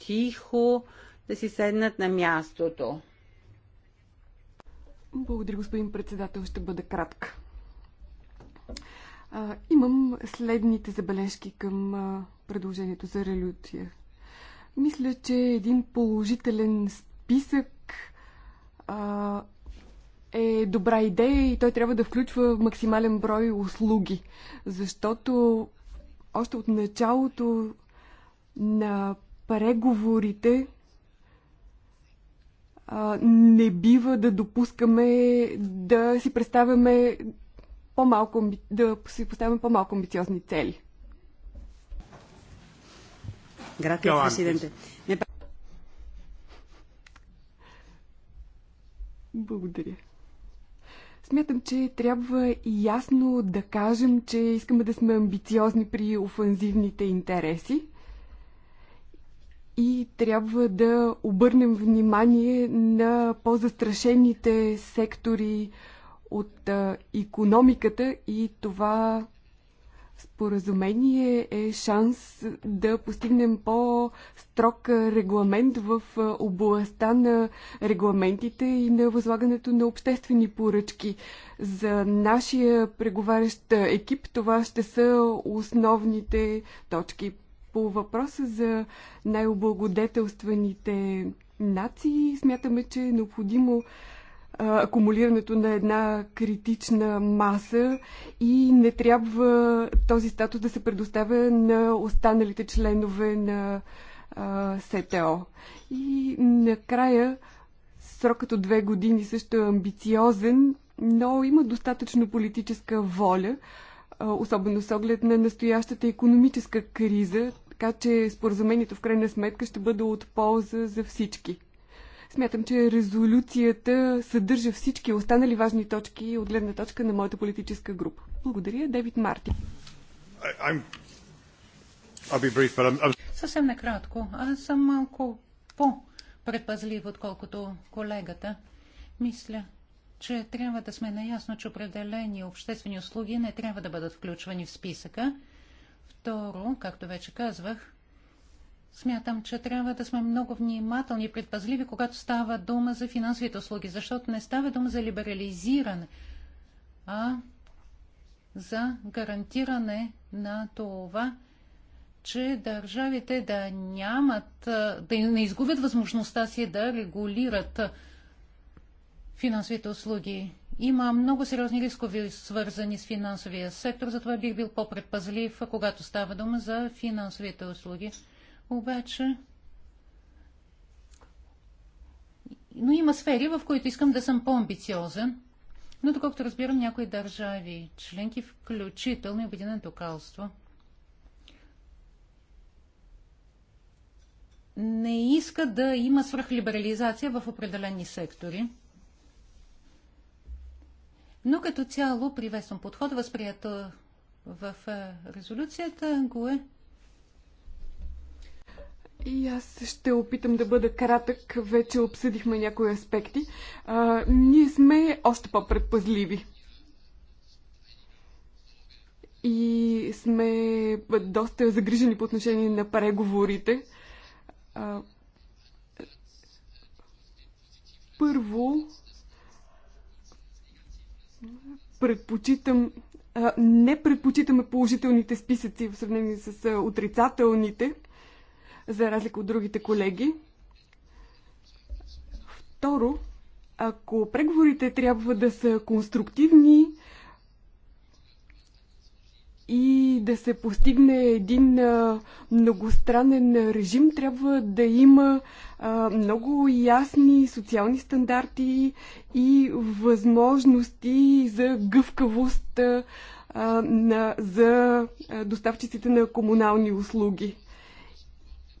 тихо да си седнат на мястото. Благодаря, господин председател. Ще бъда кратка. А, имам следните забележки към а, предложението за релюция. Мисля, че един положителен списък а, е добра идея и той трябва да включва максимален брой услуги, защото още от началото на преговорите а, не бива да допускаме да си представяме по-малко, да си поставяме по-малко амбициозни цели. Благодаря. Смятам, че трябва ясно да кажем, че искаме да сме амбициозни при офанзивните интереси и трябва да обърнем внимание на по-застрашените сектори от економиката и това споразумение е шанс да постигнем по-строг регламент в областта на регламентите и на възлагането на обществени поръчки. За нашия преговарящ екип това ще са основните точки. По въпроса за най-облагодетелстваните нации, смятаме, че е необходимо акумулирането на една критична маса и не трябва този статус да се предоставя на останалите членове на СТО. И накрая срокът от две години също е амбициозен, но има достатъчно политическа воля, особено с оглед на настоящата економическа криза. Така че споразумението в крайна сметка ще бъде от полза за всички. Смятам, че резолюцията съдържа всички останали важни точки от гледна точка на моята политическа група. Благодаря, Девид Марти. Съвсем накратко. Аз съм малко по-предпазлив, отколкото колегата. Мисля, че трябва да сме наясно, че определени обществени услуги не трябва да бъдат включвани в списъка. Второ, както вече казвах, смятам, че трябва да сме много внимателни и предпазливи, когато става дума за финансовите услуги, защото не става дума за либерализиране, а за гарантиране на това, че държавите да нямат, да не изгубят възможността си да регулират финансовите услуги. Има много сериозни рискови, свързани с финансовия сектор, затова бих бил по-предпазлив, когато става дума за финансовите услуги. Обаче, но има сфери, в които искам да съм по-амбициозен. Но доколкото разбирам, някои държави, членки, включително и Обединеното кралство, не иска да има свръхлиберализация в определени сектори. Но като цяло приветствам подход, възприятел в е, резолюцията го е. И аз ще опитам да бъда кратък. Вече обсъдихме някои аспекти. А, ние сме още по-предпазливи. И сме доста загрижени по отношение на преговорите. А, първо, предпочитам, не предпочитаме положителните списъци в сравнение с отрицателните, за разлика от другите колеги. Второ, ако преговорите трябва да са конструктивни, и да се постигне един многостранен режим, трябва да има много ясни социални стандарти и възможности за гъвкавост на, за доставчиците на комунални услуги.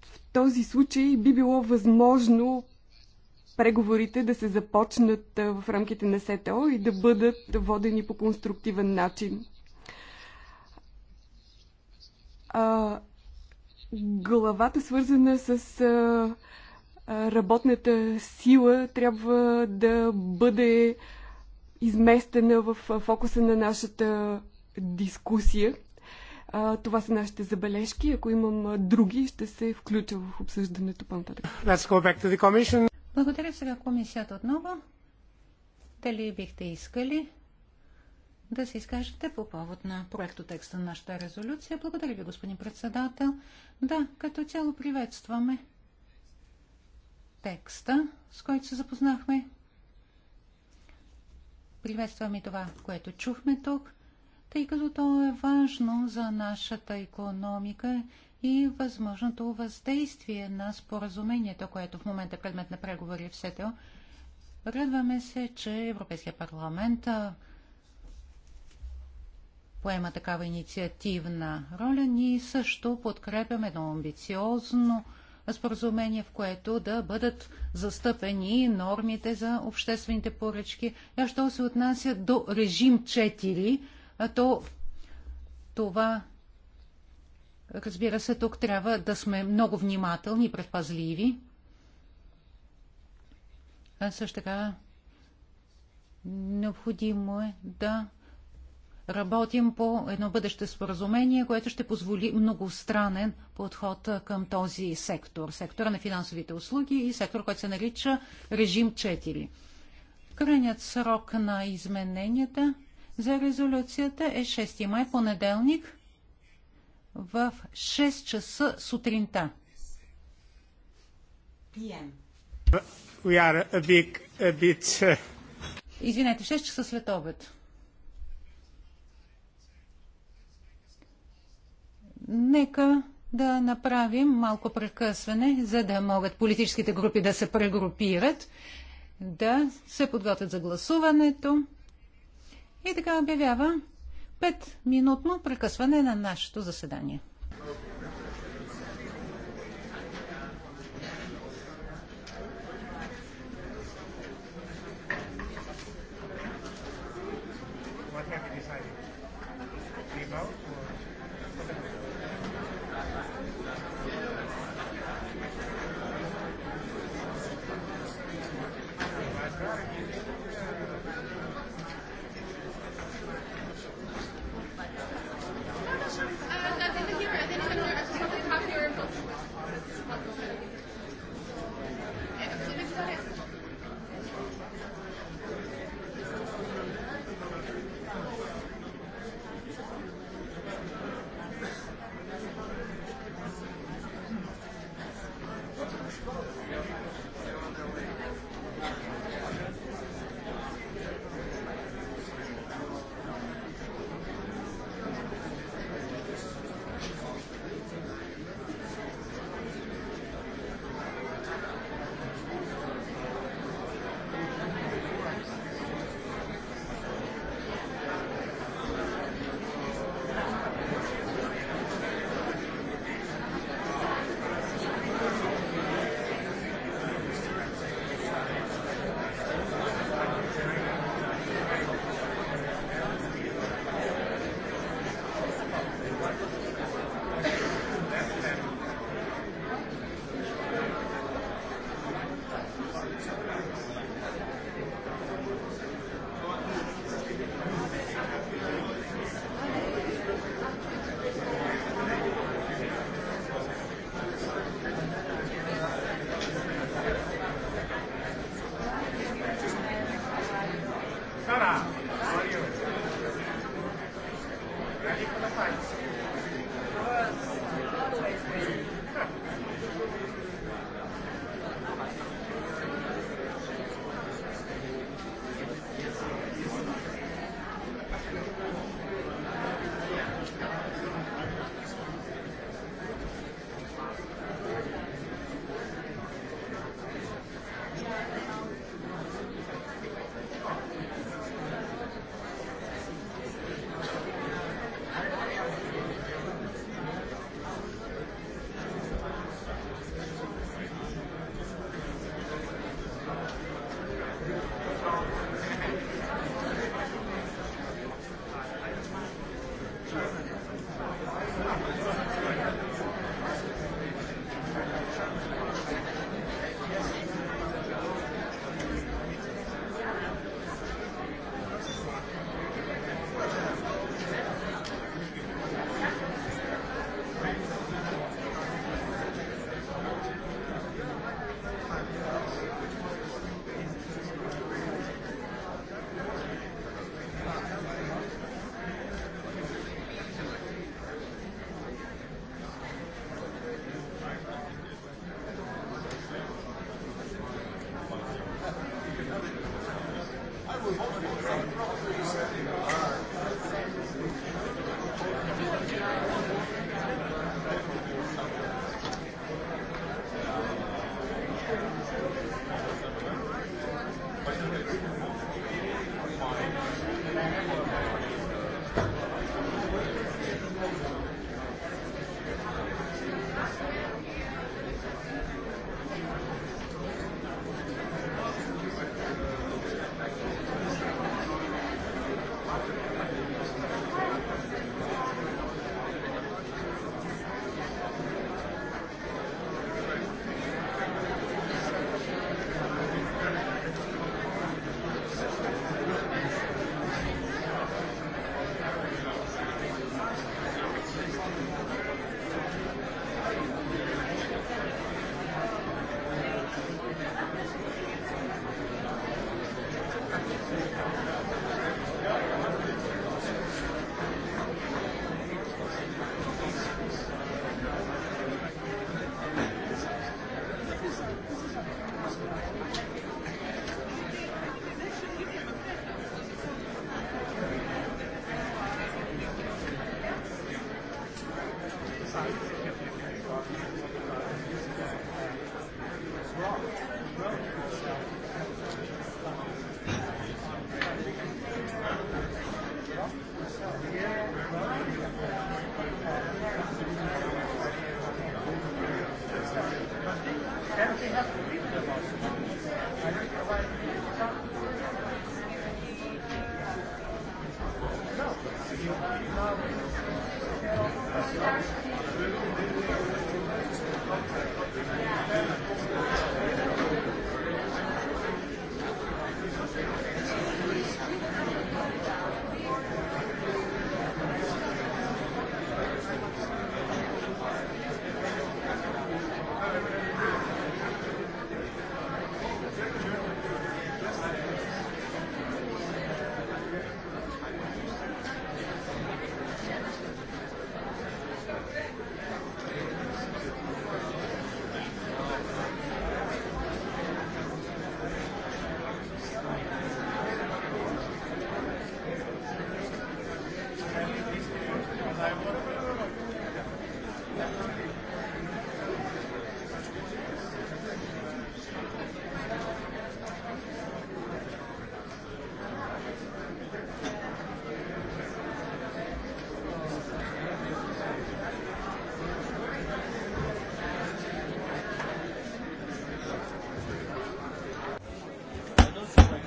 В този случай би било възможно преговорите да се започнат в рамките на СТО и да бъдат водени по конструктивен начин а, главата, свързана с а, работната сила, трябва да бъде изместена в фокуса на нашата дискусия. А, това са нашите забележки. Ако имам други, ще се включа в обсъждането по-нататък. Благодаря сега комисията отново. Дали бихте искали да се изкажете по повод на проекто текста на нашата резолюция. Благодаря ви, господин председател. Да, като цяло приветстваме текста, с който се запознахме. Приветстваме това, което чухме тук, тъй като то е важно за нашата економика и възможното въздействие на споразумението, което в момента е предмет на преговори в СТО. Радваме се, че Европейския парламент поема такава инициативна роля, ние също подкрепяме едно амбициозно споразумение, в което да бъдат застъпени нормите за обществените поръчки. А що се отнася до режим 4, то това, разбира се, тук трябва да сме много внимателни и предпазливи. А също така необходимо е да работим по едно бъдеще споразумение, което ще позволи многостранен подход към този сектор. Сектора на финансовите услуги и сектор, който се нарича режим 4. Крайният срок на измененията за резолюцията е 6 май, понеделник, в 6 часа сутринта. PM. We are a big, a bit... Uh, Извинете, 6 часа след обед. Нека да направим малко прекъсване, за да могат политическите групи да се прегрупират, да се подготвят за гласуването. И така обявява 5-минутно прекъсване на нашето заседание.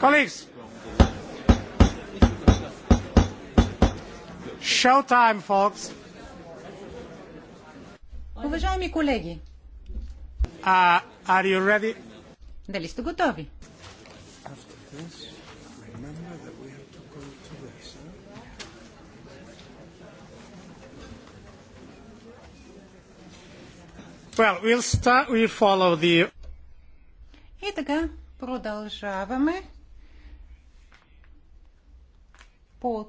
Colleagues, showtime, folks. Уважаеми колеги, uh, are you ready? дали сте готови? Well, we'll start, we'll follow the... И така, продължаваме.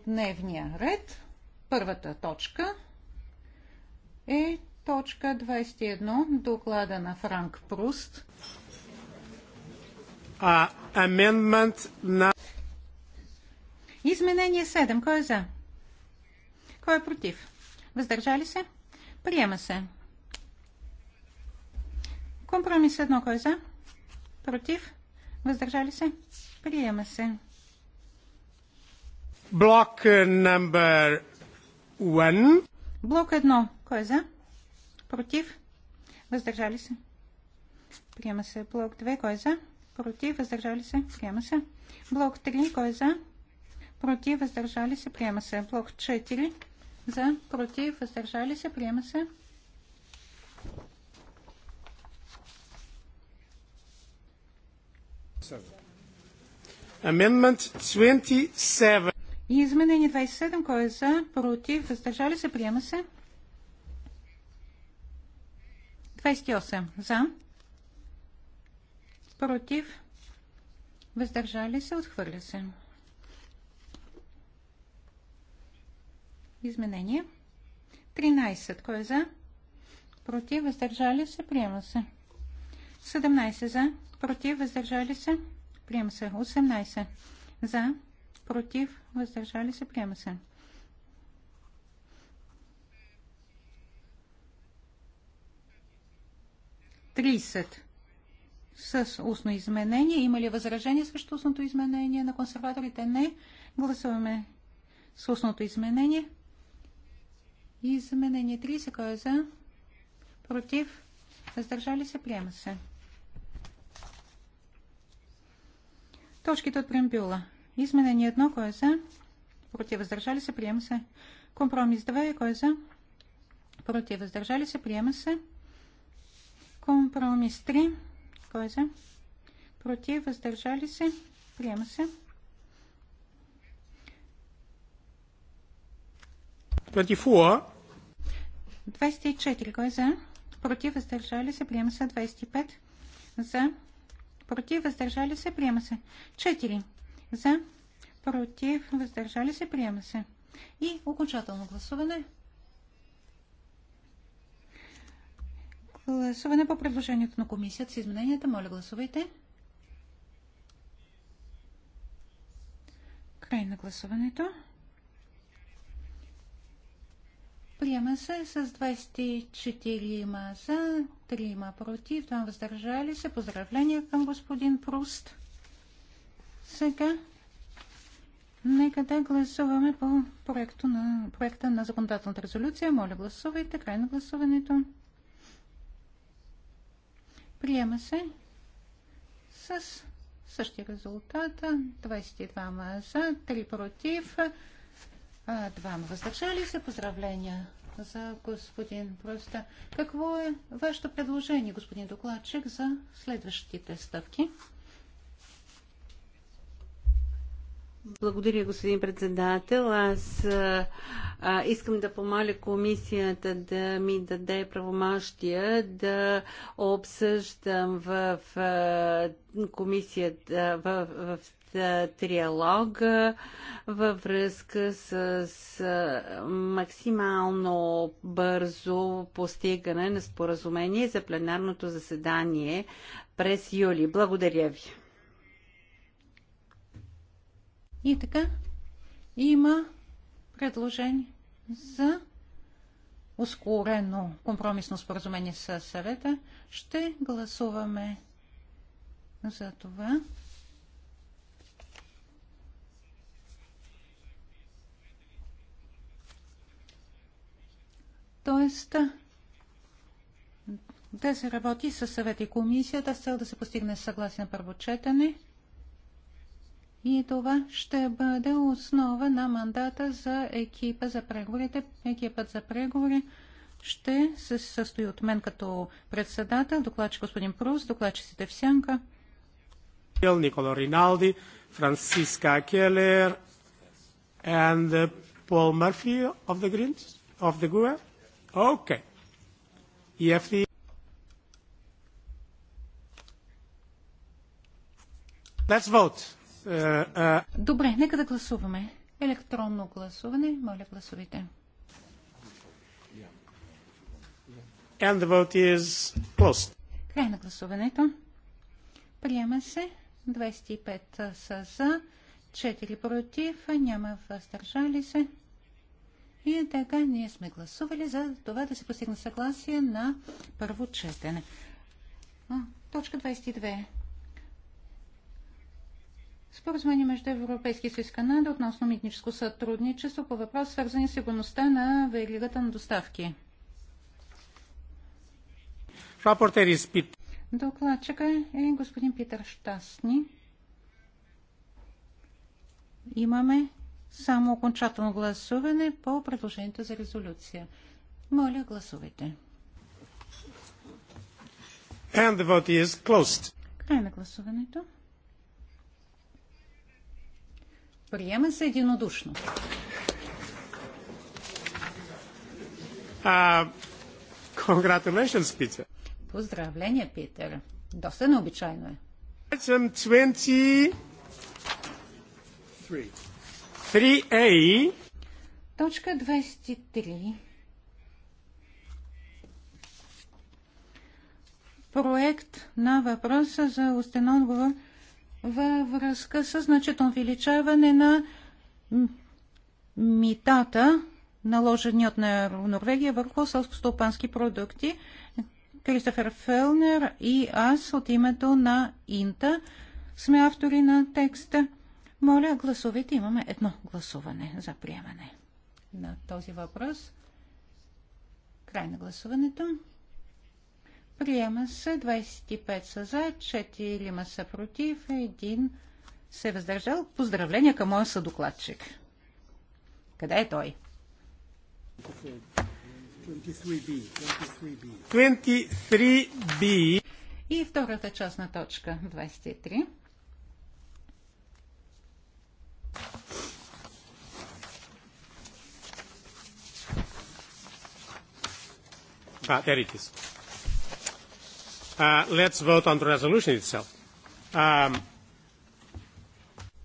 от дневния ред. Първата точка е точка 21, доклада на Франк Пруст. А, amendment на... Изменение 7. Кой е за? Кой е против? Въздържали се? Приема се. Компромис 1. Кой е за? Против? Въздържали се? Приема се. Uh, блок номер 1. Блок 1. Кой е за? Против? Въздържали се? Приема се. Блок 2. Кой е за? Против? Въздържали се? Приема се. Блок 3. Кой е за? Против? Въздържали се? Приема се. Блок 4. За? Против? Въздържали се? Приема се. Amendment 27. И изменение 27, кой е за, против, въздържали се, приема се. 28 за, против, въздържали се, отхвърля се. Изменение. 13. Кой е за? Против, въздържали се, приема се. 17 за, против, въздържали се, приема се. 18 за, против, въздържали се, приема се. Трисет. С устно изменение. Има ли възражение срещу устното изменение на консерваторите? Не. Гласуваме с устното изменение. Изменение 30. Кой е за? Против? Въздържали се? Приема се. Точките от прембюла. Изменение едно, кой е за? Против, въздържали се, приема се. Компромис 2, кой е за? Против, въздържали се, приема се. Компромис 3, кой е за? Против, въздържали се, приема се. 24. 24. Кой е за? Против, въздържали се, приема се. 25. За. Против, въздържали се, приема се. 4 за, против, въздържали се, приема се. И окончателно гласуване. Гласуване по предложението на комисията с измененията. Моля, гласувайте. Край на гласуването. Приема се с 24 за, 3 ма против, 2 въздържали се. Поздравления към господин Пруст. Сега нека да гласуваме по проекта на, проекта на законодателната резолюция. Моля, гласувайте. Край на гласуването. Приема се с същия резултат. 22 за, 3 против, 2 въздържали се. Поздравления за господин Проста. Какво е вашето предложение, господин докладчик, за следващите стъпки? Благодаря, господин председател. Аз а, искам да помоля комисията да ми даде правомощия да обсъждам в а, комисията, в, в, в триалога във връзка с, с максимално бързо постигане на споразумение за пленарното заседание през юли. Благодаря ви. И така има предложение за ускорено компромисно споразумение с съвета. Ще гласуваме за това. Тоест, да се работи с съвета и комисията с цел да се постигне съгласие на първо четене. И това ще бъде основа на мандата за екипа за преговорите. Екипът за преговори ще се състои от мен като председател, докладчик господин Прус, докладчиците в Сянка. Николо Риналди, Франциска Келер и uh, Пол Мърфи of the Greens, of the GUE. Okay. EFT. Let's vote. Е, е. Добре, нека да гласуваме. Електронно гласуване. Моля, гласувайте. And the vote is closed. Край на гласуването. Приема се 25 са за, 4 против, няма въздържали се. И така ние сме гласували за това да се постигне съгласие на първо четене. Точка 22. Споразумение между Европейския съюз и Канада относно митническо сътрудничество по въпрос, свързани с сигурността на веригата на доставки. Докладчика е господин Питър Штасни. Имаме само окончателно гласуване по предложението за резолюция. Моля, гласувайте. And the vote is closed. Край на гласуването. Приема се единодушно. Uh, Питер. Поздравления, Питер. Доста необичайно е. 23. 3A. Точка 23. Проект на въпроса за устен отговор във връзка с значително увеличаване на митата, наложени от Норвегия върху селско-стопански продукти. Кристофер Фелнер и аз от името на Инта сме автори на текста. Моля, гласовете. Имаме едно гласуване за приемане на този въпрос. Край на гласуването. Приема се 25 са за, 4 ма са против, 1 се е въздържал. Поздравления към моя съдокладчик. Къде е той? 23B. 23B. И втората част на точка 23. Ah, there it is. Uh, let's vote on the resolution itself. Um...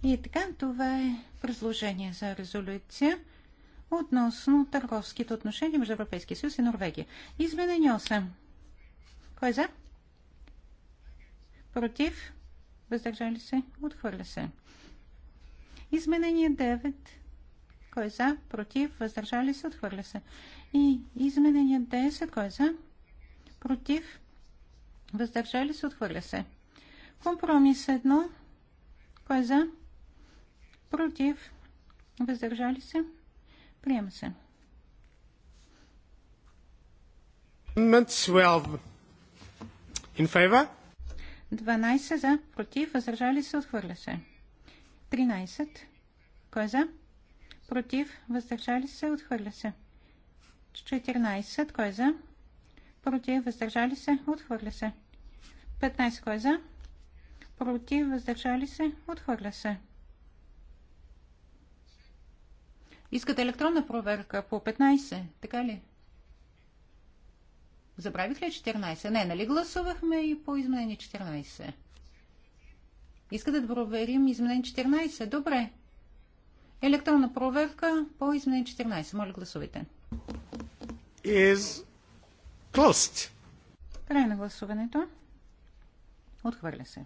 И така, това е предложение за резолюция относно търговските отношения между Европейския съюз и Норвегия. Изменение 8. Кой е за? Против? Въздържали се? Отхвърля се. Изменение 9. Кой е за? Против? Въздържали се? Отхвърля се. И изменение 10. Кой е за? Против? Въздържали се, отхвърля се. Компромис 1. Кой е за? Против. Въздържали се. Приема се. 12. 12 за, против, въздържали се, отхвърля се. 13. Кой е за? Против, въздържали се, отхвърля се. 14. Кой е за? против, въздържали се, отхвърля се. 15 кой е за, против, въздържали се, отхвърля се. Искате електронна проверка по 15, така ли? Забравих ли 14? Не, нали гласувахме и по изменение 14? Искате да проверим изменение 14? Добре. Електронна проверка по изменение 14. Моля, гласувайте. Is Closed. Край на гласуването. Отхвърля се.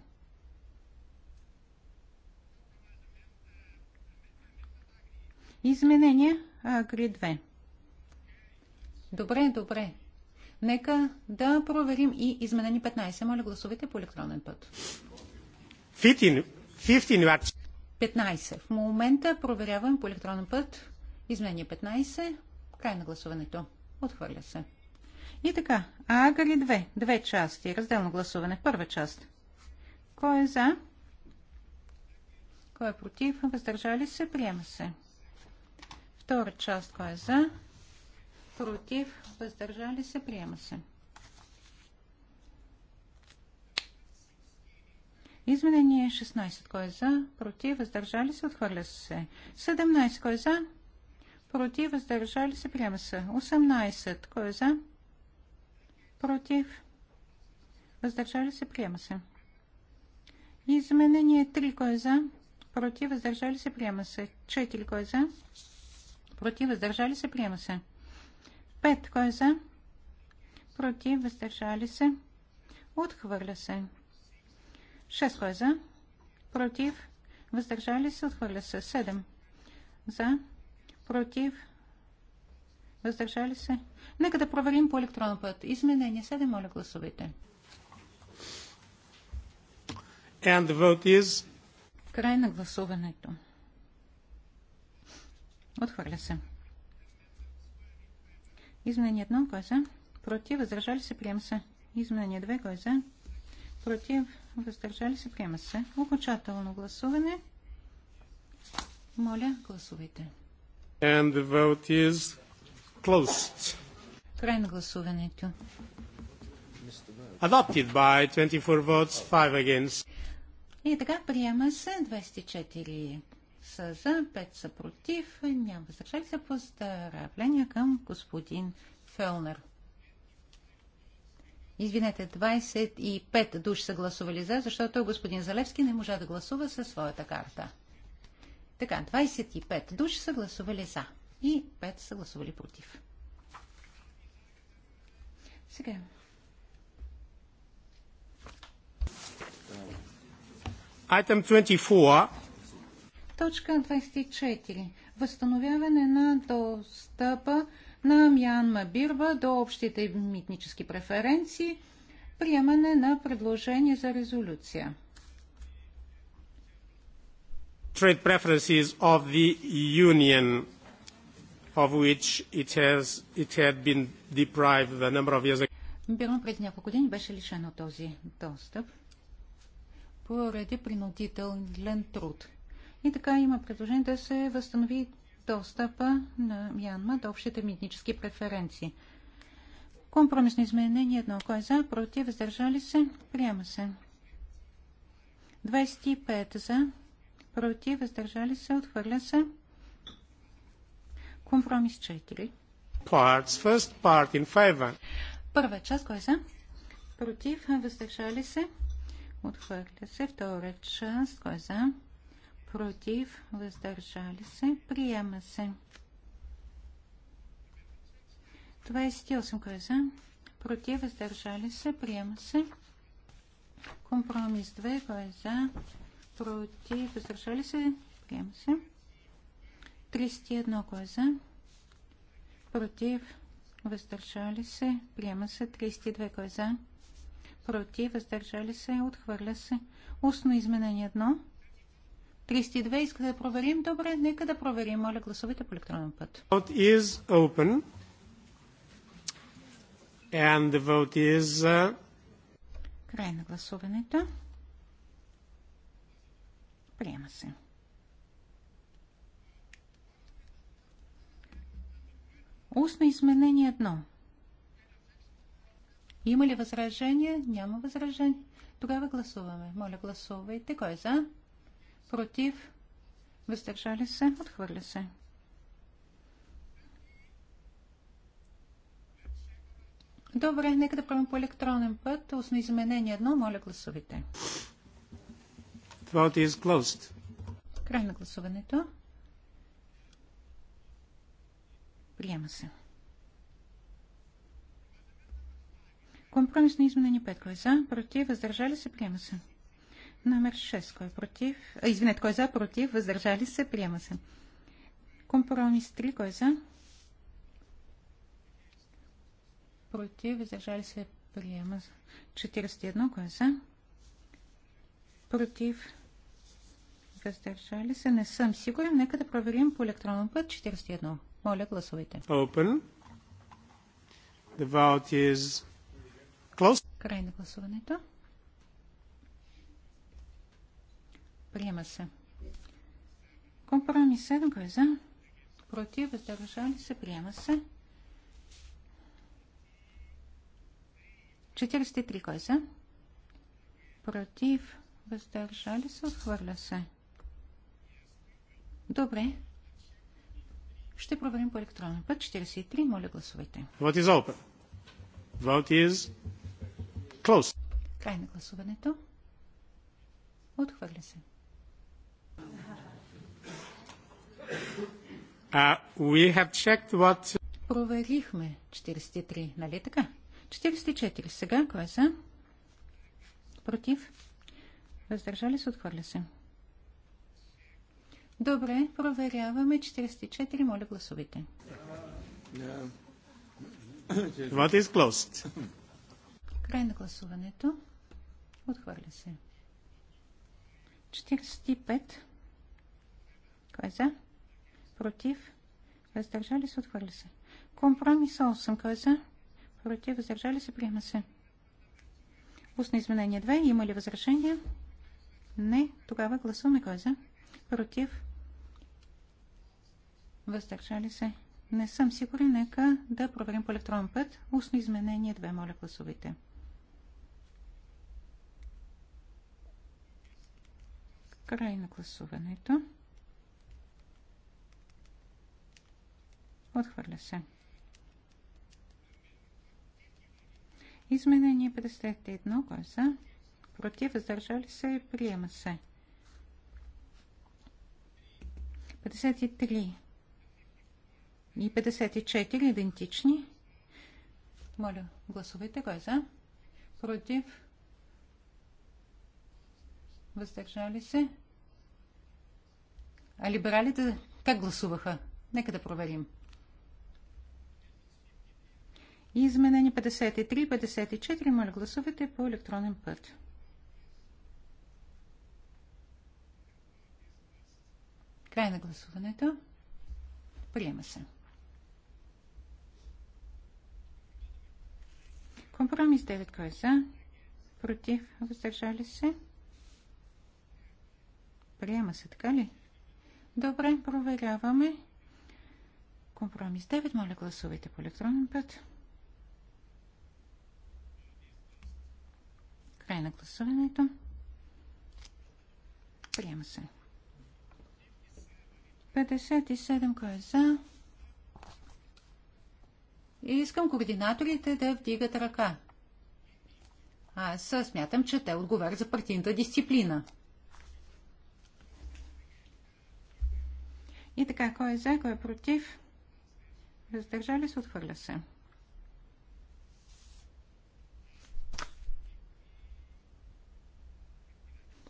Изменение Агри 2. Добре, добре. Нека да проверим и изменени 15. Моля, гласувайте по електронен път. 15. 15. В момента проверявам по електронен път. Изменение 15. Край на гласуването. Отхвърля се. И така, Агали 2. Две части. Разделно гласуване. Първа част. Кой е за? Кой е против? Въздържали се? Приема се. Втора част. Кой е за? Против? Въздържали се? Приема се. Изменение 16. Кой е за? Против? Въздържали се? Отхвърля се. 17. Кой е за? Против? Въздържали се? Приема се. 18. Кой е за? против, въздържали се, приема се. Изменение 3, кой е за, против, въздържали се, приема се. 4, кой е за, против, въздържали се, приема се. 5, кой е за, против, въздържали се, отхвърля се. 6, кой е за, против, въздържали се, отхвърля се. 7, за, против, въздържали се, Нека да проверим по електронен път. Изменение 7, моля гласовете. And the vote is... Край на гласуването. Отхвърля се. Изменение 1, кой е за? Против, въздържали се, приема се. Изменение 2, кой е за? Против, въздържали се, приема се. Окончателно гласуване. Моля, гласувайте. And the vote is closed. Край на гласуването. Adopted by 24 votes, 5 against. И така приема се 24 са за, 5 са против, няма въздържали се. Поздравления към господин Фелнер. Извинете, 25 души са гласували за, защото господин Залевски не можа да гласува със своята карта. Така, 25 души са гласували за и 5 са гласували против. Сега. Item 24. Точка 24. Възстановяване на достъпа на Мянма Бирба до общите митнически преференции. Приемане на предложение за резолюция. Trade preferences of the Union of which it, has, it had been deprived a number of years ago. Бюро през няколко години беше лишено от този достъп поради принудителен труд. И така има предложение да се възстанови достъпа на Мянма до общите митнически преференции. Компромисно изменение едно. Кой е за, против, въздържали се, приема се. 25 за, против, въздържали се, отхвърля се. Компромис 4. Parts. First part in favor. Първа част, кой е за? Против, въздържали се. Отхвърля се. Втора част, кой е за? Против, въздържали се. Приема се. 28, кой е за? Против, въздържали се. Приема се. Компромис 2, кой за? Против, въздържали се. Приема се. 31 кой е за? Против. Въздържали се. Приема се. 32 кой е за? Против. Въздържали се. Отхвърля се. Устно изменение 1. 32 иска да проверим. Добре, нека да проверим. Моля, гласовете по електронен път. Vote is open. And the vote is... Uh... Край на гласуването. Приема се. Устно изменение едно. Има ли възражение? Няма възражение. Тогава гласуваме. Моля, гласувайте. Кой е за? Против? Въздържали се? Отхвърля се. Добре, нека да правим по електронен път. Устно изменение едно. Моля, гласувайте. Край на гласуването. Приема се. Компромис на изменение 5. Кой е за? Против? Въздържали се? Приема се. Номер 6. Кой е против? А, извинете, кой е за? Против? Въздържали се? Приема се. Компромис 3. Кой е за? Против? Въздържали се? Приема се. 41. Кой е за? Против? Въздържали се? Не съм сигурен. Нека да проверим по електронен път. 41. Моля, гласувайте. Open. The vote is closed. Край на гласуването. Приема се. Компромис 7, кой е за? Против, въздържали се, приема се. 43, кой е за? Против, въздържали се, отхвърля се. Добре, ще проверим по електронен път. 43. Моля гласувайте. What is open? Vote is close. Край на гласуването. Отхвърля се. Uh, we have checked what... Проверихме 43, нали е така? 44 сега, кой е за? Против? Въздържали се, отхвърля се. Добре, проверяваме 44. Моля, гласувайте. What is closed? Край на гласуването. Отхвърля се. 45. Кой е за? Против? Въздържали се? Отхвърля се. Компромис 8. Кой е за? Против? Въздържали се? Приема се. Устно изменение 2. Има ли възражения? Не. Тогава гласуваме кой е за? Против? Въздържали се? Не съм сигурен. Нека да проверим по електронен път. Устно изменение 2. Моля гласовите. Край на гласуването. Отхвърля се. Изменение 51. Кой е за? Против. Въздържали се. Приема се. 53 и 54 идентични. Моля, гласувайте. Кой е за? Против? Въздържали се? А либералите как гласуваха? Нека да проверим. И изменени 53 54. Моля, гласувайте по електронен път. Край на гласуването. Приема се. Компромис 9. Кой е за? Против? Въздържали се? Приема се, така ли? Добре, проверяваме. Компромис 9. Моля, гласувайте по електронен път. Край на гласуването. Приема се. 57. Кой е за? И искам координаторите да вдигат ръка. Аз смятам, че те отговарят за партийната дисциплина. И така, кой е за, кой е против? Въздържали се, отхвърля се.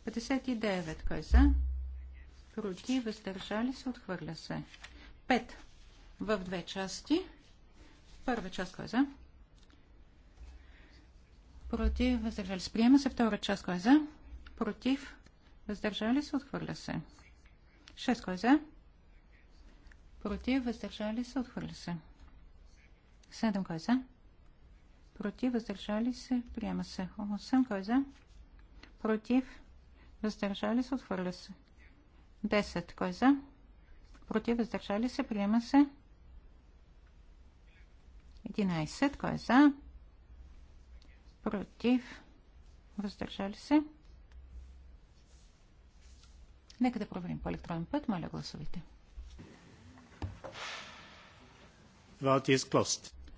Пятдесет и девет. Кой е за? Против, въздържали се, отхвърля се. Пет. В две части. Първа част кой е за? Против, въздържали се. Приема се. Втора част кой е за? Против, въздържали се. Отхвърля се. 6 кой е за? Против, въздържали се. Отхвърля се. 7 кой е за? Против, въздържали се. Приема се. Осем кой е за? Против, въздържали се. Отхвърля се. Десет, кой е за? Против, въздържали се. Приема се. 11. Кой е за? Против. Въздържали се. Нека да проверим по електронен път. Моля, гласувайте.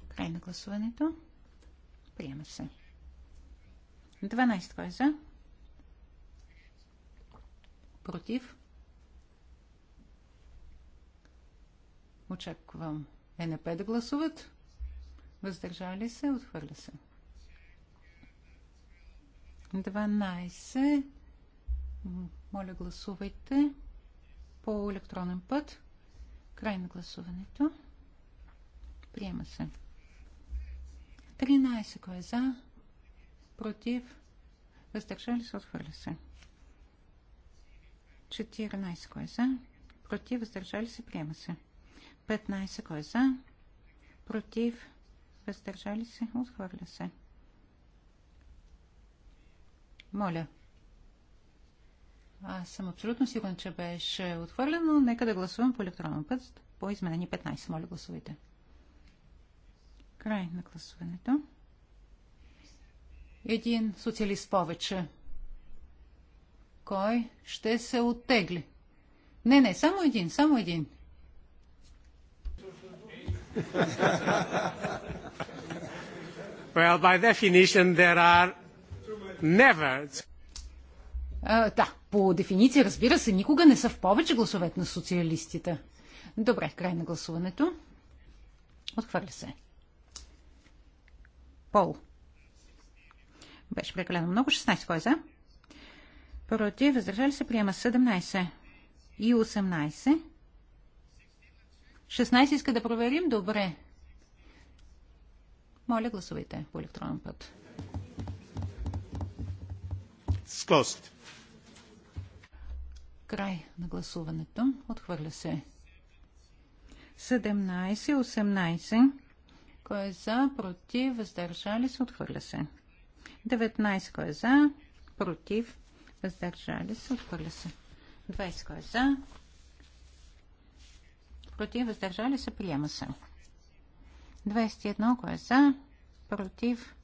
Край на гласуването. Приема се. 12. Кой е за? Против. Очаквам ЕНП да гласуват въздържали се, отхвърля се. 12. Моля, гласувайте по електронен път. Край на гласуването. Приема се. 13. Кой е за? Против? Въздържали се? Отхвърля се. 14. Кой е за? Против? Въздържали се? Приема се. 15. Кой е за? Против? въздържали се, отхвърля се. Моля. Аз съм абсолютно сигурен, че беше отхвърлено. Нека да гласувам по електронен път по изменени 15. Моля, гласувайте. Край на гласуването. Един социалист повече. Кой ще се оттегли? Не, не, само един, само един. Well, by definition there are never... да, по дефиниция, разбира се, никога не са в повече гласовете на социалистите. Добре, край на гласуването. Отхвърля се. Пол. Беше прекалено много. 16 кой е за? Против, въздържали се, приема 17 и 18. 16 иска да проверим. Добре. Моля, гласувайте по електронен път. Склост. Край на гласуването. Отхвърля се. 17-18. Кой е за? Против? Въздържали се? Отхвърля се. 19. Кой е за? Против? Въздържали се? Отхвърля се. 20. Кой е за? Против? Въздържали се? Приема се. 21. Кой е за? Против?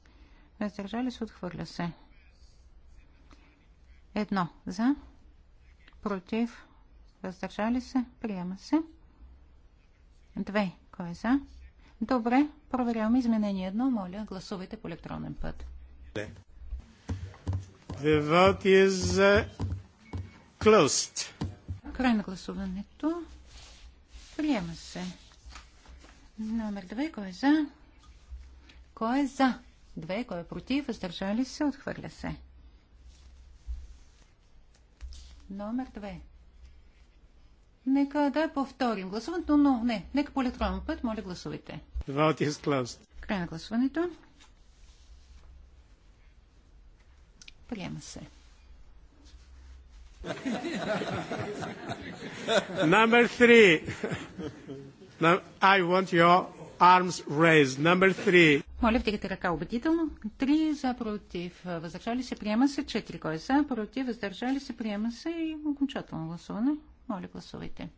Въздържали се? Отхвърля се. Едно. За? Против? Въздържали се? Приема се. Две. Кой е за? Добре. Проверяваме изменение едно. Моля, гласувайте по електронен път. The vote is closed. Край на гласуването. Приема се. Номер две, Кой е за? Кой е за? Две, Кой е против? Въздържали се? Отхвърля се. Номер 2. Нека да повторим гласуването, но не. Нека по електронен път, моля гласувайте. Vote is closed. Край на гласуването. Приема се. Номер три. I want your arms raised. Number three. Моля, вдигате ръка убедително. Три за против. Въздържали се, приема се. Четири кой е за, против, въздържали се, приема се. И окончателно гласуване. Моля, гласувайте.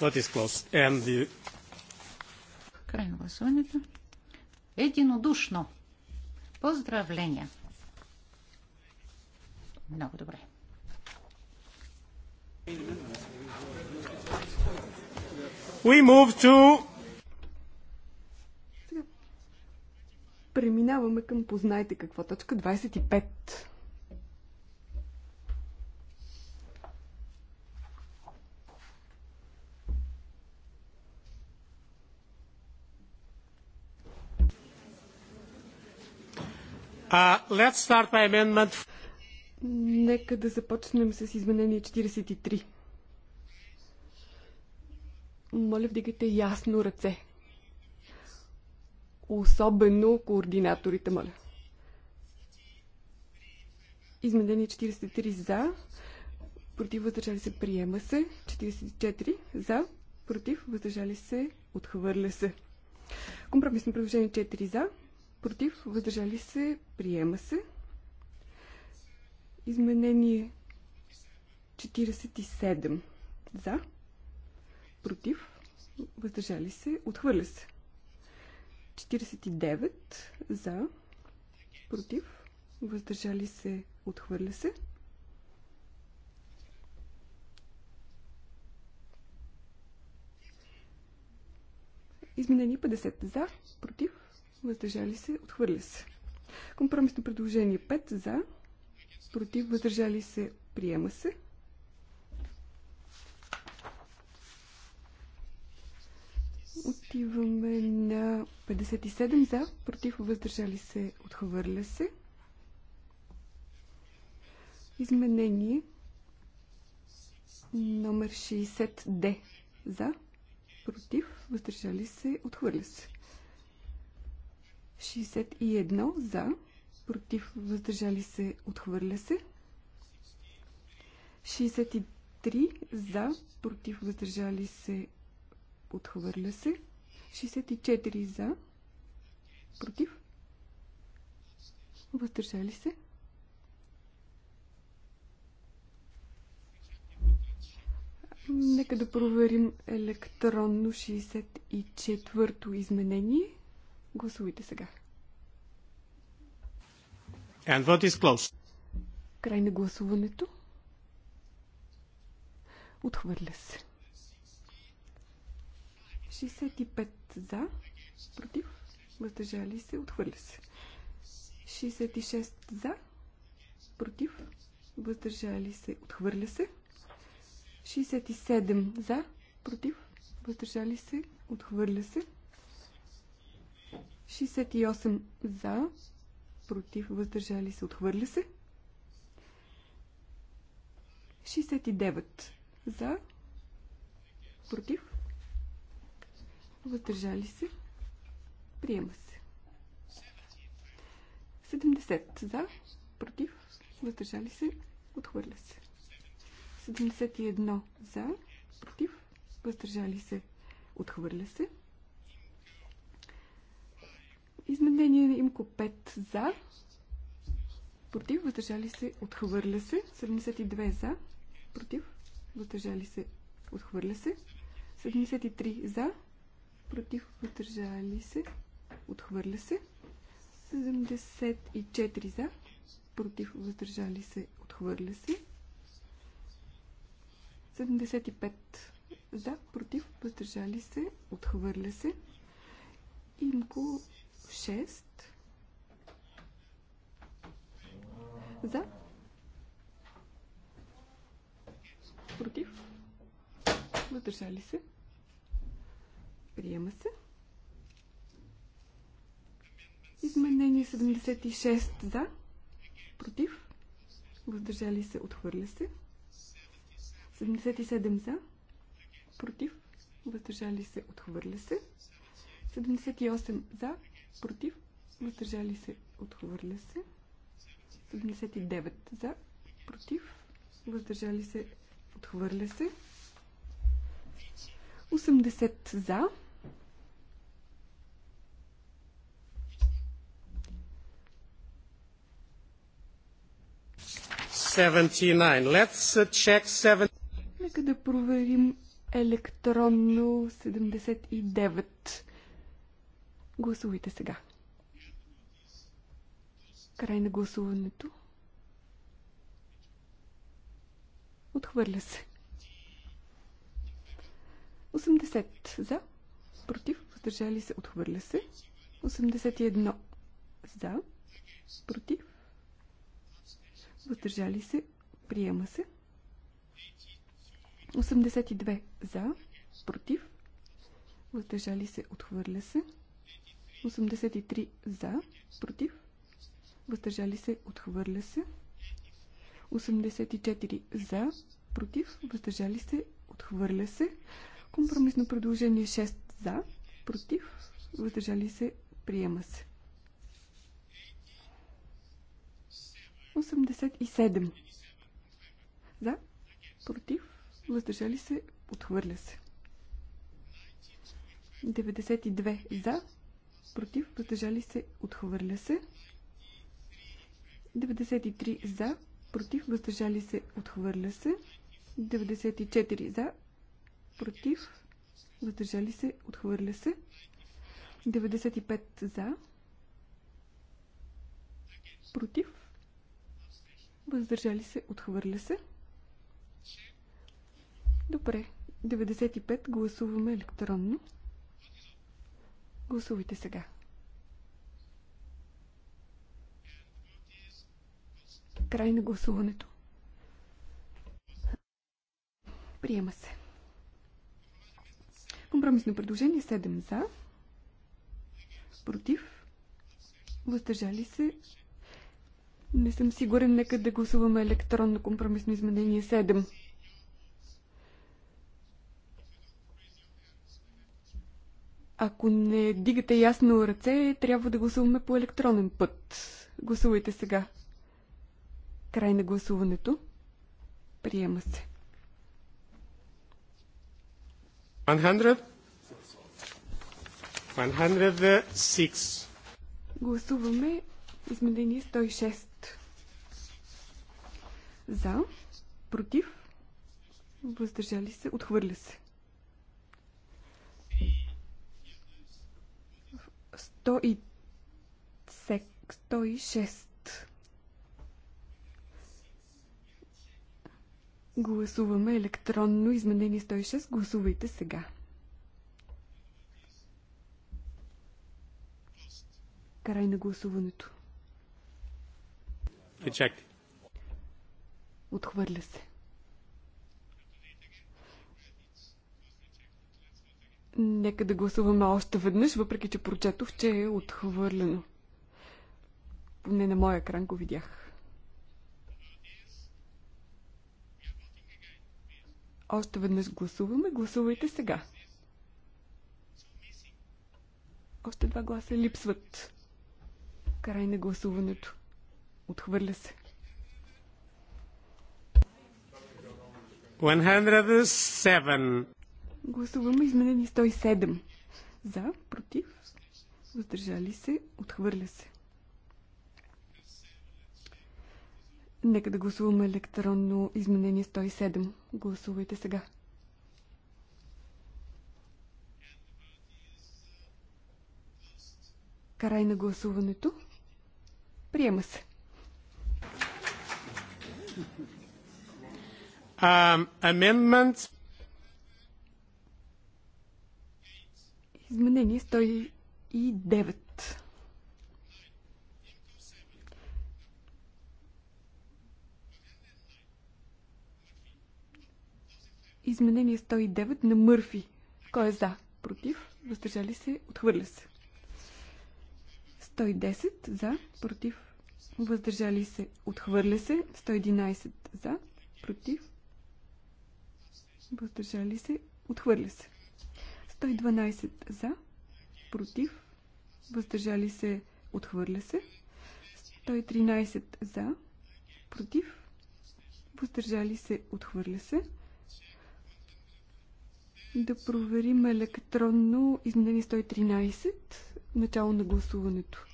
What is closed? And the... Край на гласуването. Единодушно. Поздравления. Много добре. We move to... преминаваме към познайте какво. Точка 25. Uh, let's start by amendment Нека да започнем с изменение 43. Моля, вдигайте ясно ръце. Особено координаторите, моля. Изменение 43 за. Против въздържали се, приема се. 44 за. Против въздържали се, отхвърля се. Компромисно предложение 4 за. Против въздържали се, приема се. Изменение 47. За. Против. Въздържали се. Отхвърля се. 49. За. Против. Въздържали се. Отхвърля се. Изменени 50 за, против, въздържали се, отхвърля се. Компромисно предложение 5 за, против, въздържали се, приема се. Отиваме на 57 за, против, въздържали се, отхвърля се. Изменение номер 60 Д за, против, въздържали се, отхвърля се. 61 за, против, въздържали се, отхвърля се. 63 за, против, въздържали се, отхвърля се. 64 за, против, въздържали се. Нека да проверим електронно 64-то изменение. Гласувайте сега. 64. And vote is closed. Край на гласуването. Отхвърля се. 65 за, против, въздържали се, отхвърля се. 66 за, против, въздържали се, отхвърля се. 67 за, против, въздържали се, отхвърля се. 68 за, против, въздържали се, отхвърля се. 69 за, против, въздържали се, приема се. 70 за, против, въздържали се, отхвърля се. 71 за, против, въздържали се, отхвърля се. Изменение на имко 5 за. Против, въздържали се, отхвърля се. 72 за. Против, въздържали се, отхвърля се. 73 за. Против, въздържали се, отхвърля се. 74 за. Против, въздържали се, отхвърля се. 75 за. Против, въздържали се, отхвърля се. Имко 6. За. Против. Въздържали се. Приема се. Изменение 76 за. Против. Въздържали се. Отхвърля се. 77 за. Против. Въздържали се. Отхвърля се. 78 за против, въздържали се, отхвърля се. 79 за, против, въздържали се, отхвърля се. 80 за. Let's uh, check seven... Нека да проверим електронно 79. Гласувайте сега. Край на гласуването. Отхвърля се. 80 за, против, въздържали се, отхвърля се. 81 за, против, въздържали се, приема се. 82 за, против, въздържали се, отхвърля се. 83 за, против, въздържали се, отхвърля се. 84 за, против, въздържали се, отхвърля се. Компромисно предложение 6 за, против, въздържали се, приема се. 87 за, против, въздържали се, отхвърля се. 92 за, против, въздържали се, отхвърля се. 93 за, против, въздържали се, отхвърля се. 94 за, против, въздържали се, отхвърля се. 95 за, против, въздържали се, отхвърля се. Добре, 95 гласуваме електронно. Гласувайте сега. Край на гласуването. Приема се. Компромисно предложение 7 за. Против. Въздържали се. Не съм сигурен, нека да гласуваме електронно компромисно изменение 7. Ако не дигате ясно ръце, трябва да гласуваме по електронен път. Гласувайте сега. Край на гласуването. Приема се. 100. Гласуваме изменение 106. За, против, въздържали се, отхвърля се. 106. Гласуваме електронно изменение 106. Гласувайте сега. Край на гласуването. Е, Отхвърля се. Нека да гласуваме още веднъж, въпреки че прочетох, че е отхвърлено. Не на моя екран го видях. Още веднъж гласуваме. Гласувайте сега. Още два гласа липсват. Край на гласуването. Отхвърля се. 107. Гласуваме изменени 107. За, против, въздържали се, отхвърля се. Нека да гласуваме електронно изменение 107. Гласувайте сега. Край на гласуването. Приема се. Um, amendments. Изменение 109. Изменение 109 на Мърфи. Кой е за? Против? Въздържали се? Отхвърля се. 110 за? Против? Въздържали се? Отхвърля се. 111 за? Против? Въздържали се? Отхвърля се. 112 за, против, въздържали се, отхвърля се. 113 за, против, въздържали се, отхвърля се. Да проверим електронно изменение 113, начало на гласуването.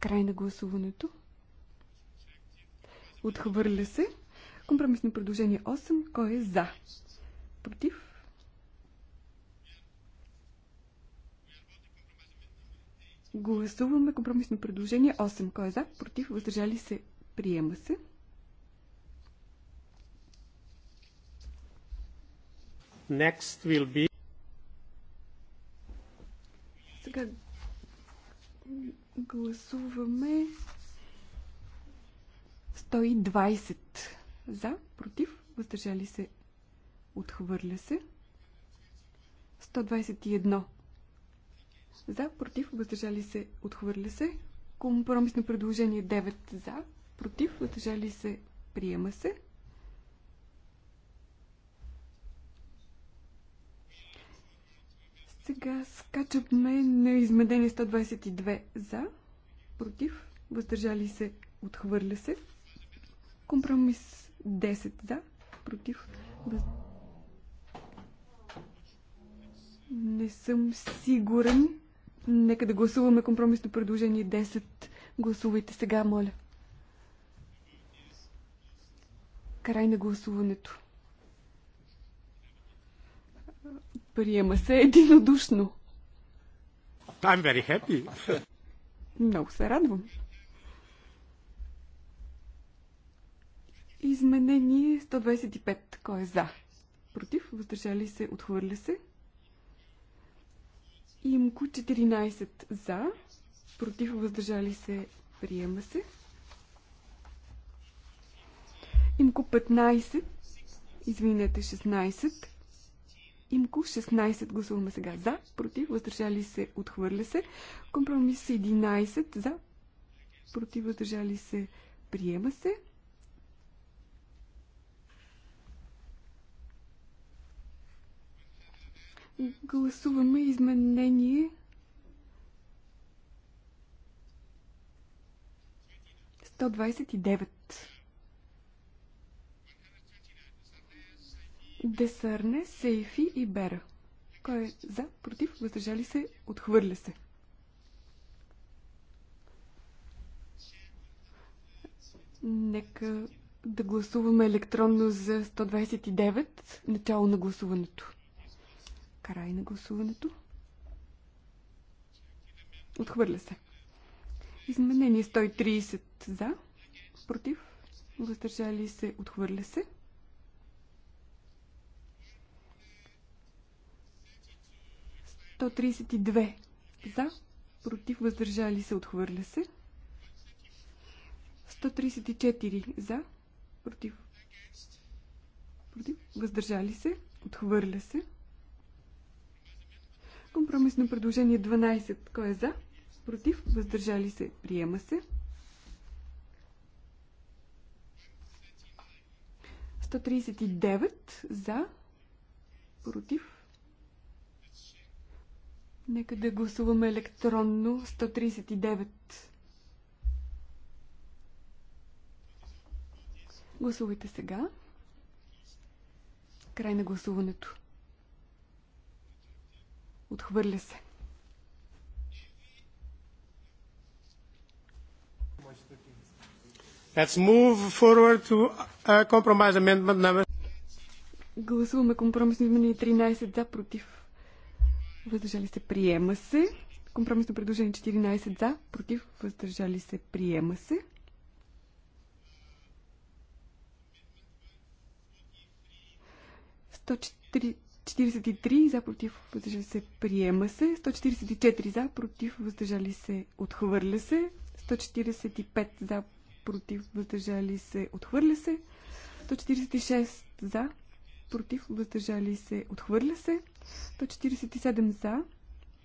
Край на гласуването. Отхвърля се. Компромисно предложение 8. Кой е за? Против? Гласуваме компромисно предложение 8. Кой е за? Против? Въздържали се? Приема се. Next will be... Сега гласуваме 120 за, против, въздържали се, отхвърля се. 121 за, против, въздържали се, отхвърля се. Компромисно предложение 9 за, против, въздържали се, приема се. Сега скачаме на изменение 122 за, против, въздържали се, отхвърля се. Компромис 10 за, против, въз... Не съм сигурен Нека да гласуваме компромисно предложение 10. Гласувайте сега, моля. Край на гласуването. Приема се единодушно. I'm very happy. Много се радвам. Изменение 125. Кой е за? Против? Въздържали се? Отхвърля се? Имко 14 за, против въздържали се, приема се. Имко 15, извинете 16. Имко 16 гласуваме сега за, против въздържали се, отхвърля се. Компромис 11 за, против въздържали се, приема се. Гласуваме изменение 129. Десърне, Сейфи и Бера. Кой е за, против, въздържали се, отхвърля се. Нека да гласуваме електронно за 129, начало на гласуването. Край на гласуването. Отхвърля се. Изменение 130 за, против, въздържали се, отхвърля се. То 32 за, против, въздържали се, отхвърля се. 134 за, против, против, въздържали се, отхвърля се. Компромисно предложение 12. Кой е за? Против? Въздържали се? Приема се. 139 за. Против? Нека да гласуваме електронно. 139. Гласувайте сега. Край на гласуването. Отхвърля се. Let's move forward to a uh, compromise amendment number. Гласуваме компромисно изменение 13 за, против. Въздържали се, приема се. Компромисно предложение 14 за, против. Въздържали се, приема се. 43 за против въздържали се приема се. 144 за против въздържали се отхвърля се. 145 за против въздържали се отхвърля се. 146 за против въздържали се отхвърля се. 147 за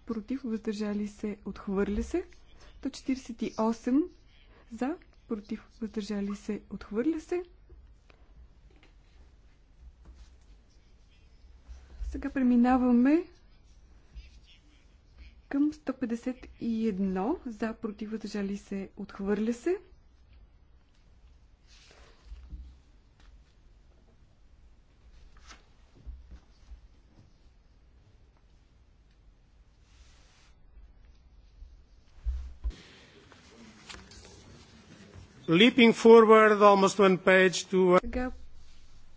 против въздържали се отхвърля се. 148 за против въздържали се отхвърля се. Сега преминаваме към 151 за против въздържали се отхвърля се. Leaping forward almost one page to... Сега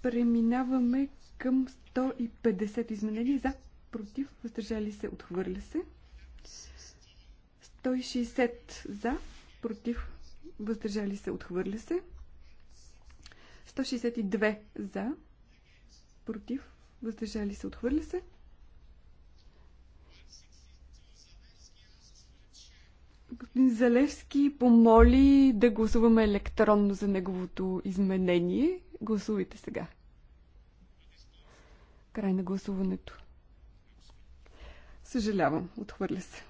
преминаваме към 152. 150 изменения за, против, въздържали се, отхвърля се. 160 за, против, въздържали се, отхвърля се. 162 за, против, въздържали се, отхвърля се. Господин Залевски помоли да гласуваме електронно за неговото изменение. Гласувайте сега. Край на гласуването. Съжалявам, отхвърля се.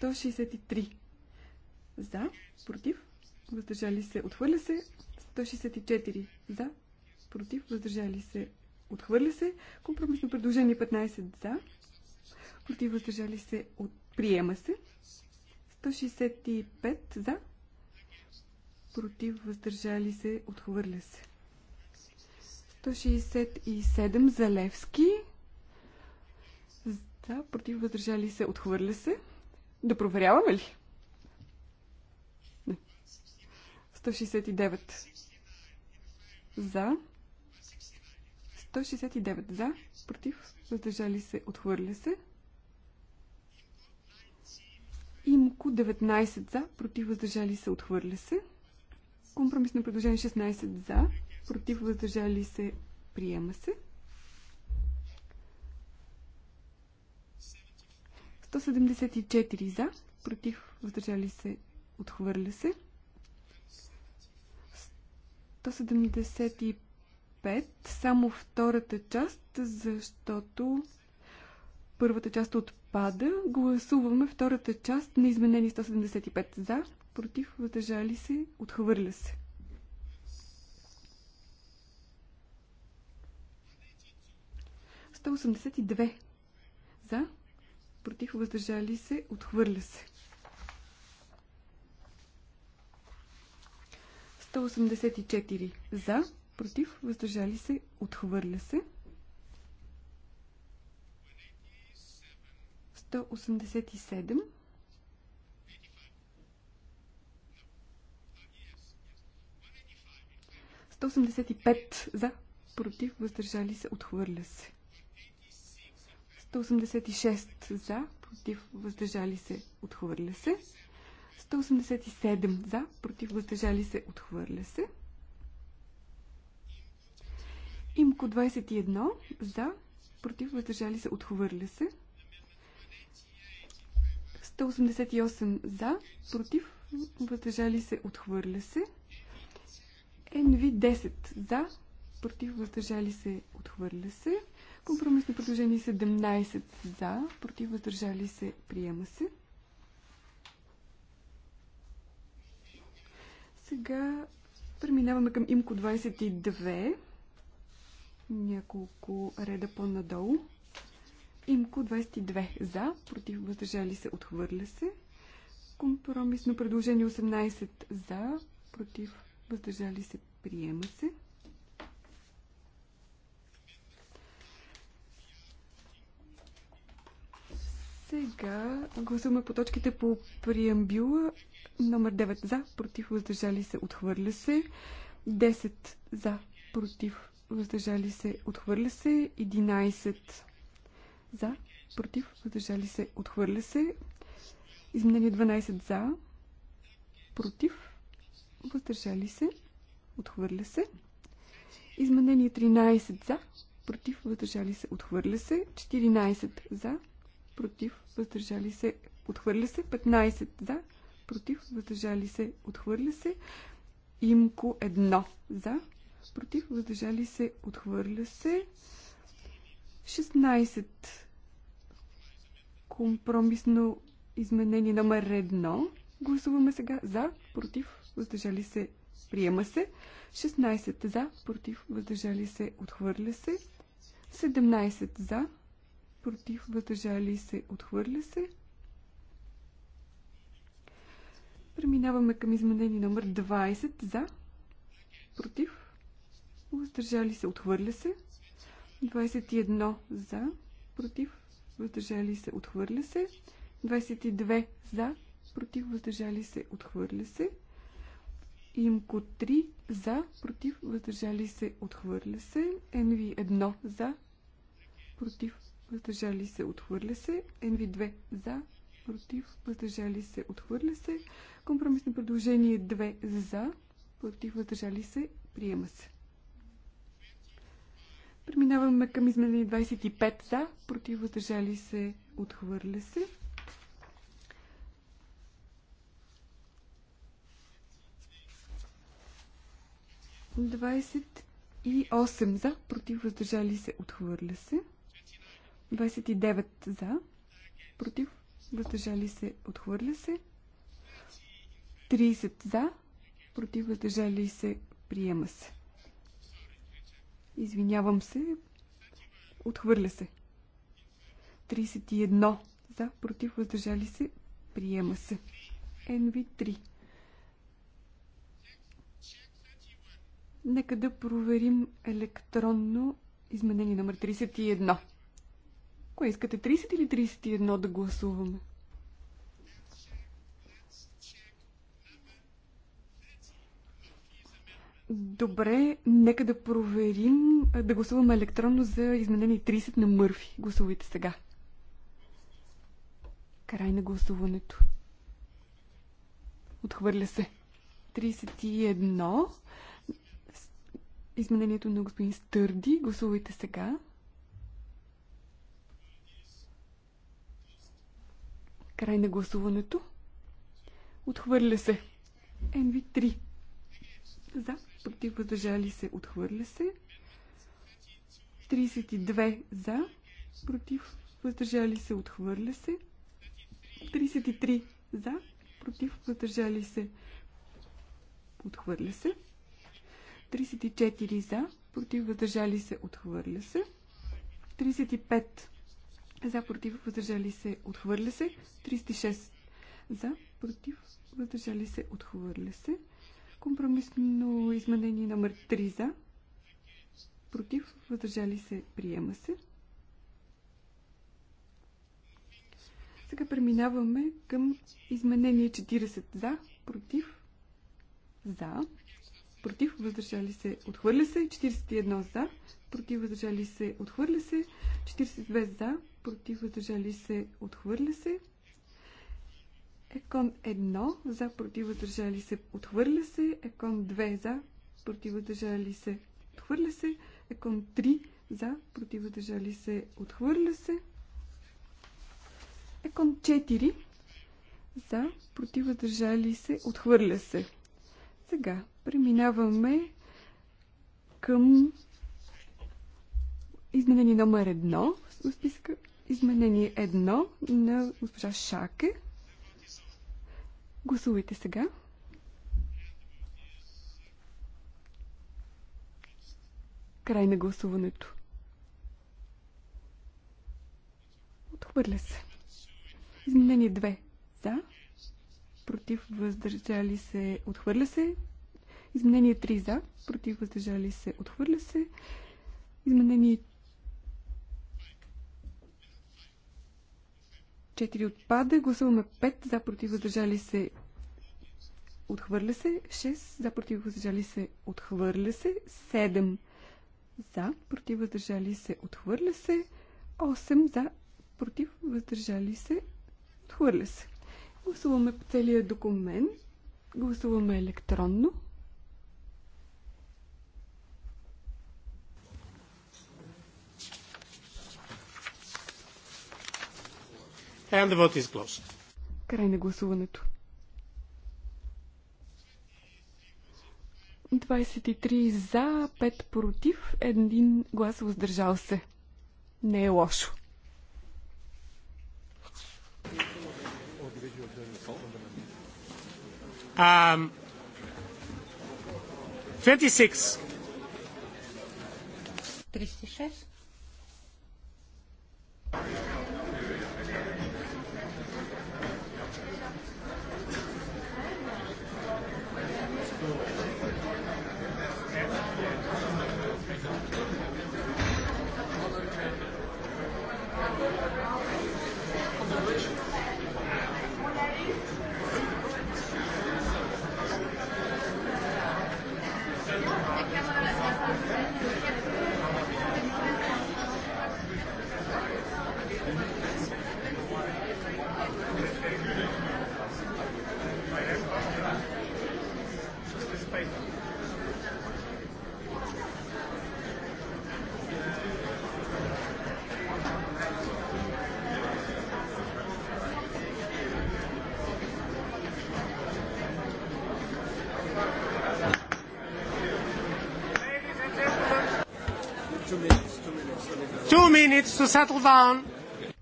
163. За, против, въздържали се, отхвърля се. 164. За, против, въздържали се, отхвърля се. Компромисно предложение 15. За, против, въздържали се, от... приема се. 165. За, против, въздържали се, отхвърля се. 167 за Левски. За, против, въздържали се, отхвърля се. Да проверяваме ли? Не. 169 за. 169 за, против, въздържали се, отхвърля се. Имко 19 за, против, въздържали се, отхвърля се. Компромисно предложение 16 за, против, въздържали се, приема се. 174 за, против, въздържали се, отхвърля се. 175, само втората част, защото първата част отпада. Гласуваме втората част на изменени 175 за, против, въздържали се, отхвърля се. 182 за, против, въздържали се, отхвърля се. 184 за, против, въздържали се, отхвърля се. 187 185 за, против, въздържали се, отхвърля се. 186 за, против, въздържали се, отхвърля се. 187 за, против, въздържали се, отхвърля се. Имко 21 за, против, въздържали се, отхвърля се. 188 за, против, въздържали се, отхвърля се. Нви 10 за, против, въздържали се, отхвърля се. Компромисно предложение 17 за, против, въздържали се, приема се. Сега преминаваме към имко 22. Няколко реда по-надолу. Имко 22 за, против, въздържали се, отхвърля се. Компромисно предложение 18 за, против, въздържали се, приема се. Сега гласуваме по точките по преамбюла. Номер 9 за, против, въздържали се, отхвърля се. 10 за, против, въздържали се, отхвърля се. 11 за, против, въздържали се, отхвърля се. Изменение 12 за, против, въздържали се, отхвърля се. Изменение 13 за, против, въздържали се, отхвърля се. 14 за, против, въздържали се, отхвърля се. 15 за, против, въздържали се, отхвърля се. Имко едно за, против, въздържали се, отхвърля се. 16 компромисно изменение номер едно. Гласуваме сега за, против, въздържали се, приема се. 16 за, против, въздържали се, отхвърля се. 17 за, против, въздържали се, отхвърля се. Преминаваме към изменение номер 20 за, против, въздържали се, отхвърля се. 21 за, против, въздържали се, отхвърля се. 22 за, против, въздържали се, отхвърля се. Имко 3 за, против, въздържали се, отхвърля се. Енви 1 за, против, въздържали се, отхвърля се. NV2 за, против, въздържали се, отхвърля се. Компромисно предложение 2 за, против, въздържали се, приема се. Преминаваме към изменение 25 за, против, въздържали се, отхвърля се. Двадесет и осем за, против въздържали се, отхвърля се. 29 за, против, въздържали се, отхвърля се. 30 за, против, въздържали се, приема се. Извинявам се, отхвърля се. 31 за, против, въздържали се, приема се. NV3. Нека да проверим електронно изменение номер 31. Кое искате, 30 или 31 да гласуваме? Добре, нека да проверим, да гласуваме електронно за изменени 30 на Мърфи. Гласувайте сега. Край на гласуването. Отхвърля се. 31. Изменението на господин Стърди. Гласувайте сега. Край на гласуването. Отхвърля се. NV3. За, против, въздържали се. Отхвърля се. 32 за, против, въздържали се. Отхвърля се. 33 за, против, въздържали се. Отхвърля се. 34 за, против, въздържали се. Отхвърля се. 35 за, против, въздържали се, отхвърля се. 36. За, против, въздържали се, отхвърля се. Компромисно изменение номер 3 за. Против, въздържали се, приема се. Сега преминаваме към изменение 40 за, против, за против, въздържали се, отхвърля се, 41 за, против, въздържали се, отхвърля се, 42 за, против, въздържали се, отхвърля се. Екон 1 за, против, въздържали се, отхвърля се, Екон 2 за, против, въздържали се, отхвърля се, Екон 3 за, против, въздържали се, отхвърля се. Екон 4 за, против, въздържали се, отхвърля се. Сега преминаваме към изменение номер едно в списъка. Изменение едно на госпожа Шаке. Гласувайте сега. Край на гласуването. Отхвърля се. Изменение две За. Да против, въздържали се, отхвърля се. Изменение 3 за, против, въздържали се, отхвърля се. Изменение 4 отпада. Гласуваме 5 за, против, въздържали се, отхвърля се. 6 за, против, въздържали се, отхвърля се. 7 за, против, въздържали се, отхвърля се. 8 за, против, въздържали се, отхвърля се. Гласуваме по целия документ. Гласуваме електронно. And the vote is closed. Край на гласуването. 23 за, 5 против, Един глас въздържал се. Не е лошо. Um, 36. 36.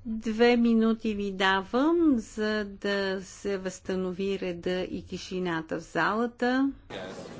Две минути ви давам, за да се възстанови реда и тишината в залата. Yes.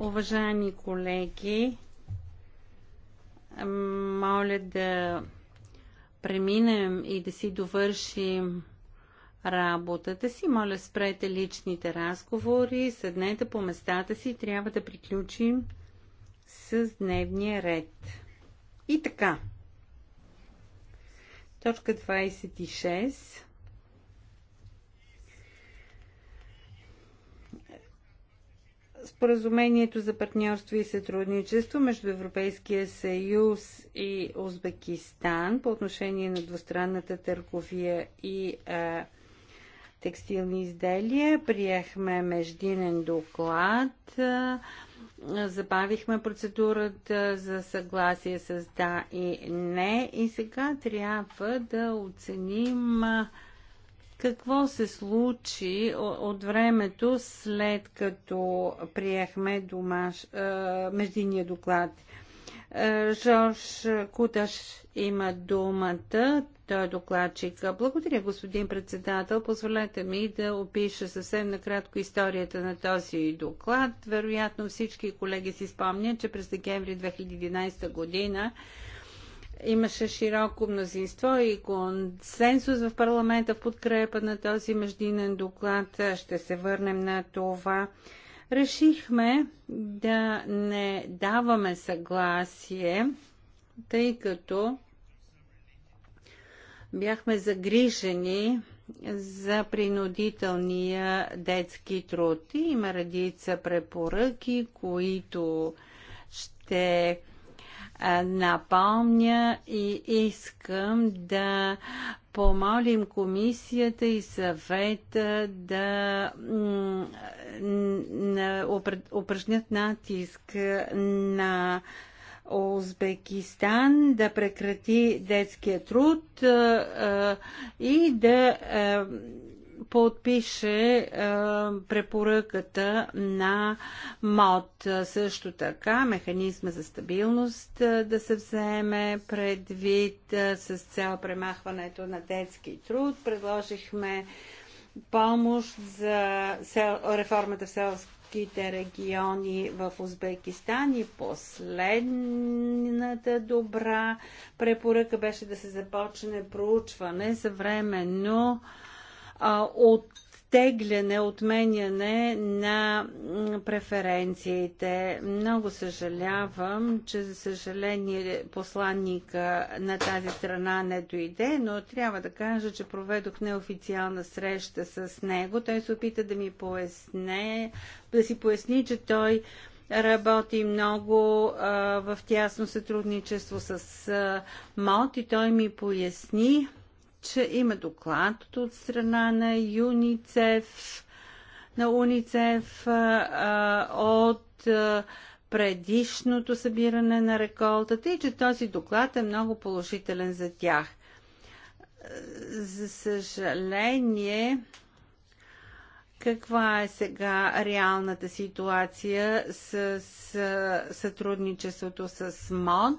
Уважаеми колеги, моля да преминем и да си довършим работата си. Моля, спрете личните разговори, седнете по местата си. Трябва да приключим с дневния ред. И така. Точка 26. споразумението за партньорство и сътрудничество между Европейския съюз и Узбекистан по отношение на двустранната търговия и а, текстилни изделия. Приехме междинен доклад. забавихме процедурата за съгласие с да и не. И сега трябва да оценим. А, какво се случи от времето след като приехме домаш, междинния доклад? Жорж Куташ има думата. Той е докладчик. Благодаря, господин председател. Позволете ми да опиша съвсем накратко историята на този доклад. Вероятно всички колеги си спомнят, че през декември 2011 година Имаше широко мнозинство и консенсус в парламента в подкрепа на този междинен доклад. Ще се върнем на това. Решихме да не даваме съгласие, тъй като бяхме загрижени за принудителния детски труд. И има редица препоръки, които ще напомня и искам да помолим комисията и съвета да упражнят натиск на Узбекистан да прекрати детския труд и да подпише а, е, препоръката на МОД. Също така механизма за стабилност а, е, да се вземе предвид е, с цел премахването на детски труд. Предложихме помощ за сел, реформата в селските региони в Узбекистан и последната добра препоръка беше да се започне проучване за временно но от тегляне, отменяне на преференциите. Много съжалявам, че за съжаление посланника на тази страна не дойде, но трябва да кажа, че проведох неофициална среща с него. Той се опита да ми поясне, да си поясни, че той работи много а, в тясно сътрудничество с а, МОД и той ми поясни, че има доклад от страна на ЮНИЦЕФ, на УНИЦЕФ а, от а, предишното събиране на реколтата и че този доклад е много положителен за тях. За съжаление, каква е сега реалната ситуация с, с сътрудничеството с МОД?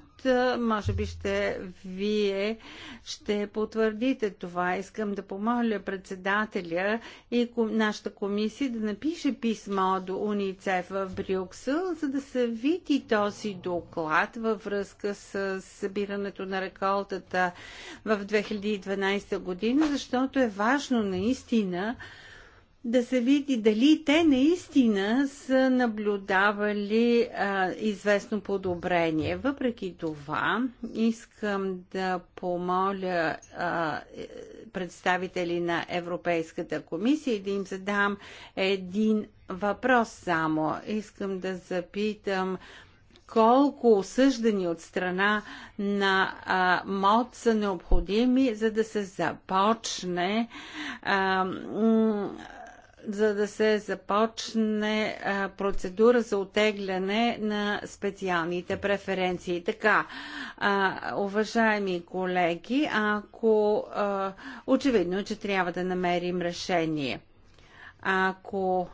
Може би ще вие ще потвърдите това. Искам да помоля председателя и нашата комисия да напише писмо до УНИЦЕФ в Брюксел, за да се види този доклад във връзка с събирането на реколтата в 2012 година, защото е важно наистина да се види дали те наистина са наблюдавали а, известно подобрение. Въпреки това, искам да помоля а, представители на Европейската комисия и да им задам един въпрос само. Искам да запитам колко осъждани от страна на а, МОД са необходими, за да се започне а, за да се започне процедура за отегляне на специалните преференции. Така, уважаеми колеги, ако очевидно, че трябва да намерим решение. Ако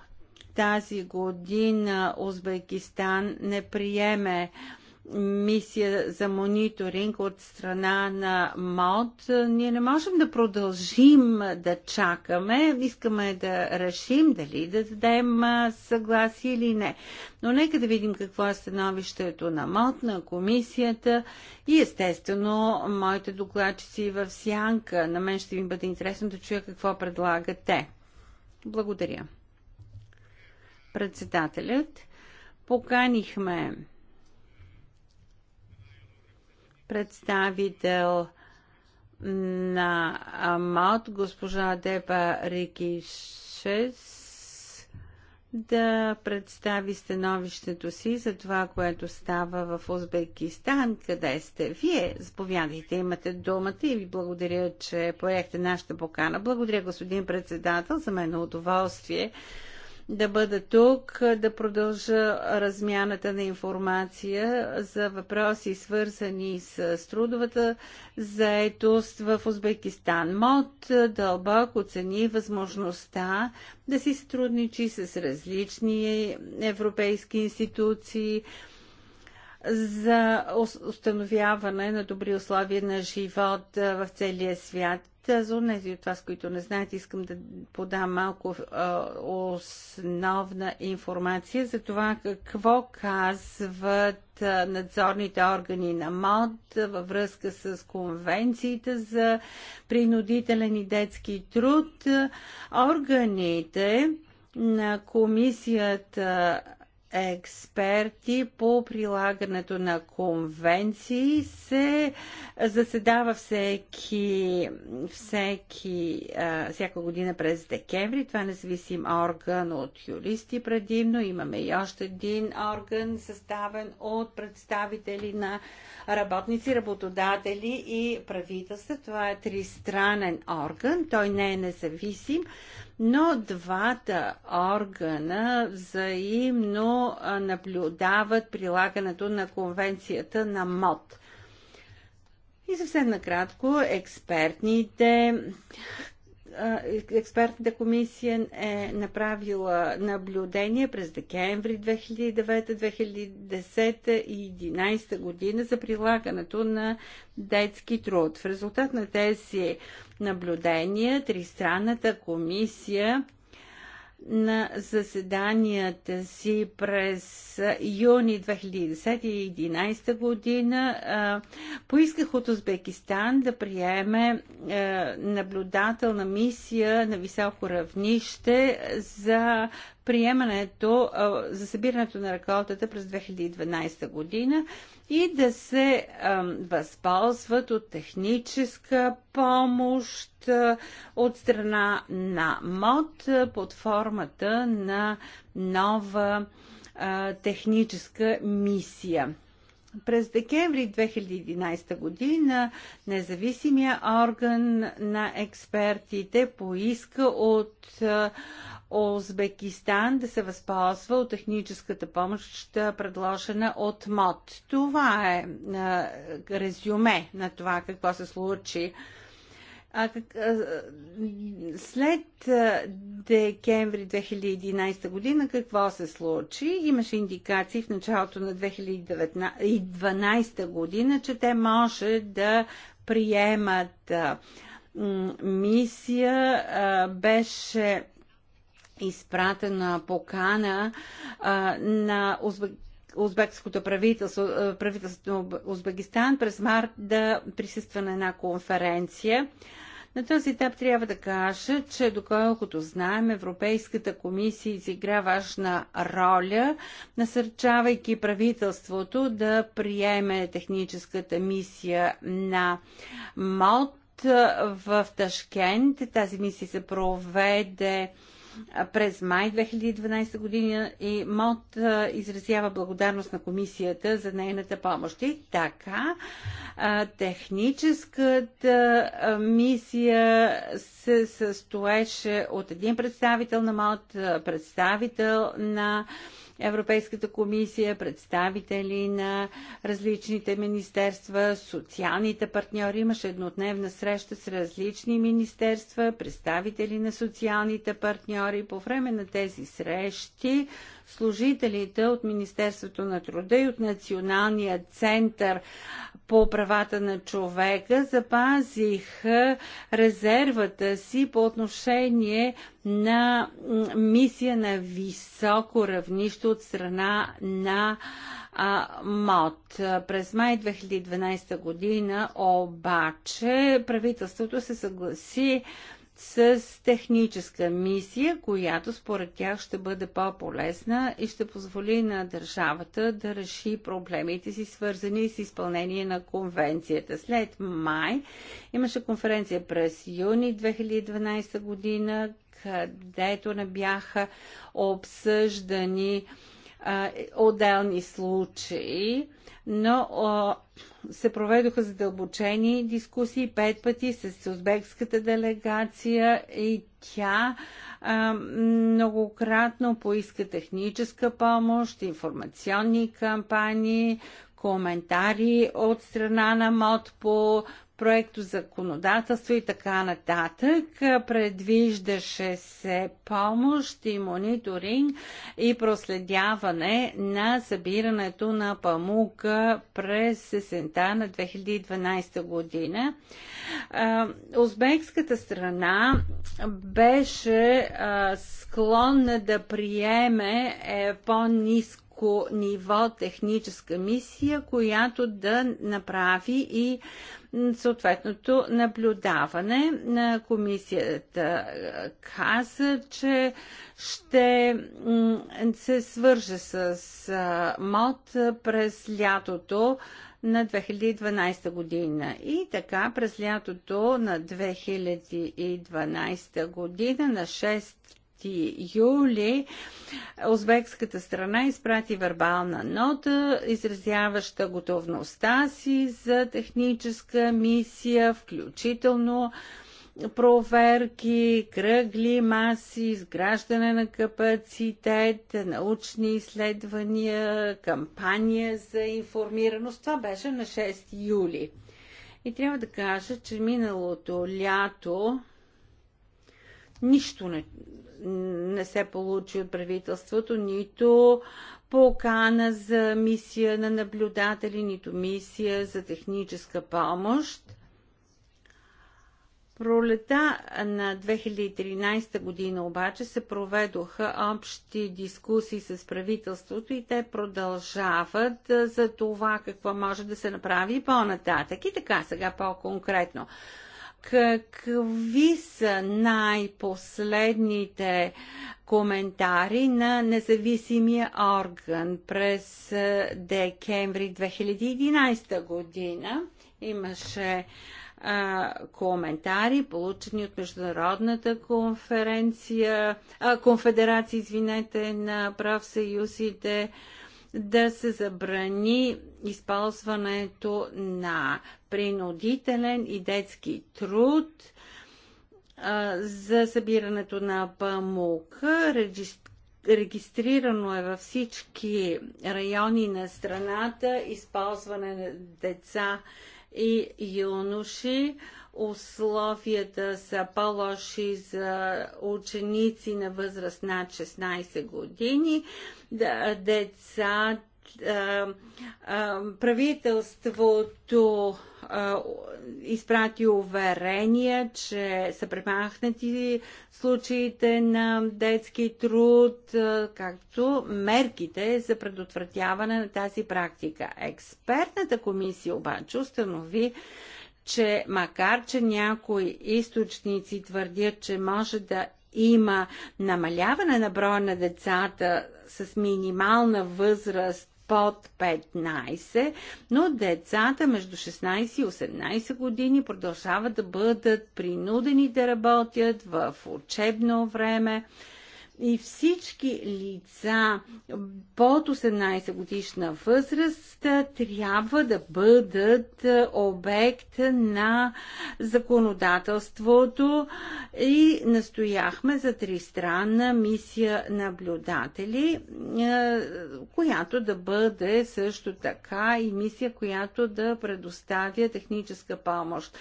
тази година Узбекистан не приеме а, мисия за мониторинг от страна на МОД. Ние не можем да продължим да чакаме. Искаме да решим дали да дадем съгласие или не. Но нека да видим какво е становището на МОД, на комисията и естествено моите докладчици в Сянка. На мен ще ми бъде интересно да чуя какво предлагат те. Благодаря. Председателят поканихме представител на МОД, госпожа Деба Рикишес, да представи становището си за това, което става в Узбекистан. Къде сте? Вие заповядайте, имате думата и ви благодаря, че поехте нашата покана. Благодаря, господин председател, за мен е удоволствие да бъда тук, да продължа размяната на информация за въпроси, свързани с трудовата заетост в Узбекистан. МОД дълбоко оцени възможността да си сътрудничи с различни европейски институции, за установяване на добри условия на живот в целия свят. За тези от вас, които не знаят, искам да подам малко основна информация за това какво казват надзорните органи на МОД във връзка с конвенциите за принудителен и детски труд. Органите на комисията експерти по прилагането на конвенции се заседава всеки, всеки, всяка година през декември. Това е независим орган от юристи предимно. Имаме и още един орган, съставен от представители на работници, работодатели и правителства. Това е тристранен орган. Той не е независим, но двата органа взаимно наблюдават прилагането на конвенцията на МОД. И съвсем накратко, експертните експертната комисия е направила наблюдение през декември 2009, 2010 и 2011 година за прилагането на детски труд. В резултат на тези наблюдения Тристранната комисия на заседанията си през юни 2010 2011 година поисках от Узбекистан да приеме наблюдателна мисия на високо равнище за приемането за събирането на реколтата през 2012 година и да се възползват от техническа помощ от страна на МОД под формата на нова техническа мисия. През декември 2011 година независимия орган на експертите поиска от Узбекистан да се възползва от техническата помощ, предложена от МОД. Това е, е резюме на това какво се случи. Е, след е, декември 2011 година какво се случи? Имаше индикации в началото на 2012 година, че те може да приемат мисия. Беше изпратена покана а, на Узбек узбекското правителство, правителството на Узбекистан през март да присъства на една конференция. На този етап трябва да кажа, че доколкото знаем, Европейската комисия изигра важна роля, насърчавайки правителството да приеме техническата мисия на МОД в Ташкент. Тази мисия се проведе през май 2012 година и МОД изразява благодарност на комисията за нейната помощ. И така, техническата мисия се състоеше от един представител на МОД, представител на Европейската комисия, представители на различните министерства, социалните партньори. Имаше еднодневна среща с различни министерства, представители на социалните партньори. По време на тези срещи служителите от Министерството на труда и от Националния център по правата на човека запазиха резервата си по отношение на мисия на високо равнище от страна на а, МОД. През май 2012 година обаче правителството се съгласи с техническа мисия, която според тях ще бъде по-полезна и ще позволи на държавата да реши проблемите си, свързани с изпълнение на конвенцията. След май имаше конференция през юни 2012 година, където не бяха обсъждани отделни случаи, но се проведоха задълбочени дискусии пет пъти с узбекската делегация и тя многократно поиска техническа помощ, информационни кампании, коментари от страна на МОД по проекто законодателство и така нататък. Предвиждаше се помощ и мониторинг и проследяване на събирането на памука през сесента на 2012 година. Узбекската страна беше склонна да приеме е, по-низко ниво техническа мисия, която да направи и съответното наблюдаване. На комисията каза, че ще се свърже с МОД през лятото на 2012 година. И така през лятото на 2012 година на 6 15 юли узбекската страна изпрати вербална нота, изразяваща готовността си за техническа мисия, включително проверки, кръгли маси, изграждане на капацитет, научни изследвания, кампания за информираност. Това беше на 6 юли. И трябва да кажа, че миналото лято нищо не, не се получи от правителството, нито покана за мисия на наблюдатели, нито мисия за техническа помощ. Пролета на 2013 година обаче се проведоха общи дискусии с правителството и те продължават за това какво може да се направи по-нататък. И така сега по-конкретно какви са най-последните коментари на независимия орган през е, декември 2011 година. Имаше а, е, коментари, получени от Международната конференция, а, конфедерация, извинете, на правсъюзите, да се забрани използването на принудителен и детски труд а, за събирането на памук. Регистрирано е във всички райони на страната използване на деца и юноши условията са по-лоши за ученици на възраст над 16 години, деца, правителството изпрати уверения, че са премахнати случаите на детски труд, както мерките за предотвратяване на тази практика. Експертната комисия обаче установи, че макар, че някои източници твърдят, че може да има намаляване на броя на децата с минимална възраст под 15, но децата между 16 и 18 години продължават да бъдат принудени да работят в учебно време и всички лица под 18 годишна възраст трябва да бъдат обект на законодателството и настояхме за тристранна мисия наблюдатели, която да бъде също така и мисия, която да предоставя техническа помощ.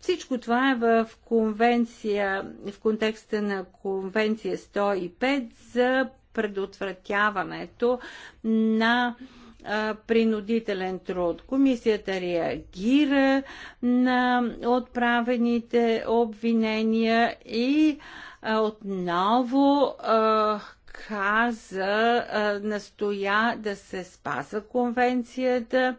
Всичко това е в конвенция, в контекста на конвенция 105 за предотвратяването на принудителен труд. Комисията реагира на отправените обвинения и отново каза, настоя да се спаза конвенцията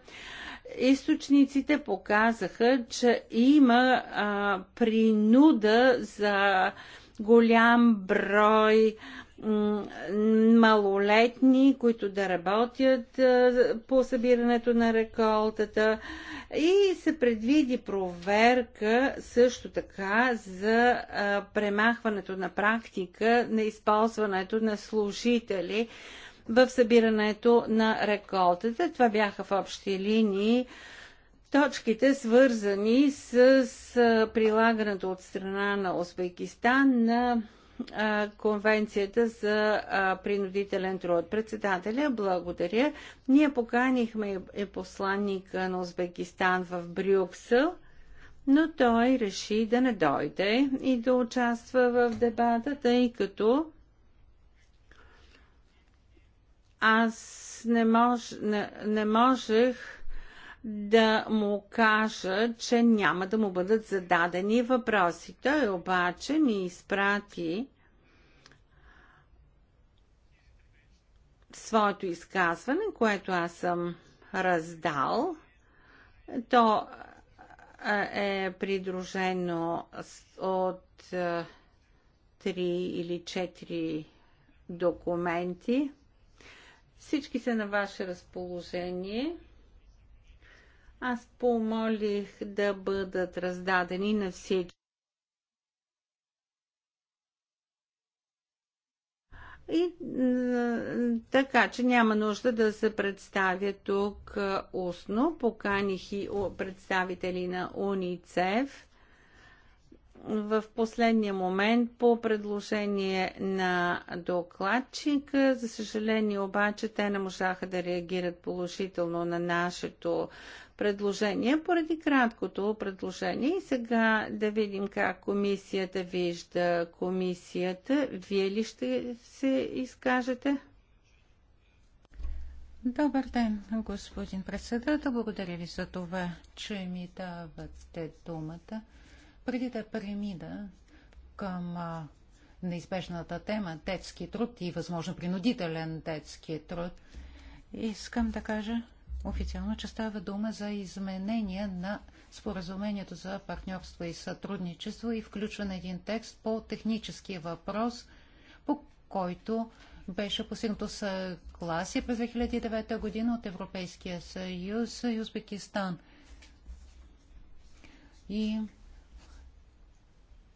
източниците показаха, че има а, принуда за голям брой малолетни, които да работят а, по събирането на реколтата и се предвиди проверка също така за а, премахването на практика на използването на служители в събирането на реколтата. Това бяха в общи линии точките, свързани с прилагането от страна на Узбекистан на Конвенцията за принудителен труд. Председателя, благодаря. Ние поканихме и посланника на Узбекистан в Брюксел, но той реши да не дойде и да участва в дебата, тъй като аз не, мож, не, не можех да му кажа, че няма да му бъдат зададени въпроси. Той обаче ми изпрати своето изказване, което аз съм раздал. То е придружено от три или четири документи. Всички са на ваше разположение. Аз помолих да бъдат раздадени на всички. И така, че няма нужда да се представя тук устно. Поканих и представители на УНИЦЕФ в последния момент по предложение на докладчика. За съжаление обаче те не можаха да реагират положително на нашето предложение поради краткото предложение. И сега да видим как комисията вижда комисията. Вие ли ще се изкажете? Добър ден, господин председател. Благодаря ви за това, че ми давате думата. Преди да премина към неизбежната тема детски труд и възможно принудителен детски труд, искам да кажа официално, че става дума за изменение на споразумението за партньорство и сътрудничество и включва на един текст по технически въпрос, по който беше постигнато съгласие през 2009 година от Европейския съюз и Узбекистан. И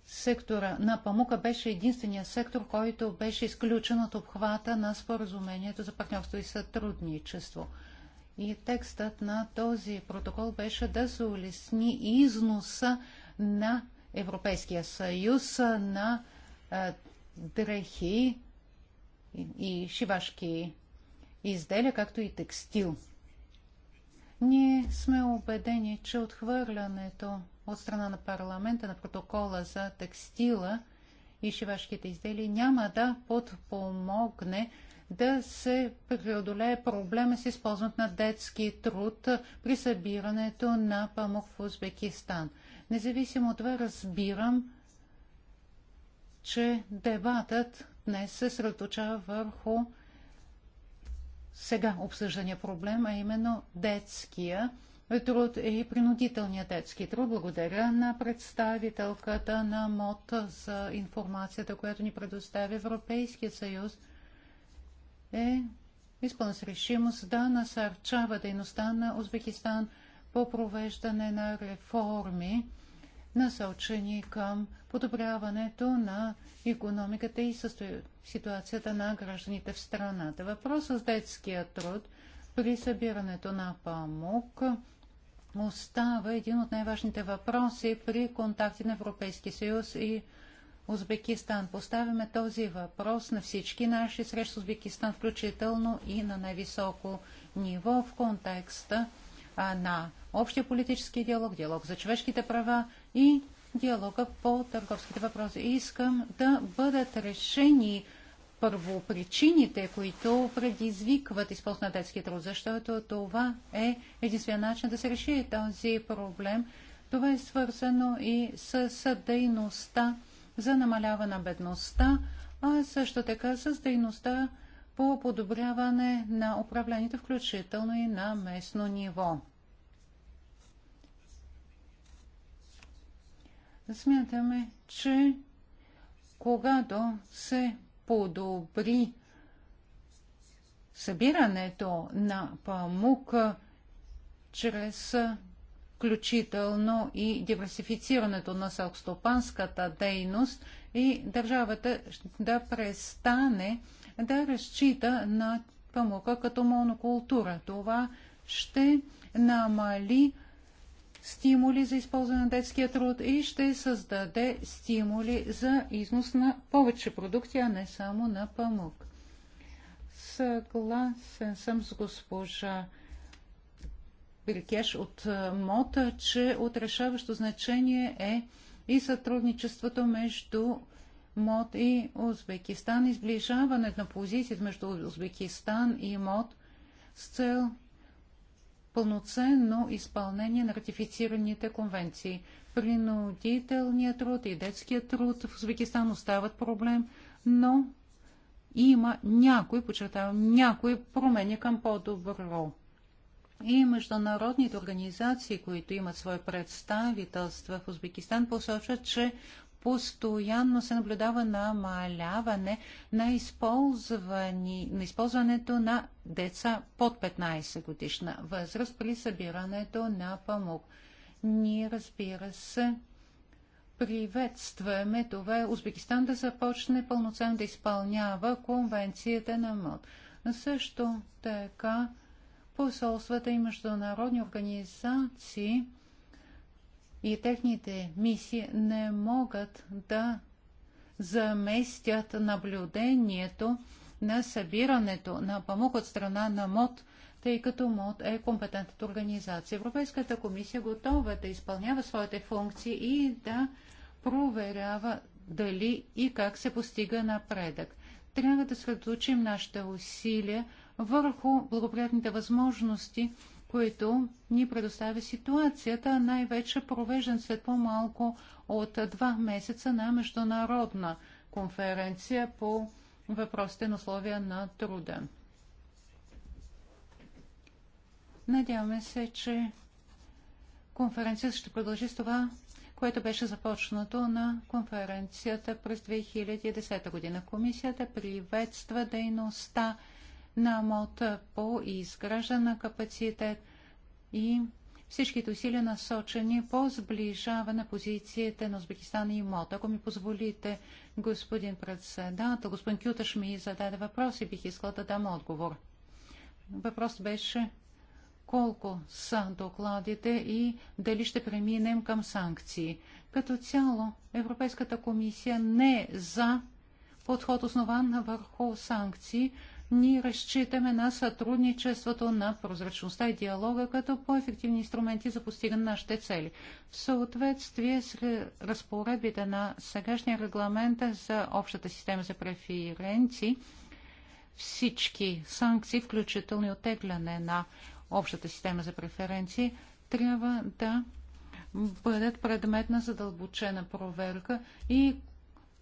сектора на памука беше единствения сектор, който беше изключен от обхвата на споразумението за партньорство и сътрудничество. И текстът на този протокол беше да се улесни износа на Европейския съюз на а, дрехи и, и шивашки изделия, както и текстил. Ние сме убедени, че отхвърлянето от страна на парламента на протокола за текстила и шивашките изделия няма да подпомогне да се преодолее проблема с използването на детски труд при събирането на памук в Узбекистан. Независимо от това, разбирам, че дебатът днес се средоточава върху сега обсъждания проблем, а именно детския труд е и принудителния детски труд. Благодаря на представителката на МОД за информацията, която ни предостави Европейския съюз. Е изпълнен с решимост да насърчава дейността на Узбекистан по провеждане на реформи, насочени към подобряването на економиката и ситуацията на гражданите в страната. Въпросът с детския труд – при събирането на памук остава един от най-важните въпроси при контакти на Европейски съюз и Узбекистан. Поставяме този въпрос на всички наши срещи с Узбекистан, включително и на най-високо ниво в контекста на общия политически диалог, диалог за човешките права и диалога по търговските въпроси. Искам да бъдат решени първопричините, които предизвикват използване на детски труд, защото това е единствен начин да се реши този проблем. Това е свързано и с дейността за намаляване на бедността, а също така с дейността по подобряване на управлението, включително и на местно ниво. Смятаме, че когато се подобри събирането на памук чрез включително и диверсифицирането на селскостопанската дейност и държавата да престане да разчита на памука като монокултура. Това ще намали стимули за използване на детския труд и ще създаде стимули за износ на повече продукти, а не само на памук. Съгласен съм с госпожа Билкеш от МОТА, че отрешаващо значение е и сътрудничеството между МОД и Узбекистан, изближаването на позициите между Узбекистан и МОД с цел пълноценно изпълнение на ратифицираните конвенции. Принудителният труд и детският труд в Узбекистан остават проблем, но има някои, подчертавам, някои промени към по-добро. И международните организации, които имат свое представителство в Узбекистан, посочват, че постоянно се наблюдава намаляване на, използвани, на използването на деца под 15 годишна възраст при събирането на памук. Ние, разбира се, приветстваме това Узбекистан да започне пълноценно да изпълнява конвенцията на МОД. Също така посолствата и международни организации – и техните мисии не могат да заместят наблюдението на събирането на памук от страна на МОД, тъй като МОД е компетентната организация. Европейската комисия е готова да изпълнява своите функции и да проверява дали и как се постига напредък. Трябва да средоточим нашите усилия върху благоприятните възможности, които ни предоставя ситуацията, най-вече провеждан след по-малко от два месеца на международна конференция по въпросите на условия на труда. Надяваме се, че конференцията ще продължи с това, което беше започнато на конференцията през 2010 година. Комисията приветства дейността на МОД по изграждане на капацитет и всичките усилия насочени по сближаване позициите на Узбекистан и МОД. Ако ми позволите, господин председател, господин Кюташ ми зададе въпрос и бих искал да дам отговор. Въпрос беше колко са докладите и дали ще преминем към санкции. Като цяло, Европейската комисия не е за подход основан върху санкции, ние разчитаме на сътрудничеството на прозрачността и диалога като по-ефективни инструменти за постигане на нашите цели. В съответствие с разпоредбите на сегашния регламент за общата система за преференции, всички санкции, включително и отегляне на общата система за преференции, трябва да бъдат предмет на задълбочена проверка и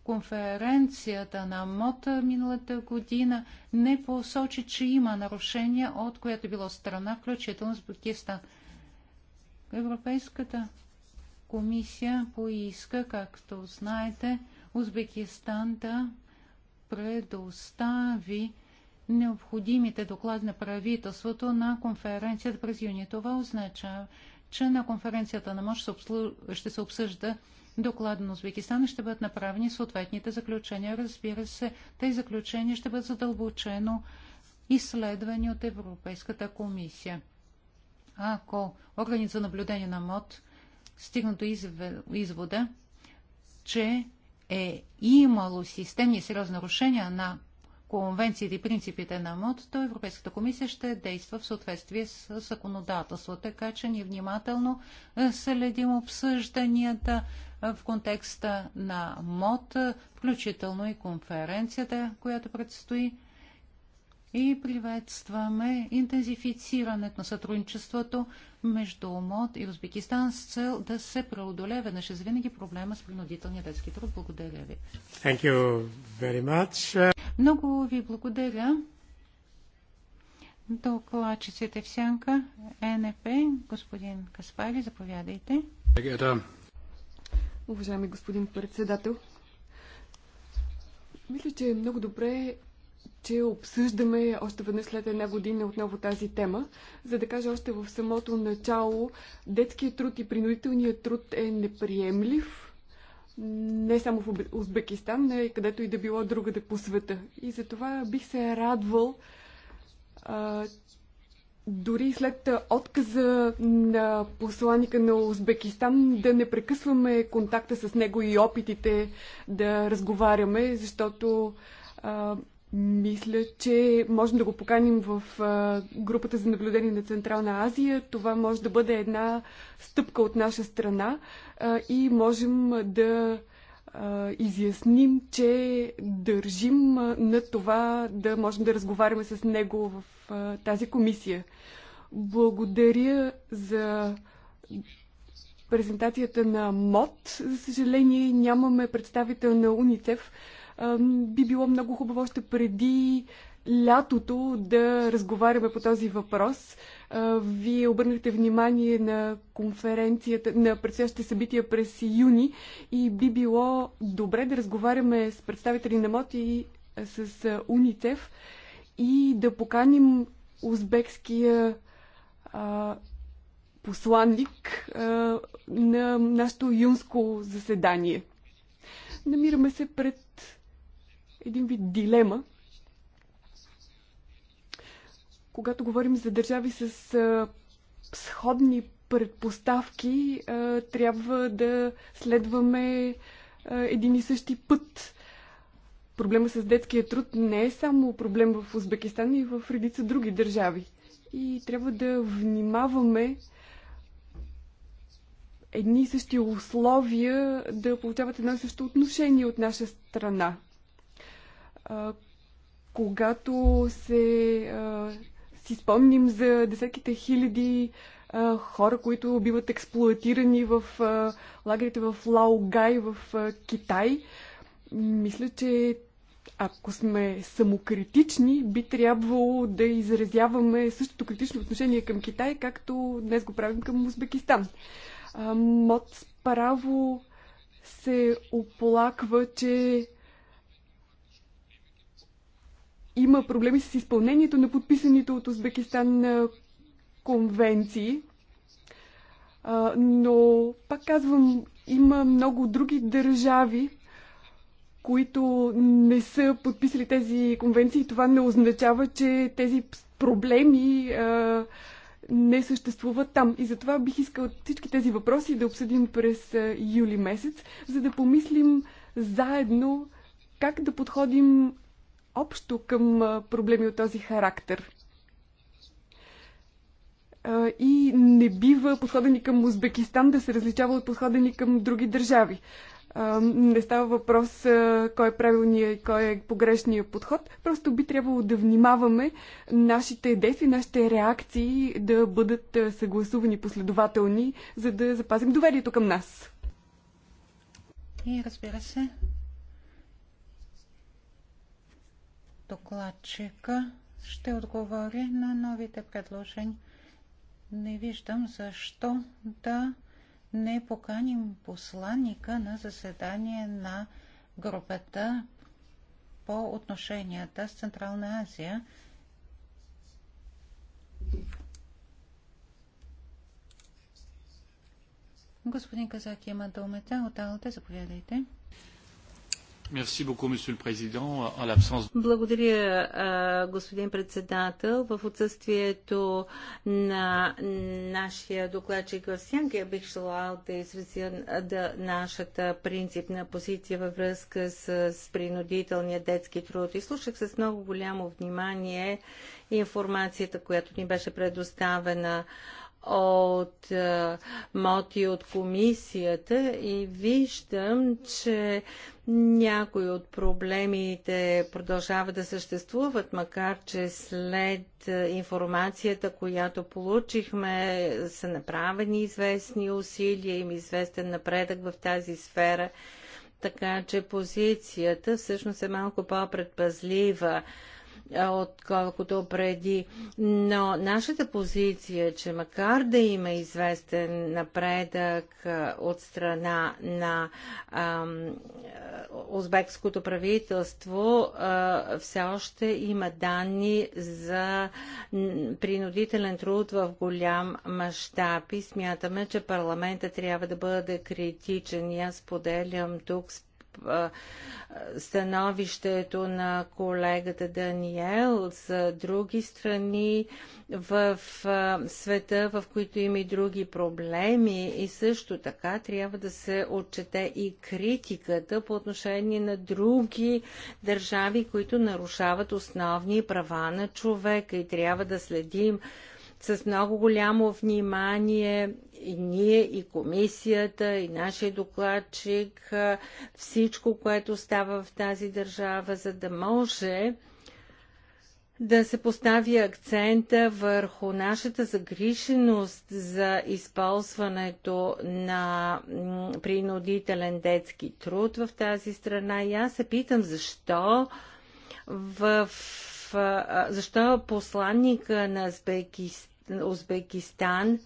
конференцията на МОТ миналата година не посочи, че има нарушения от която е било страна, включително с Пакистан. Европейската комисия поиска, както знаете, Узбекистан да предостави необходимите доклади на правителството на конференцията през юни. Това означава, че на конференцията на МОЩ ще се обсъжда доклада на Узбекистан ще бъдат направени съответните заключения. Разбира се, тези заключения ще бъдат задълбочено изследвани от Европейската комисия. Ако органите за наблюдение на МОД стигнат до извода, че е имало системни сериозни нарушения на конвенциите и принципите на МОД, то Европейската комисия ще действа в съответствие с законодателство. Така че ние внимателно е, следим обсъжданията е, в контекста на МОД, е, включително и конференцията, която предстои и приветстваме интензифицирането на сътрудничеството между МОД и Узбекистан с цел да се преодолее веднъж за винаги проблема с принудителния детски труд. Благодаря ви. Thank you very much. Много ви благодаря. Докладчиците в сянка, НФП, господин Каспари, заповядайте. Уважаеми господин председател, мисля, че е много добре че обсъждаме още веднъж след една година отново тази тема. За да кажа още в самото начало, детският труд и принудителният труд е неприемлив не само в Узбекистан, но и където и да било другаде по света. И за това бих се радвал а, дори след отказа на посланика на Узбекистан да не прекъсваме контакта с него и опитите да разговаряме, защото а, мисля, че можем да го поканим в групата за наблюдение на Централна Азия. Това може да бъде една стъпка от наша страна и можем да изясним, че държим на това да можем да разговаряме с него в тази комисия. Благодаря за презентацията на МОД. За съжаление нямаме представител на УНИЦЕФ. Би било много хубаво още преди лятото да разговаряме по този въпрос. Вие обърнахте внимание на конференцията, на предстоящите събития през юни и би било добре да разговаряме с представители на МОТ и с Уницев и да поканим узбекския а, посланник а, на нашето юнско заседание. Намираме се пред един вид дилема. Когато говорим за държави с сходни предпоставки, трябва да следваме един и същи път. Проблема с детския труд не е само проблем в Узбекистан и в редица други държави. И трябва да внимаваме едни и същи условия да получават едно и също отношение от наша страна а, когато се а, си спомним за десетките хиляди а, хора, които биват експлуатирани в а, лагерите в Лаогай в а, Китай, мисля, че ако сме самокритични, би трябвало да изразяваме същото критично отношение към Китай, както днес го правим към Узбекистан. А, МОД справо се оплаква, че има проблеми с изпълнението на подписаните от Узбекистан конвенции. Но, пак казвам, има много други държави, които не са подписали тези конвенции. Това не означава, че тези проблеми не съществуват там. И затова бих искал всички тези въпроси да обсъдим през юли месец, за да помислим заедно как да подходим общо към проблеми от този характер. И не бива подхода ни към Узбекистан да се различава от подхода ни към други държави. Не става въпрос кой е правилният и кой е погрешният подход. Просто би трябвало да внимаваме нашите действия, нашите реакции да бъдат съгласувани последователни, за да запазим доверието към нас. И разбира се, докладчика ще отговори на новите предложения. Не виждам защо да не поканим посланника на заседание на групата по отношенията с Централна Азия. Господин Казак има думата. От заповядайте. Благодаря, господин председател. В отсъствието на нашия докладчик в Сянка бих желал да изразя да, нашата принципна позиция във връзка с, с принудителния детски труд. И слушах с много голямо внимание информацията, която ни беше предоставена от е, моти от комисията и виждам, че някои от проблемите продължават да съществуват, макар че след е, информацията, която получихме, са направени известни усилия, им известен напредък в тази сфера, така че позицията всъщност е малко по-предпазлива отколкото преди. Но нашата позиция, че макар да има известен напредък от страна на ам, узбекското правителство, а, все още има данни за принудителен труд в голям мащаб и смятаме, че парламента трябва да бъде критичен. И аз поделям тук с становището на колегата Даниел за други страни в света, в които има и други проблеми и също така трябва да се отчете и критиката по отношение на други държави, които нарушават основни права на човека и трябва да следим с много голямо внимание и ние, и комисията, и нашия докладчик, всичко, което става в тази държава, за да може да се постави акцента върху нашата загриженост за използването на принудителен детски труд в тази страна. И аз се питам защо в защо посланника на Азбекистан Узбекистан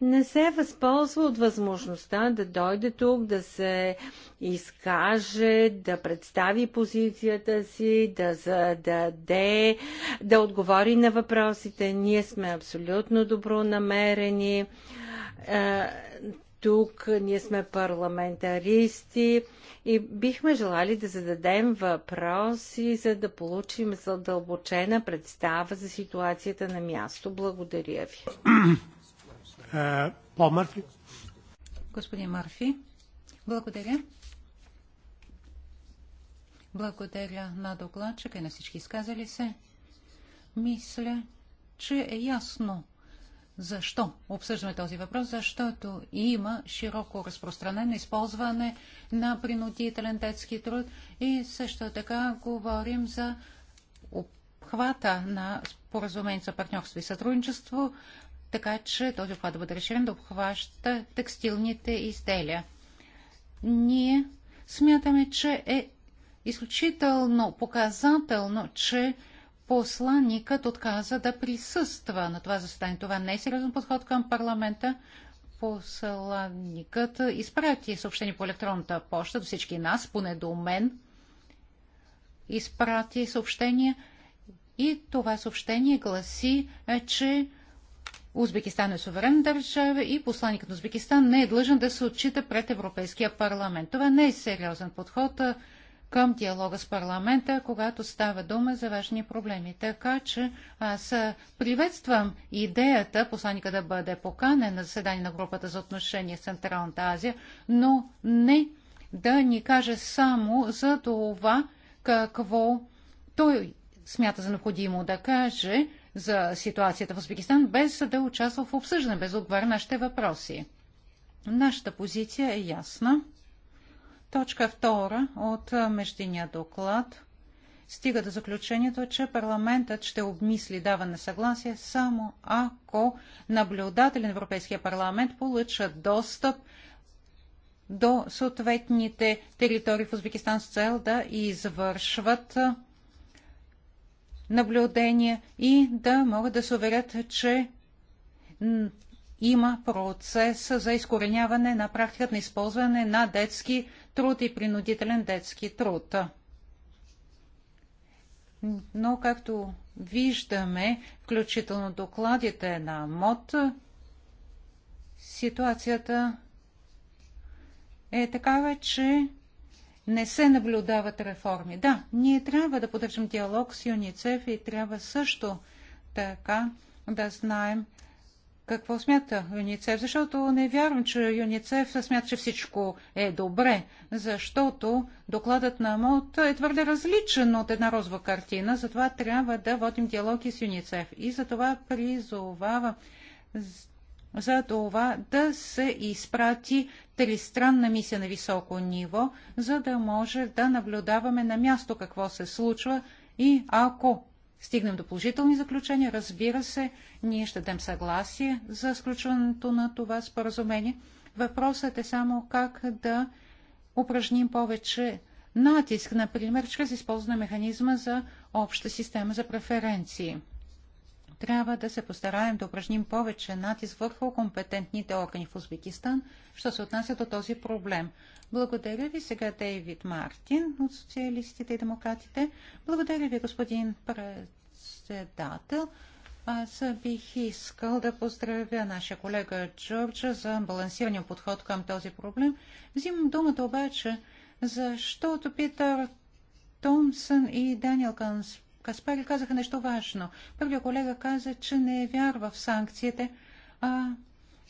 не се възползва от възможността да дойде тук, да се изкаже, да представи позицията си, да зададе, да отговори на въпросите. Ние сме абсолютно добронамерени. Е, тук, ние сме парламентаристи и бихме желали да зададем въпроси, за да получим задълбочена представа за ситуацията на място. Благодаря ви. Е, Пол Марфи. Господин Марфи, благодаря. Благодаря на докладчика и на всички изказали се. Мисля, че е ясно защо обсъждаме този въпрос? Защото има широко разпространено използване на принудителен детски труд и също така говорим за обхвата на споразумение за партньорство и сътрудничество, така че този обхват да бъде разширен да обхваща текстилните изделия. Ние смятаме, че е изключително показателно, че посланникът отказа да присъства на това заседание. Това не е сериозен подход към парламента. Посланникът изпрати съобщение по електронната почта до всички нас, поне до мен. Изпрати съобщение и това съобщение гласи, е, че Узбекистан е суверенна държава и посланникът на Узбекистан не е длъжен да се отчита пред Европейския парламент. Това не е сериозен подход към диалога с парламента, когато става дума за важни проблеми. Така че аз приветствам идеята посланника да бъде поканен на заседание на групата за отношение с Централната Азия, но не да ни каже само за това, какво той смята за необходимо да каже за ситуацията в Узбекистан, без да участва в обсъждане, без да отговаря нашите въпроси. Нашата позиция е ясна. Точка 2 от междиния доклад стига до заключението, че парламентът ще обмисли даване съгласие само ако наблюдатели на Европейския парламент получат достъп до съответните територии в Узбекистан с цел да извършват наблюдение и да могат да се уверят, че има процес за изкореняване на практиката на използване на детски труд и принудителен детски труд. Но, както виждаме, включително докладите на МОД, ситуацията е такава, че не се наблюдават реформи. Да, ние трябва да поддържим диалог с ЮНИЦЕФ и трябва също така да знаем какво смята ЮНИЦЕФ, защото не вярвам, че ЮНИЦЕФ смята, че всичко е добре, защото докладът на МОД е твърде различен от една розова картина, затова трябва да водим диалоги с ЮНИЦЕФ и затова призовава за това да се изпрати тристранна мисия на високо ниво, за да може да наблюдаваме на място какво се случва и ако стигнем до положителни заключения, разбира се, ние ще дадем съгласие за сключването на това споразумение. Въпросът е само как да упражним повече натиск, например, чрез използване механизма за обща система за преференции трябва да се постараем да упражним повече натиск върху компетентните органи в Узбекистан, що се отнася до този проблем. Благодаря ви сега Дейвид Мартин от Социалистите и Демократите. Благодаря ви, господин председател. Аз бих искал да поздравя нашия колега Джорджа за балансирания подход към този проблем. Взимам думата обаче, защото Питър Томсън и Даниел Канс Каспари казаха нещо важно. Първият колега каза, че не е вярва в санкциите, а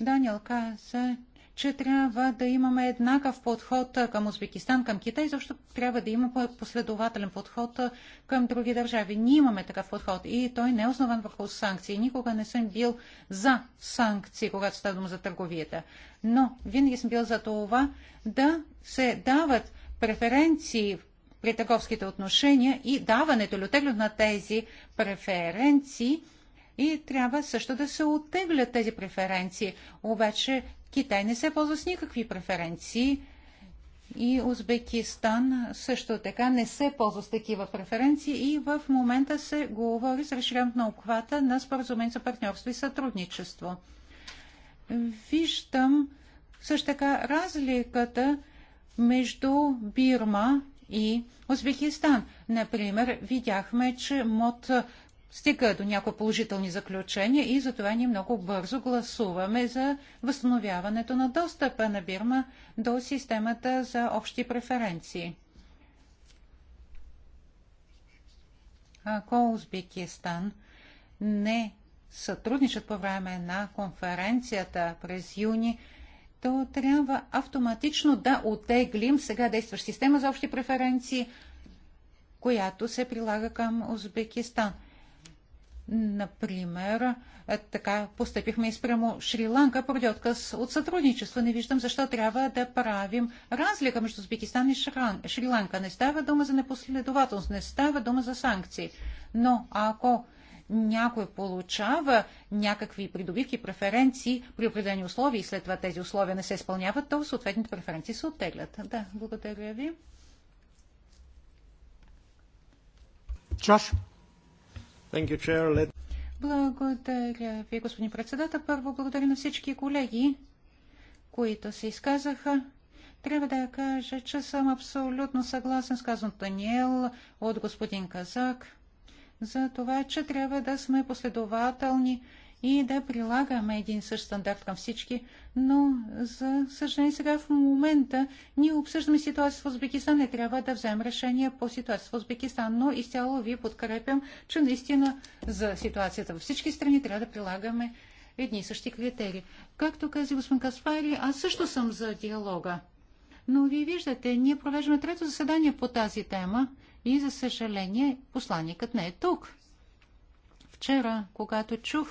Даниел каза, че трябва да имаме еднакъв подход към Узбекистан, към Китай, защото трябва да има последователен подход към други държави. Ние имаме такъв подход и той не е основан върху санкции. Никога не съм бил за санкции, когато става дума за търговията. Но винаги съм бил за това да се дават преференции при търговските отношения и даването или отеглянето на тези преференции и трябва също да се оттеглят тези преференции. Обаче Китай не се ползва с никакви преференции и Узбекистан също така не се ползва с такива преференции и в момента се говори за разширяването на обхвата на споразумение за партньорство и сътрудничество. Виждам също така разликата между Бирма и Узбекистан. Например, видяхме, че МОД стига до някои положителни заключения и затова ние много бързо гласуваме за възстановяването на достъпа на Бирма до системата за общи преференции. Ако Узбекистан не сътрудничат по време на конференцията през юни, то трябва автоматично да отеглим сега действаща система за общи преференции, която се прилага към Узбекистан. Например, така постъпихме и спрямо Шри-Ланка поради отказ от сътрудничество. Не виждам защо трябва да правим разлика между Узбекистан и Шри-Ланка. Не става дума за непоследователност, не става дума за санкции. Но ако някой получава някакви придобивки, преференции при определени условия и след това тези условия не се изпълняват, то съответните преференции се оттеглят. Да, благодаря ви. Джош. Благодаря ви, господин председател. Първо благодаря на всички колеги, които се изказаха. Трябва да кажа, че съм абсолютно съгласен с казаното Даниел от господин Казак за това, че трябва да сме последователни и да прилагаме един същ стандарт към всички, но за съжаление сега в момента ние обсъждаме ситуация в Узбекистан и трябва да вземем решение по ситуация в Узбекистан, но изцяло ви подкрепям, че наистина за ситуацията във всички страни трябва да прилагаме едни и същи критерии. Както каза господин Каспари, аз също съм за диалога. Но вие виждате, ние провеждаме трето заседание по тази тема и за съжаление, посланникът не е тук. Вчера, когато чух,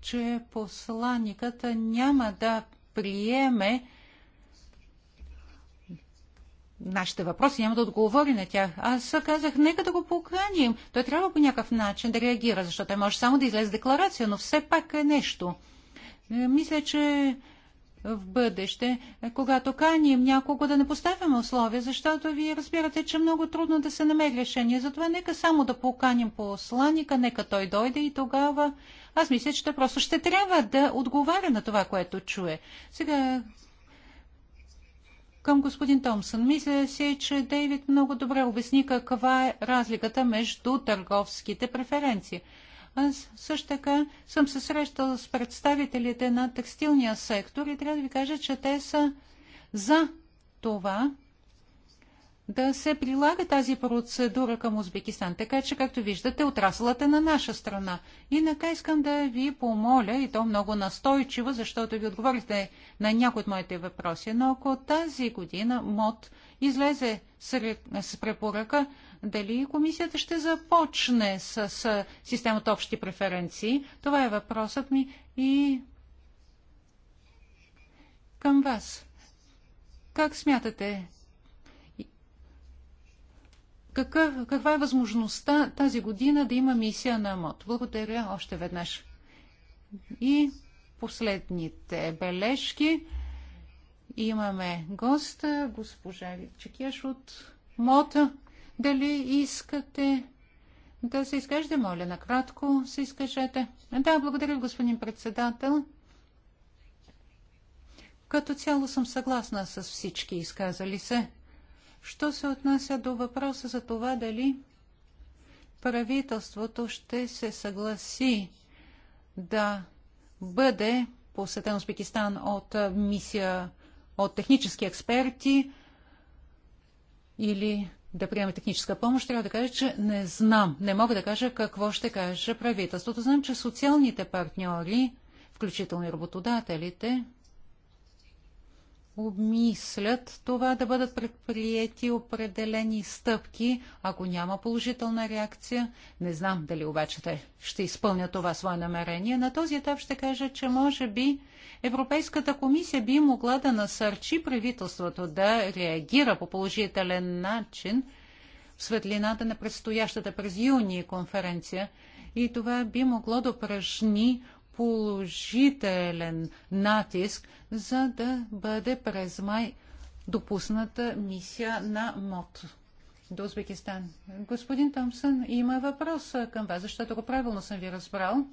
че посланникът няма да приеме нашите въпроси, няма да отговори на тях. Аз казах, нека да го поканим. Той трябва по някакъв начин да реагира, защото той може само да излезе декларация, но все пак е нещо. Е, мисля, че в бъдеще, когато каним някого да не поставяме условия, защото вие разбирате, че много трудно да се намери решение. Затова нека само да поканим посланника, нека той дойде и тогава аз мисля, че той просто ще трябва да отговаря на това, което чуе. Сега към господин Томсън. Мисля си, че Дейвид много добре обясни каква е разликата между търговските преференции. Аз също така съм се срещал с представителите на текстилния сектор и трябва да ви кажа, че те са за това да се прилага тази процедура към Узбекистан. Така че, както виждате, отраслата е на наша страна. И нака искам да ви помоля, и то много настойчиво, защото ви отговорихте на някои от моите въпроси, но ако тази година МОД излезе с препоръка дали комисията ще започне с, с системата общи преференции. Това е въпросът ми и към вас. Как смятате? Какъв, каква е възможността тази година да има мисия на МОД? Благодаря още веднъж. И последните бележки. Имаме гост, госпожа Чекеш от МОТА. Дали искате да се изкажете? Моля, накратко се изкажете. Да, благодаря, господин председател. Като цяло съм съгласна с всички изказали се. Що се отнася до въпроса за това дали правителството ще се съгласи да бъде посетен Узбекистан от мисия от технически експерти или да приеме техническа помощ, трябва да кажа, че не знам, не мога да кажа какво ще каже правителството. Знам, че социалните партньори, включително и работодателите, обмислят това да бъдат предприяти определени стъпки, ако няма положителна реакция. Не знам дали обаче те ще изпълнят това свое намерение. На този етап ще кажа, че може би Европейската комисия би могла да насърчи правителството да реагира по положителен начин в светлината на предстоящата през юни конференция и това би могло да упражни положителен натиск, за да бъде през май допусната мисия на МОД до Узбекистан. Господин Томсън, има въпрос към вас, защото го правилно съм ви разбрал.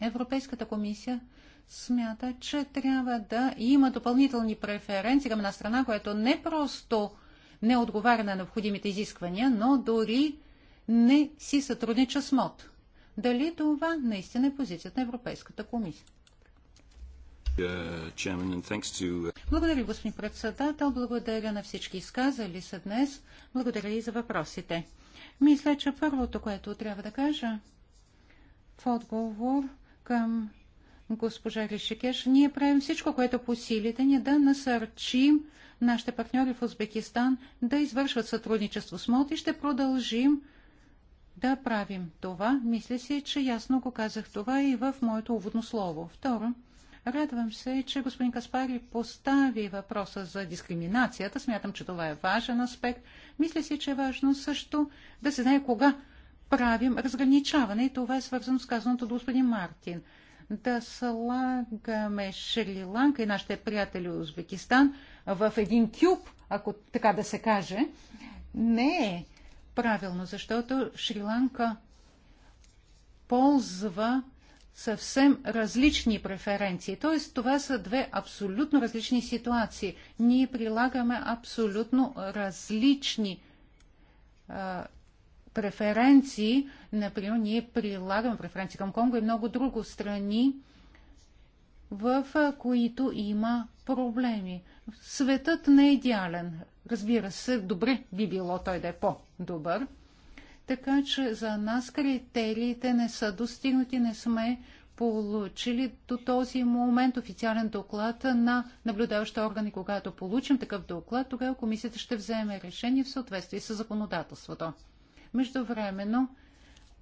Европейската комисия смята, че трябва да има допълнителни преференции към една страна, която не просто не отговаря на необходимите изисквания, но дори не си сътруднича с МОД. Дали това наистина е позицията на Европейската комисия? Uh, uh, Благодаря, господин председател. Благодаря на всички изказали се днес. Благодаря и за въпросите. Мисля, че първото, което трябва да кажа в отговор към госпожа Ришикеш, ние правим всичко, което по силите ни е да насърчим нашите партньори в Узбекистан да извършват сътрудничество с МОД и ще продължим да правим това. Мисля си, че ясно го казах това и в моето уводно слово. Второ, радвам се, че господин Каспари постави въпроса за дискриминацията. Смятам, че това е важен аспект. Мисля си, че е важно също да се знае кога правим разграничаване и това е свързано с казаното до господин Мартин. Да слагаме Шри-Ланка и нашите приятели Узбекистан в един кюб, ако така да се каже, не е правилно, защото Шри-Ланка ползва съвсем различни преференции. Т.е. това са две абсолютно различни ситуации. Ние прилагаме абсолютно различни а, преференции. Например, ние прилагаме преференции към Конго и много друго страни, в които има проблеми. Светът не е идеален. Разбира се, добре би било той да е по-добър. Така че за нас критериите не са достигнати, не сме получили до този момент официален доклад на наблюдаваща органи. когато получим такъв доклад, тогава комисията ще вземе решение в съответствие с законодателството. Междувременно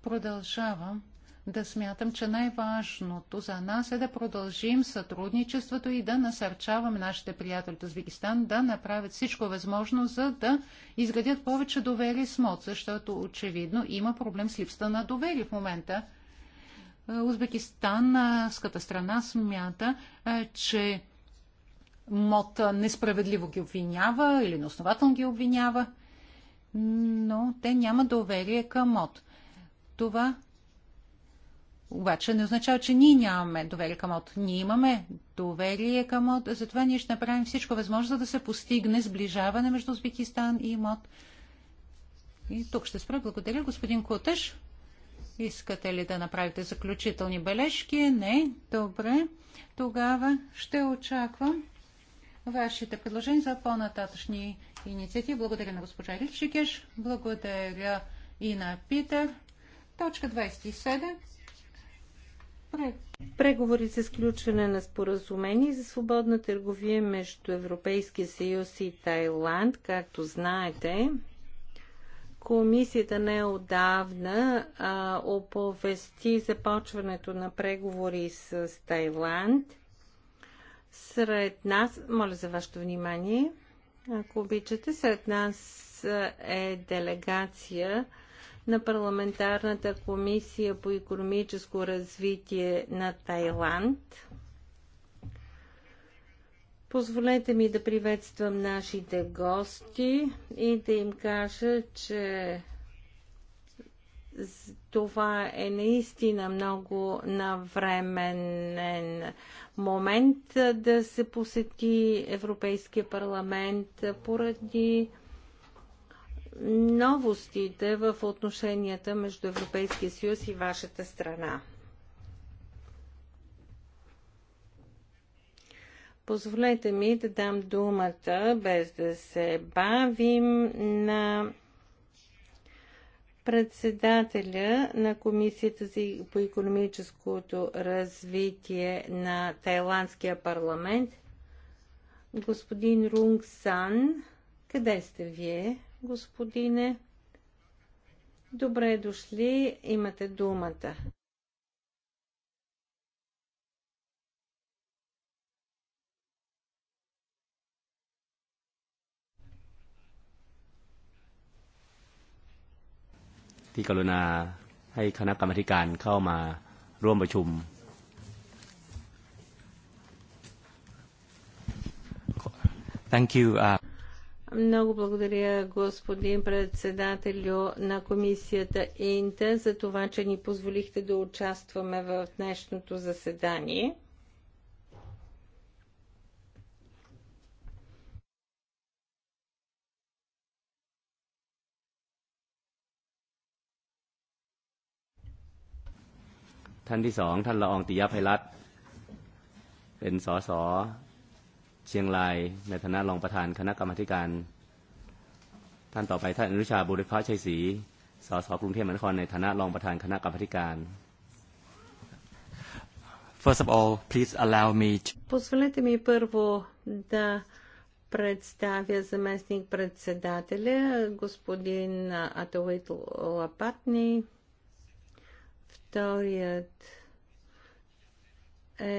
продължавам да смятам, че най-важното за нас е да продължим сътрудничеството и да насърчаваме нашите приятели от Узбекистан да направят всичко възможно, за да изградят повече доверие с МОД, защото очевидно има проблем с липста на доверие в момента. Узбекистан, ската страна, смята, че МОД несправедливо ги обвинява или неоснователно ги обвинява, но те няма доверие към МОД. Това обаче не означава, че ние нямаме доверие към МОД. Ние имаме доверие към МОД, затова ние ще направим всичко възможно, за да се постигне сближаване между Узбекистан и МОД. И тук ще спра. Благодаря, господин Кутеш. Искате ли да направите заключителни бележки? Не. Добре. Тогава ще очаквам вашите предложения за по-нататъчни инициативи. Благодаря на госпожа Ричикеш. Благодаря и на Питър. Точка 27. Преговори за сключване на споразумение за свободна търговия между Европейския съюз и Тайланд, както знаете, Комисията не отдавна а, оповести започването на преговори с, с Тайланд. Сред нас, моля за вашето внимание, ако обичате, сред нас е делегация на парламентарната комисия по економическо развитие на Тайланд. Позволете ми да приветствам нашите гости и да им кажа, че това е наистина много навременен момент да се посети Европейския парламент поради новостите в отношенията между Европейския съюз и вашата страна? Позволете ми да дам думата, без да се бавим, на председателя на Комисията за по економическото развитие на Тайландския парламент, господин Рунг Сан. Къде сте вие? господине. Добре дошли, имате думата. думата. ที่กรุณาให้คณะกรรมการเข้ามาร่วมประชุม Thank you. Uh, много благодаря, господин председателю на комисията Инта, за това, че ни позволихте да участваме в днешното заседание. ท่านที่สองท่านละอองติยภัยรัตน์เป็นสสชียงรายในฐานะรองประธานคณะกรรมการท่านต่อไปท่านอนุชาบุริพาชัยศรีสสกรุงเทพมหานครในฐานะรองประธานคณะกรรมการ First of all, please allow me to... Позволете ми първо да представя заместник председателя господин Атолит Лапатни. Вторият е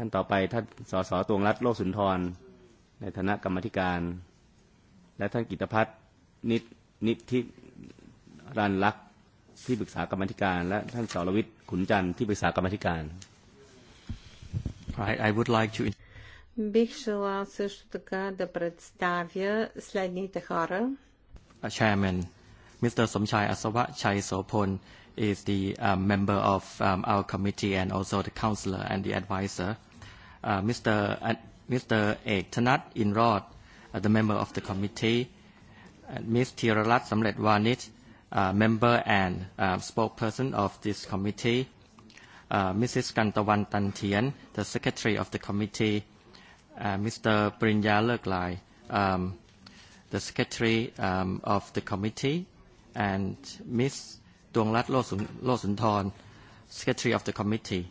ท่านต่อไปท่านสสตวงรัฐโลกสุนทร I, I would like to... Бих желал също така да представя следните хора. Chairman, Mr. Somchai Asawa Chai Sopon is the um, member of um, our committee and also the counselor and the advisor uh, Mr. Mr. Ek Thanat Inrod, uh, the member of the committee, and Ms. Thiralat Samlet Wanit, uh, member and uh, spokesperson of this committee, uh, Mrs. Kantawan Tantian, the secretary of the committee, uh, Mr. Prinya Leklai, um, the secretary um, of the committee, and Ms. Donglat Losunthorn, secretary of the committee.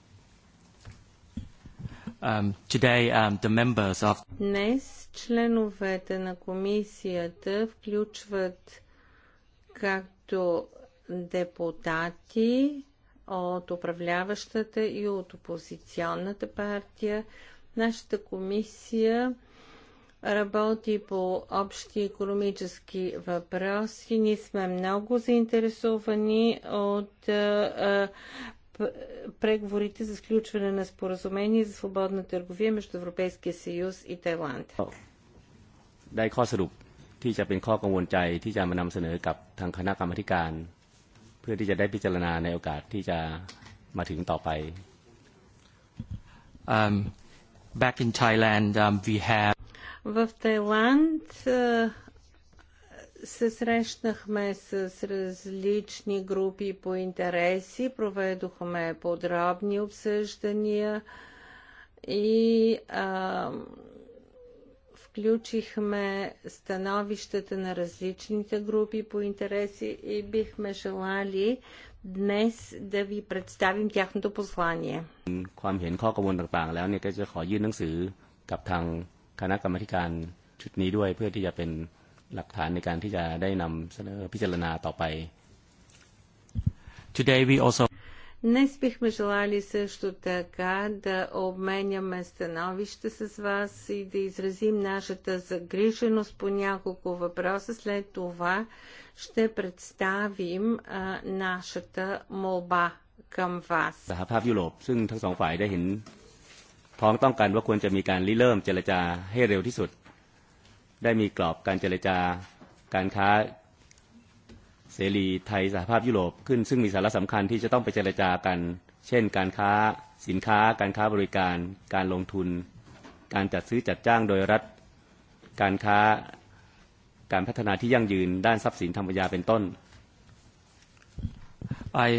Um, um, Днес членовете на комисията включват както депутати от управляващата и от опозиционната партия. Нашата комисия работи по общи економически въпроси. Ние сме много заинтересовани от преговорите за сключване на споразумение за свободна търговия между Европейския съюз и Тайланд. um, back in Thailand um, we have в Тайланд се срещнахме с различни групи по интереси, проведохме подробни обсъждания и а, включихме становищата на различните групи по интереси и бихме желали днес да ви представим тяхното послание. หลักฐานในการที่จะได้นำเสนอพิจารณาต่อไป Today we also Днес бихме желали също така да обменяме становище с вас и да изразим нашата загриженост по няколко въпроса. След това ще представим а, нашата молба към вас. สหภาพยุโรปซึ่งทั้งสองฝ่ายได้เห็นพ้องต้องกันว่าควรจะมีการริเริ่มเจรจาให้เร็วที่สุดได้มีกรอบ การเจรจาการค้าเสรีไทยสหภาพยุโรปขึ้นซึ่งมีสาระสำคัญที่จะต้องไปเจรจากันเช่นการค้าสินค้าการค้าบริการการลงทุนการจัดซื้อจัดจ้างโดยรัฐการค้าการพัฒนาที่ยั่งยืนด้านทรัพย์สินธรรมยาเป็นต้น I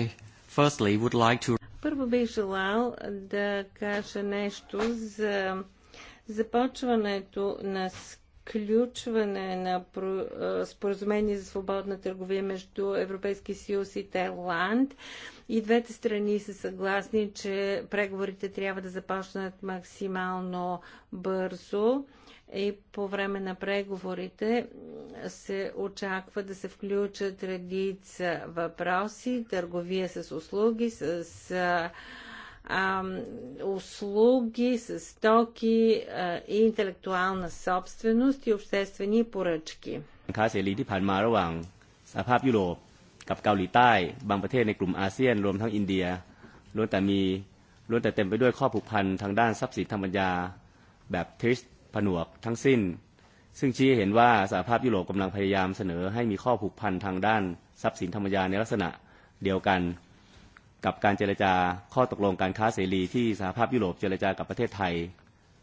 firstly would like to Първо бих желал да кажа нещо за започването на включване на споразумение за свободна търговия между Европейския съюз и Тайланд. И двете страни са съгласни, че преговорите трябва да започнат максимално бързо и по време на преговорите се очаква да се включат редица въпроси, търговия с услуги, с услуги, с стоки и интелектуална собственост и обществени поръчки. ค้าเสรีที่ผ่านมาระหว่างสหภาพยุโรปกับเกาหลีใต้กับการเจรจาข้อตกลงการ ค้าเสรีที่สหภาพยุโรปเจรจากับประเทศไทย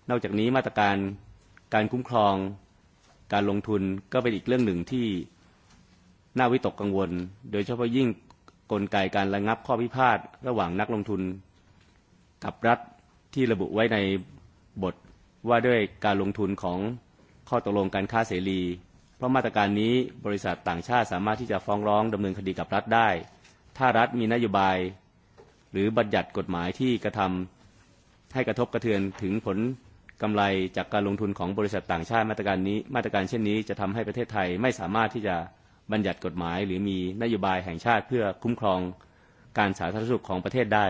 นอกจากนี้มาตรการการคุ้มครองการลงทุนก็เป็นอีกเรื่องหนึ่งที่น่าวิตกกังวล โดยเฉพาะยิ่งกลไกการระงับข้อพิพาทระหว่างนักลงทุนกับรัฐที่ระบุไว้ในบทว่าด้วยการลงทุนของข้อตกลงการค้าเสรี เพราะมาตรการนี้บริษัทต่างชาติสามารถที่จะฟ้องร้องดำเนินคดีกับรัฐได้ ถ้ารัฐมีนโยบายหรือบัญญัติกฎหมายที่กระทําให้กระทบกระเทือนถึงผลกําไรจากการลงทุนของบริษัทต่างชาติมาตรการนี้มาตรการเช่นนี้จะทําให้ประเทศไทยไม่สามารถที่จะบัญญัติกฎหมายหรือมีนโยบายแห่งชาติเพื่อคุ้มครองการสาธารณสุขของประเทศได้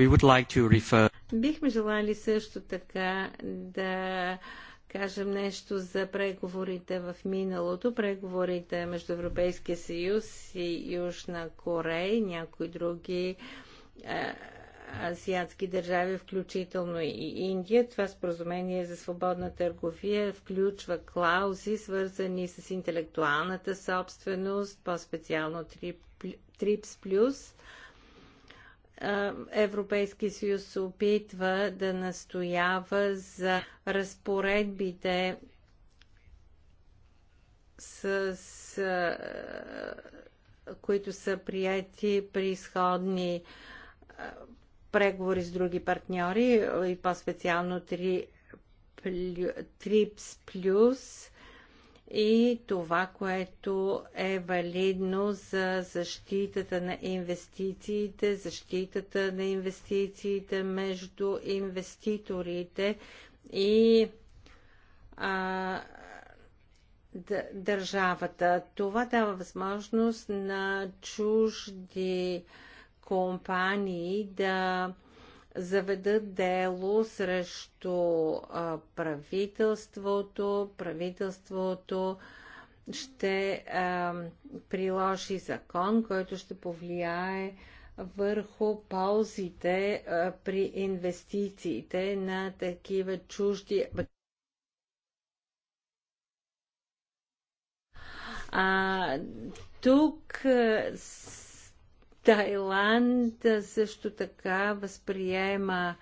We would like to refer Бихме желали също така да кажем нещо за преговорите в миналото, преговорите между Европейския съюз и Южна Корея и някои други е, азиатски държави, включително и Индия. Това споразумение за свободна търговия включва клаузи, свързани с интелектуалната собственост, по-специално ТРИПС плюс. Е, Европейски съюз се опитва да настоява за разпоредбите с, с е, които са прияти при изходни е, преговори с други партньори и по-специално 3 Плюс и това, което е валидно за защитата на инвестициите, защитата на инвестициите между инвеститорите и а, държавата. Това дава възможност на чужди компании да заведат дело срещу правителството. Правителството ще приложи закон, който ще повлияе върху ползите при инвестициите на такива чужди. А, тук Тайланд също така възприема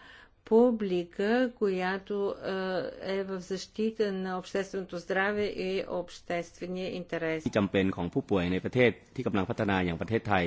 публика, която е, е в защита на общественото здраве и обществения интерес. จำเป็นของผู้ป่วยในประเทศที่กำลังพัฒนาอย่างประเทศไทย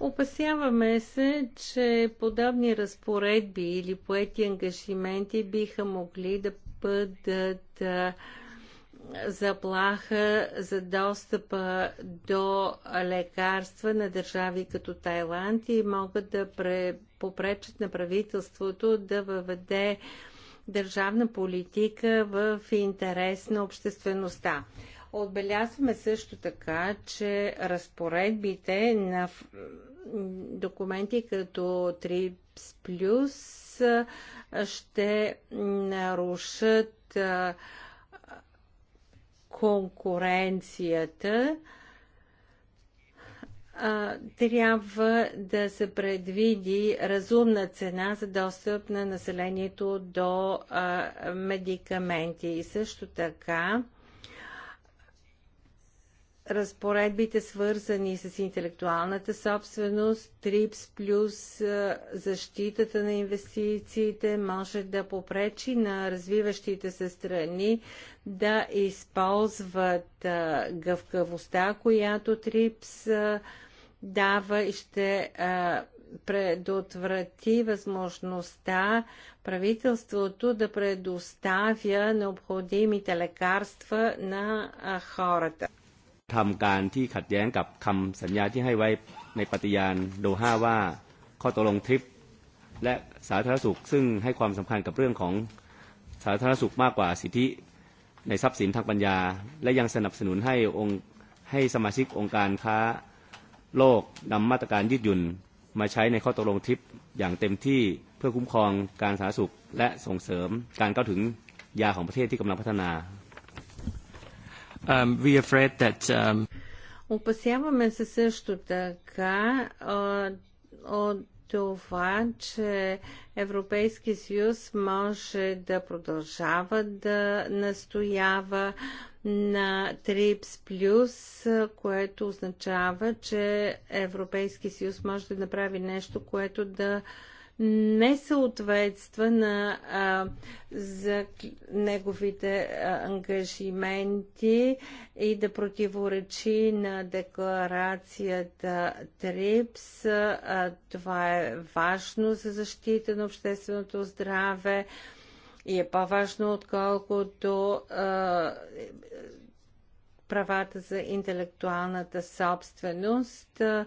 Опасяваме се, че подобни разпоредби или поети ангажименти биха могли да бъдат заплаха за достъпа до лекарства на държави като Тайланд и могат да попречат на правителството да въведе държавна политика в интерес на обществеността. Отбелязваме също така, че разпоредбите на документи като ТРИПС плюс ще нарушат конкуренцията трябва да се предвиди разумна цена за достъп на населението до медикаменти. И също така разпоредбите свързани с интелектуалната собственост, ТРИПС плюс защитата на инвестициите може да попречи на развиващите се страни да използват гъвкавостта, която ТРИПС дава и ще предотврати възможността правителството да предоставя необходимите лекарства на хората. ทําการที่ขัดแย้งกับคําสัญญาที่ให้ไว้ในปฏิญาณโดฮาว่าข้อตกลงทริปและสาธารณสุขซึ่งให้ความสําคัญกับเรื่องของสาธารณสุขมากกว่าสิทธิในทรัพย์สินทางปัญญาและยังสนับสนุนให้องค์ให้สมาชิกองค์การค้าโลกนํามาตรการยืดหยุ่นมาใช้ในข้อตกลงทริปอย่างเต็มที่เพื่อคุ้มครองการสาธารณสุขและส่งเสริมการเข้าถึงยาของประเทศที่กําลังพัฒนา Um, we that, um... Опасяваме се също така от, от това, че Европейски съюз може да продължава да настоява на ТРИПС плюс, което означава, че Европейския съюз може да направи нещо, което да не съответства на а, за неговите а, ангажименти и да противоречи на декларацията ТРИПС. А, това е важно за защита на общественото здраве и е по-важно, отколкото а, правата за интелектуалната собственост. А,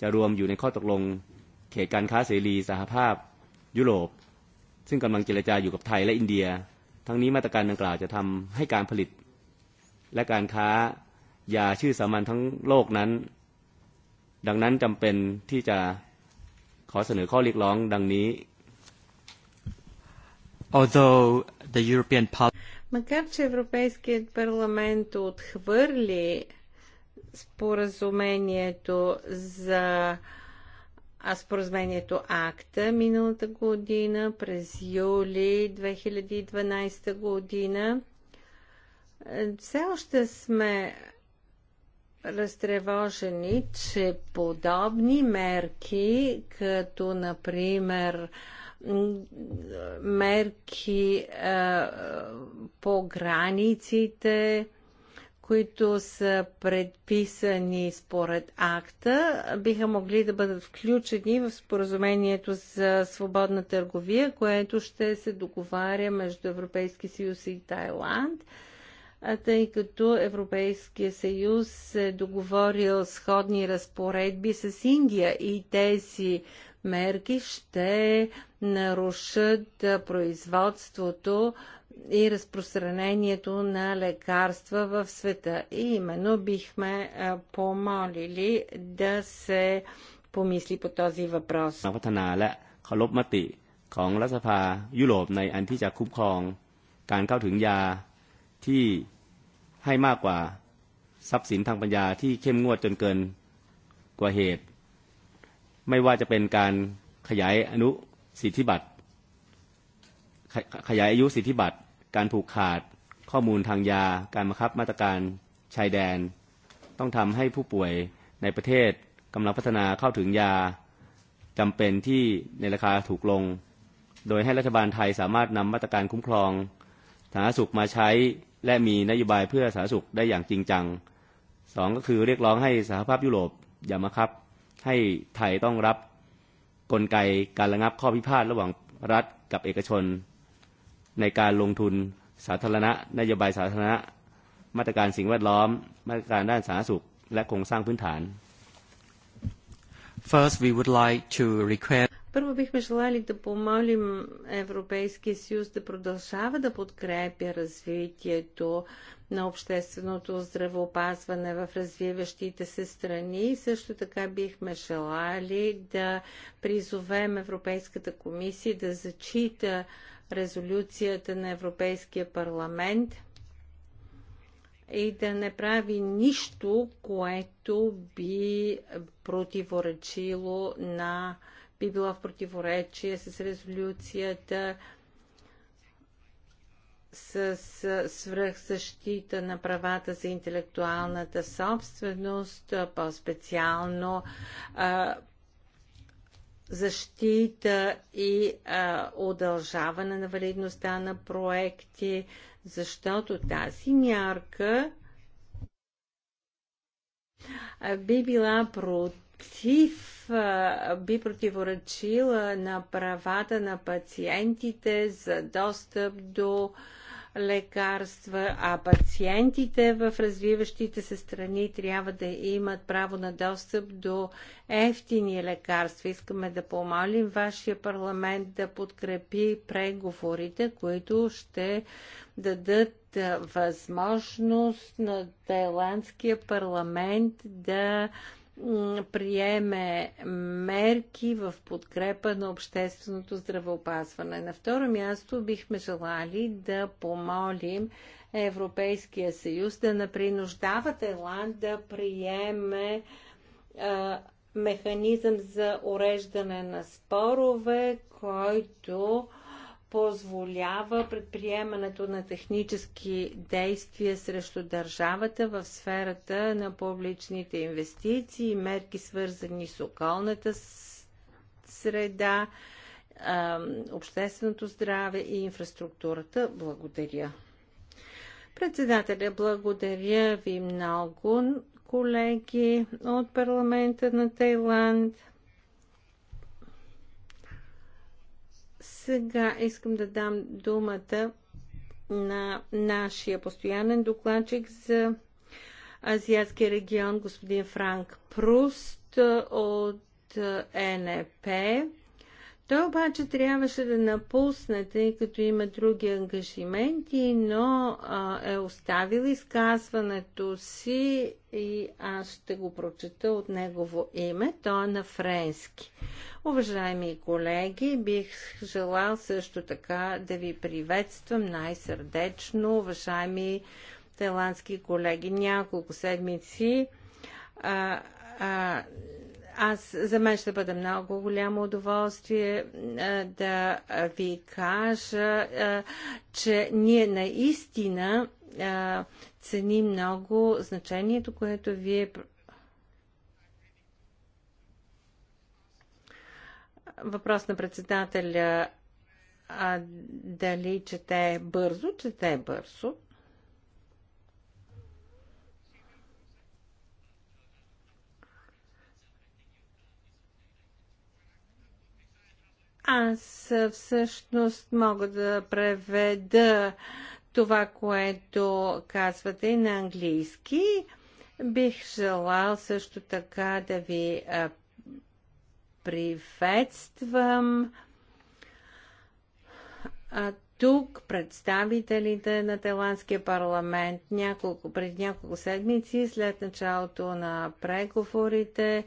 จะรวมอยู่ในข้อตกลงเขตการค้าเสรีสหภาพยุโรปซึ่งกําลังเจรจาอยู่กับไทยและอินเดียทั้งนี้มาตรการดังกล่าวจะทําให้การผลิต และการค้ายาชื่อสามัญทั้งโลกนั้น ดังนั้นจําเป็นที่จะขอเสนอข้อเรียกร้องดังนี้ Although the European Parliament Макар споразумението за а споразумението АКТА миналата година, през юли 2012 година. Все още сме разтревожени, че подобни мерки, като например мерки а, по границите, които са предписани според акта, биха могли да бъдат включени в споразумението за свободна търговия, което ще се договаря между Европейски съюз и Тайланд, тъй като Европейския съюз е договорил сходни разпоредби с Индия и тези мерки ще нарушат производството и разпространението на лекарства в света. И именно бихме помолили да се помисли по този въпрос. ของรัฐสภายุโรปในอันที่จะคุ้มครองการเข้าถึงยาที่ให้มากกว่าทรัพย์สินทางปัญญาที่เข้มงวดจนเกินกว่าเหตุไม่ว่าจะเป็นการขยายอนุสิทธิบัตรขขยายอายุสิทธิบัตร การผูกขาดข้อมูลทางยา การบังคับมาตรการชายแดน ต้องทำให้ผู้ป่วยในประเทศกำลังพัฒนาเข้าถึงยาจำเป็นที่ในราคาถูกลง โดยให้รัฐบาลไทยสามารถนำมาตรการคุ้มครองสาธารณสุขมาใช้และมีนโยบายเพื่อสาธารณสุขได้อย่างจริงจัง2ต้องทำให้ผู้ป่วยในประเทศกำลังพัฒนาเข้าถึงยาจำเป็นที่ในราคาถูกลงให้ไทยต้องรับกลไกการระงับข้อพิพาทระหว่างรัฐกับเอกชนในการลงทุนสาธารณะนโยบายสาธารณะมาตรการสิ่งแวดล้อมมาตรการด้านสาธารณสุขและโครงสร้างพื้นฐาน First, we would like to request първо бихме желали да помолим Европейския съюз да продължава да подкрепя развитието на общественото здравеопазване в развиващите се страни. Също така бихме желали да призовем Европейската комисия да зачита резолюцията на Европейския парламент и да не прави нищо, което би противоречило на би била в противоречие с резолюцията с свръхзащита на правата за интелектуалната собственост, по-специално защита и а, удължаване на валидността на проекти, защото тази мярка би била против би противоречила на правата на пациентите за достъп до лекарства, а пациентите в развиващите се страни трябва да имат право на достъп до ефтини лекарства. Искаме да помолим вашия парламент да подкрепи преговорите, които ще дадат възможност на тайландския парламент да приеме мерки в подкрепа на общественото здравеопазване. На второ място бихме желали да помолим Европейския съюз да напринуждава Тайланд да приеме а, механизъм за уреждане на спорове, който а, позволява предприемането на технически действия срещу държавата в сферата на публичните инвестиции, мерки свързани с околната среда, общественото здраве и инфраструктурата. Благодаря. Председателя, благодаря ви много, колеги от парламента на Тайланд. Сега искам да дам думата на нашия постоянен докладчик за Азиатския регион, господин Франк Пруст от е, НП. Е той обаче трябваше да напусне, тъй като има други ангажименти, но а, е оставил изказването си и аз ще го прочета от негово име. Той е на френски. Уважаеми колеги, бих желал също така да ви приветствам най-сърдечно, уважаеми тайландски колеги. Няколко седмици а, а, аз за мен ще бъде много голямо удоволствие а, да ви кажа, а, че ние наистина а, ценим много значението, което вие въпрос на председателя а, дали чете бързо, чете бързо. Аз всъщност мога да преведа това, което казвате и на английски. Бих желал също така да ви приветствам тук представителите на Тайландския парламент няколко, пред няколко седмици след началото на преговорите.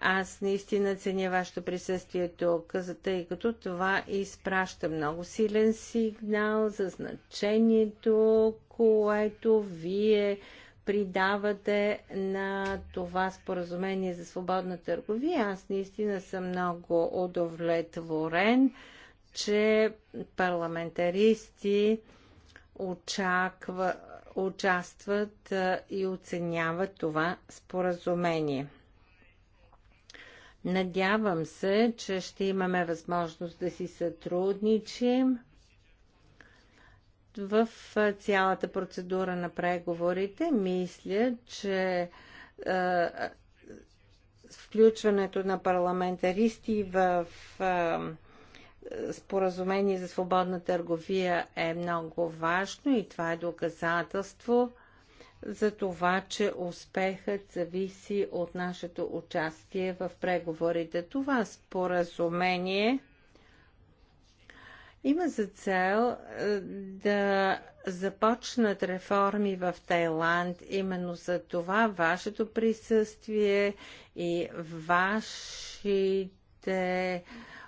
Аз наистина ценя вашето присъствие тук, тъй като това изпраща много силен сигнал за значението, което вие придавате на това споразумение за свободна търговия. Аз наистина съм много удовлетворен че парламентаристи очаква, участват и оценяват това споразумение. Надявам се, че ще имаме възможност да си сътрудничим в цялата процедура на преговорите. Мисля, че е, включването на парламентаристи в е, споразумение за свободна търговия е много важно и това е доказателство за това, че успехът зависи от нашето участие в преговорите. Това споразумение има за цел е, да започнат реформи в Тайланд. Именно за това вашето присъствие и вашите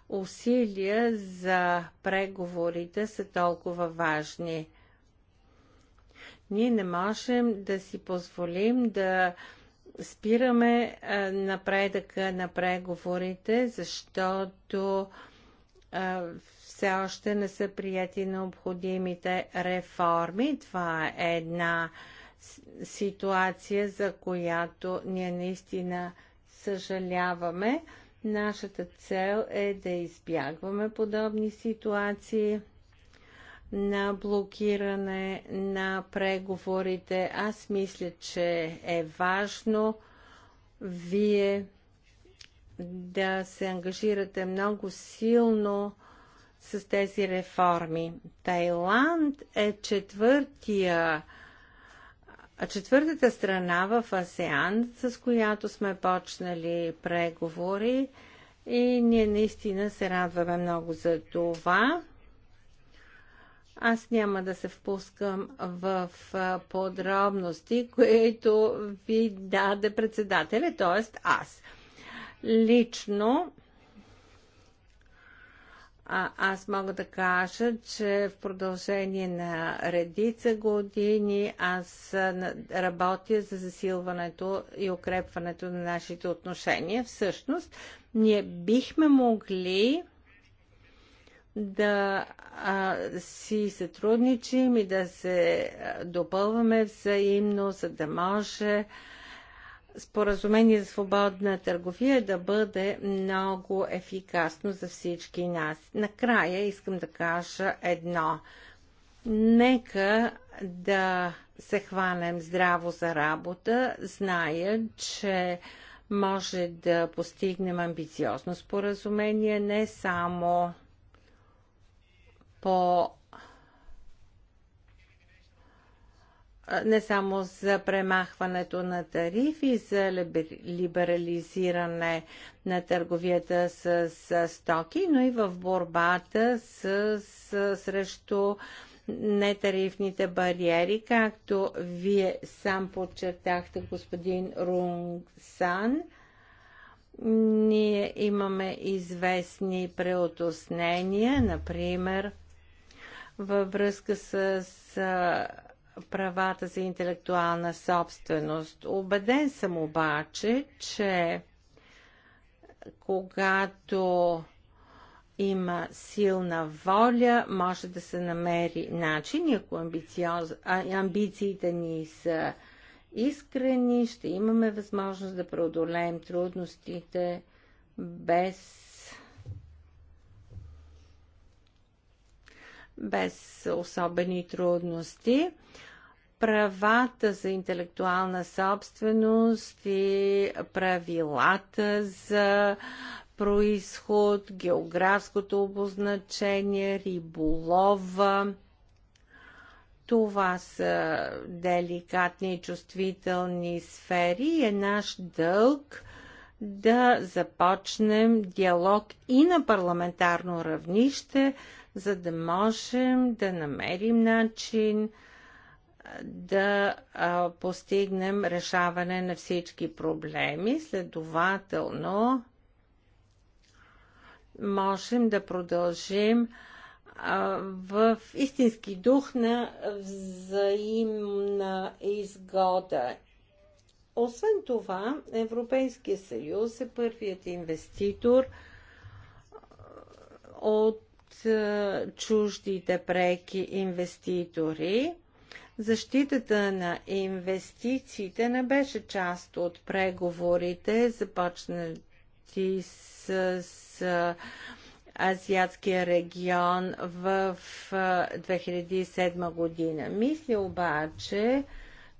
усилия за преговорите са толкова важни. Ние не можем да си позволим да спираме напредъка на преговорите, защото все още не са прияти необходимите реформи. Това е една ситуация, за която ние наистина съжаляваме. Нашата цел е да избягваме подобни ситуации на блокиране на преговорите. Аз мисля, че е важно вие да се ангажирате много силно с тези реформи. Тайланд е четвъртия а четвъртата страна в АСЕАН, с която сме почнали преговори и ние наистина се радваме много за това. Аз няма да се впускам в подробности, които ви даде председателя, т.е. аз. Лично а, аз мога да кажа, че в продължение на редица години аз работя за засилването и укрепването на нашите отношения. Всъщност, ние бихме могли да а, си сътрудничим и да се допълваме взаимно, за да може а, споразумение за свободна търговия да бъде много ефикасно за всички нас. Накрая искам да кажа едно. Нека да се хванем здраво за работа. Зная, че може да постигнем амбициозно споразумение не само по не само за премахването на тарифи, за либерализиране на търговията с, стоки, но и в борбата с, с, срещу нетарифните бариери, както вие сам подчертахте, господин Сан. Ние имаме известни преотоснения, например, във връзка с правата за интелектуална собственост. Обеден съм обаче, че когато има силна воля, може да се намери начин, ако амбициоз... амбициите ни са искрени, ще имаме възможност да преодолеем трудностите без без особени трудности правата за интелектуална собственост и правилата за происход, географското обозначение, риболова. Това са деликатни и чувствителни сфери и е наш дълг да започнем диалог и на парламентарно равнище, за да можем да намерим начин – да а, постигнем решаване на всички проблеми. Следователно, можем да продължим в истински дух на взаимна изгода. Освен това, Европейския съюз е първият инвеститор от чуждите преки инвеститори Защитата на инвестициите не беше част от преговорите, започнати с, с Азиатския регион в 2007 година. Мисля обаче,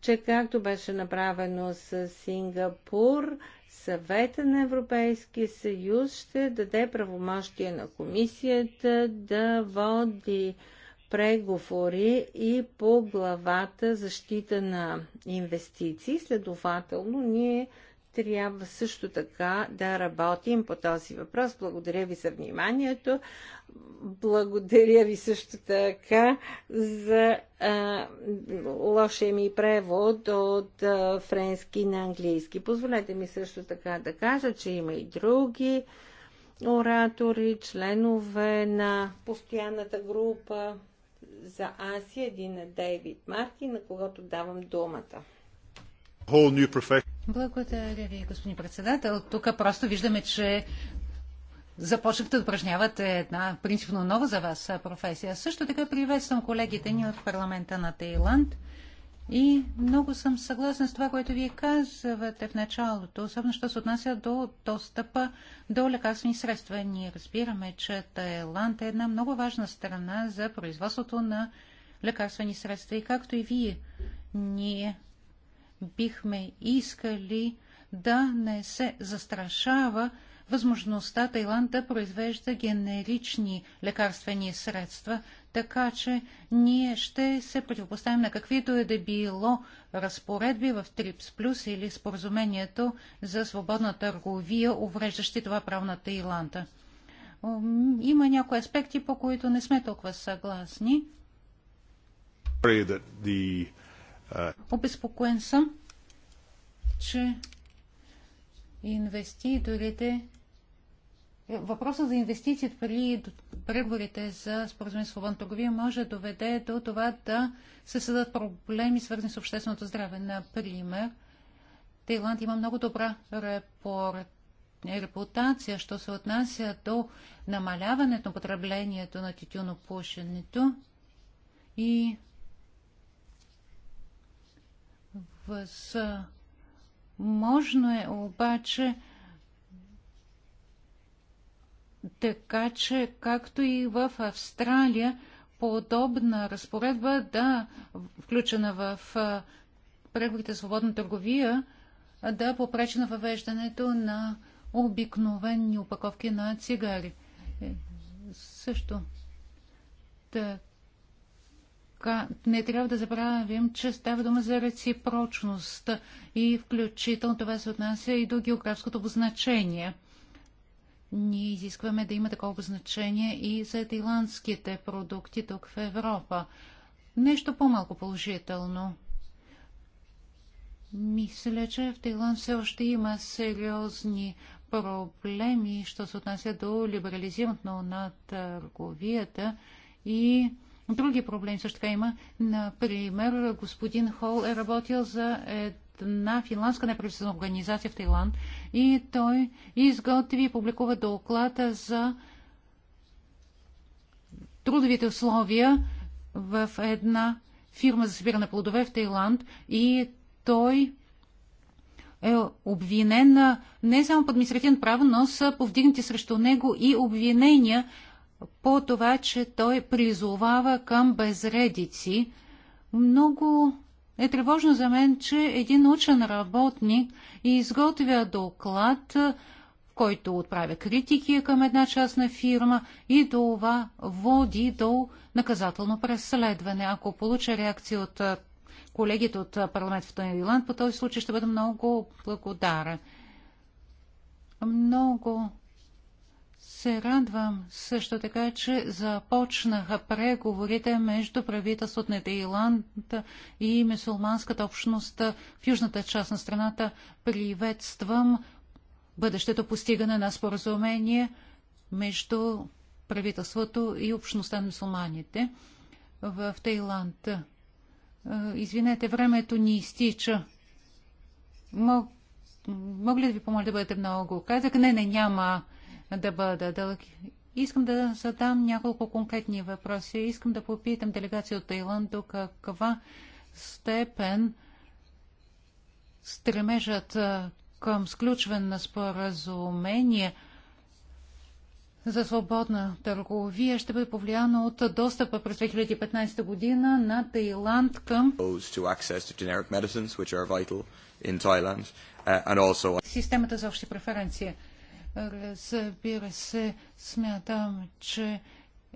че както беше направено с Сингапур, съвета на Европейския съюз ще даде правомощие на комисията да води преговори и по главата защита на инвестиции. Следователно, ние трябва също така да работим по този въпрос. Благодаря ви за вниманието. Благодаря ви също така за а, лошия ми превод от а, френски на английски. Позволете ми също така да кажа, че има и други оратори, членове на постоянната група за Азия, един на е Дейвид Марти, на когато давам думата. Благодаря ви, господин председател. Тук просто виждаме, че започнахте да упражнявате една принципно нова за вас професия. Също така приветствам колегите ни от парламента на Тайланд – и много съм съгласна с това, което вие казвате в началото, особено що се отнася до достъпа до лекарствени средства. Ние разбираме, че Тайланд е една много важна страна за производството на лекарствени средства. И както и вие, ние бихме искали да не се застрашава възможността Тайланд да произвежда генерични лекарствени средства, така че ние ще се противопоставим на каквито е да било разпоредби в ТРИПС Плюс или споразумението за свободна търговия, увреждащи това право на Таиланда. Има някои аспекти, по които не сме толкова съгласни. Обезпокоен съм, че инвеститорите въпросът за инвестициите при преговорите за споразумение с свободна търговия може да доведе до това да се създадат проблеми, свързани с общественото здраве. Например, Тайланд има много добра репорт репутация, що се отнася до намаляването на потреблението на тютюнопушенето и възможно е обаче Така че, както и в Австралия, подобна разпоредба, да, включена в преговорите свободна търговия, да попречи на въвеждането на обикновени упаковки на цигари. Е, също. Така, не трябва да забравим, че става дума за реципрочност и включително това се отнася и до географското обозначение – ние изискваме да има такова значение и за тайландските продукти тук в Европа. Нещо по-малко положително. Мисля, че в Тайланд все още има сериозни проблеми, що се отнася до либерализирането на търговията и други проблеми също така има. Например, господин Хол е работил за на финландска неправителствена организация в Тайланд и той изготви и публикува доклада за трудовите условия в една фирма за събиране плодове в Тайланд и той е обвинен не само по административно право, но са повдигнати срещу него и обвинения по това, че той призовава към безредици. Много е тревожно за мен, че един учен работник изготвя доклад, в който отправя критики към една частна фирма и това води до наказателно преследване. Ако получа реакция от колегите от парламент в Таиланд, по този случай ще бъда много благодарен. Много се радвам също така, че започнаха преговорите между правителството на Таиланд и мусулманската общност в южната част на страната. Приветствам бъдещето постигане на споразумение между правителството и общността на мусулманите в Таиланд. Е, извинете, времето ни изтича. Мог, мог ли да ви помоля да бъдете много Казах, Не, не, няма да бъда дълъг. Искам да задам няколко конкретни въпроси. Искам да попитам делегация от Тайланд до каква степен стремежат към сключване на споразумение за свободна търговия ще бъде повлияно от достъпа през 2015 година на Тайланд към системата за общи преференции. Разбира се, смятам, че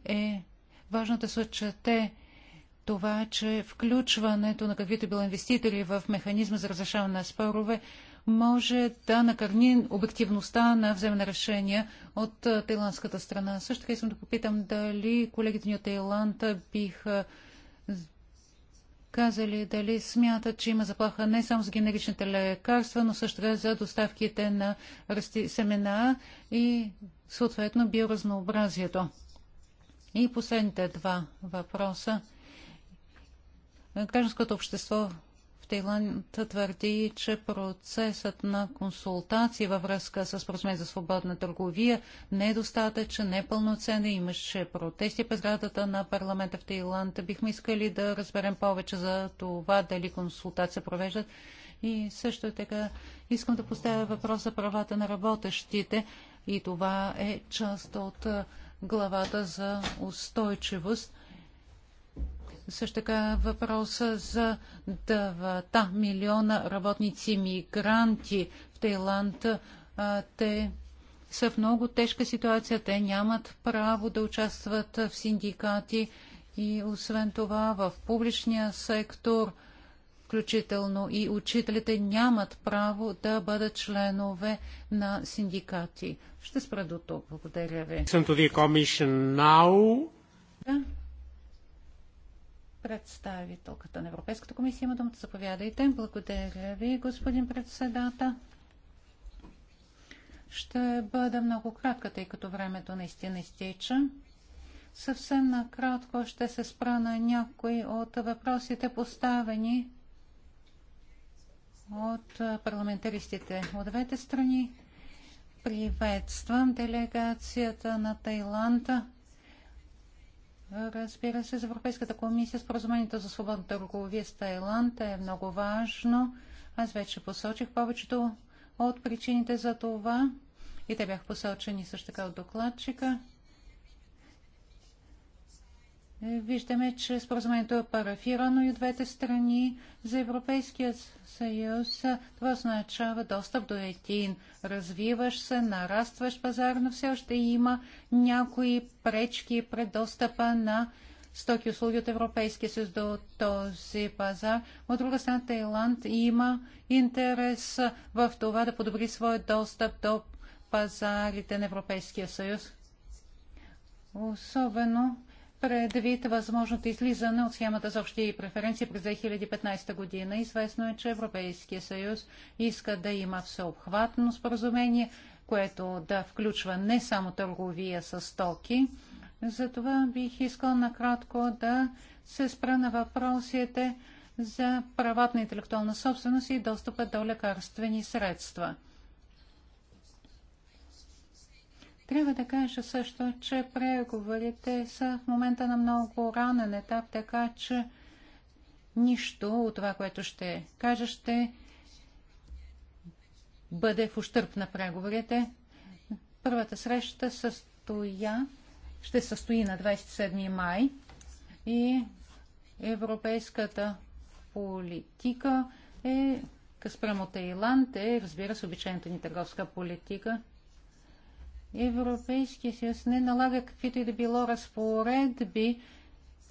е важно да се отчете това, че включването на каквито било инвеститори в механизма за разрешаване на спорове може да накърни обективността на вземане решения от тайландската страна. Също така искам да попитам дали колегите ни от Тайланд биха казали дали смятат, че има заплаха не само с генеричните лекарства, но също така за доставките на расти, семена и съответно биоразнообразието. И последните два въпроса. Гражданското общество САЩ твърди, че процесът на консултации във връзка с просмет за свободна търговия не е достатъчен, не е пълноценен. Имаше протести през градата на парламента в Тайланд. Бихме искали да разберем повече за това дали консултации се провеждат. И също така искам да поставя въпрос за правата на работещите. И това е част от главата за устойчивост – също така въпроса за 2 милиона работници мигранти в Тайланд. Те са в много тежка ситуация. Те нямат право да участват в синдикати и освен това в публичния сектор, включително и учителите, нямат право да бъдат членове на синдикати. Ще спра до тук. Благодаря ви. Представителката на Европейската комисия има думата. Заповядайте. Благодаря ви, господин председател. Ще бъда много кратка, тъй като времето наистина изтича. Съвсем накратко ще се спра на някои от въпросите поставени от парламентаристите от двете страни. Приветствам делегацията на Тайланд. Разбира се, за Европейската комисия споразумението за свободна търговия с Тайланд е много важно. Аз вече посочих повечето от причините за това и те бях посочени също така от докладчика. Е, виждаме, че споразумението е парафирано и от двете страни за Европейския съюз. Това означава достъп до един развиващ се, нарастващ пазар, но все още има някои пречки пред достъпа на стоки услуги от Европейския съюз до този пазар. От друга страна, Тайланд има интерес в това да подобри своя достъп до пазарите на Европейския съюз. Особено предвид възможното излизане от схемата за общи преференции през 2015 година. Известно е, че Европейския съюз иска да има всеобхватно споразумение, което да включва не само търговия с стоки. Затова бих искал накратко да се спра на въпросите за правата на интелектуална собственост и достъпа до лекарствени средства – Трябва да кажа също, че преговорите са в момента на много ранен етап, така че нищо от това, което ще кажа, ще бъде в ущърп на преговорите. Първата среща състоя, ще състои на 27 май и европейската политика е Спрямо Таиланд е, разбира се, обичайната ни търговска политика. Европейския съюз не налага каквито и да било разпоредби,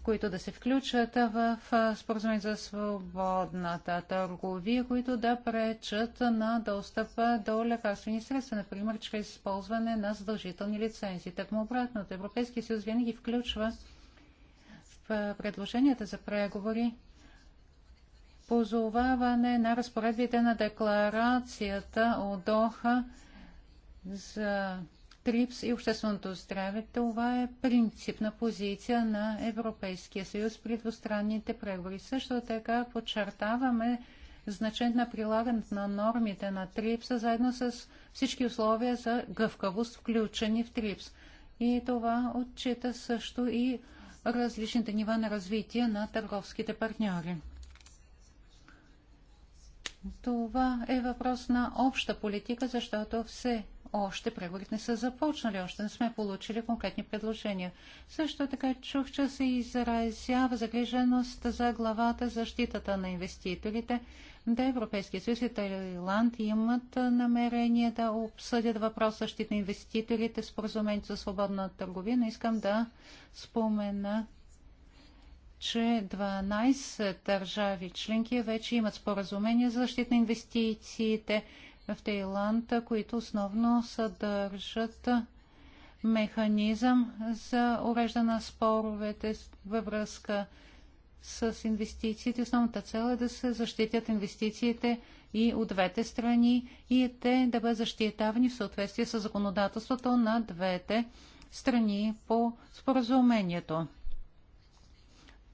които да се включат в споразумение за свободната търговия, които да пречат на достъпа до лекарствени средства, например, чрез използване на задължителни лицензии. Так обратното, Европейския съюз винаги включва в предложенията за преговори позоваване на разпоредбите на декларацията от Доха за ТРИПС и общественото здраве. Това е принципна позиция на Европейския съюз при двустранните преговори. Също така подчертаваме значението на прилагането на нормите на ТРИПС заедно с всички условия за гъвкавост, включени в ТРИПС. И това отчита също и различните нива на развитие на търговските партньори. Това е въпрос на обща политика, защото все още преговорите не са започнали, още не сме получили конкретни предложения. Също така чух, че се изразява загриженост за главата защитата на инвеститорите, да Европейския съюз и Тайланд имат намерение да обсъдят въпрос защита на инвеститорите, споразумението за свободна търговия, но искам да спомена че 12 държави членки вече имат споразумение за защита на инвестициите в Таиланд, които основно съдържат механизъм за уреждане на споровете във връзка с инвестициите. Основната цел е да се защитят инвестициите и от двете страни и те да бъдат защитавани в съответствие с законодателството на двете страни по споразумението.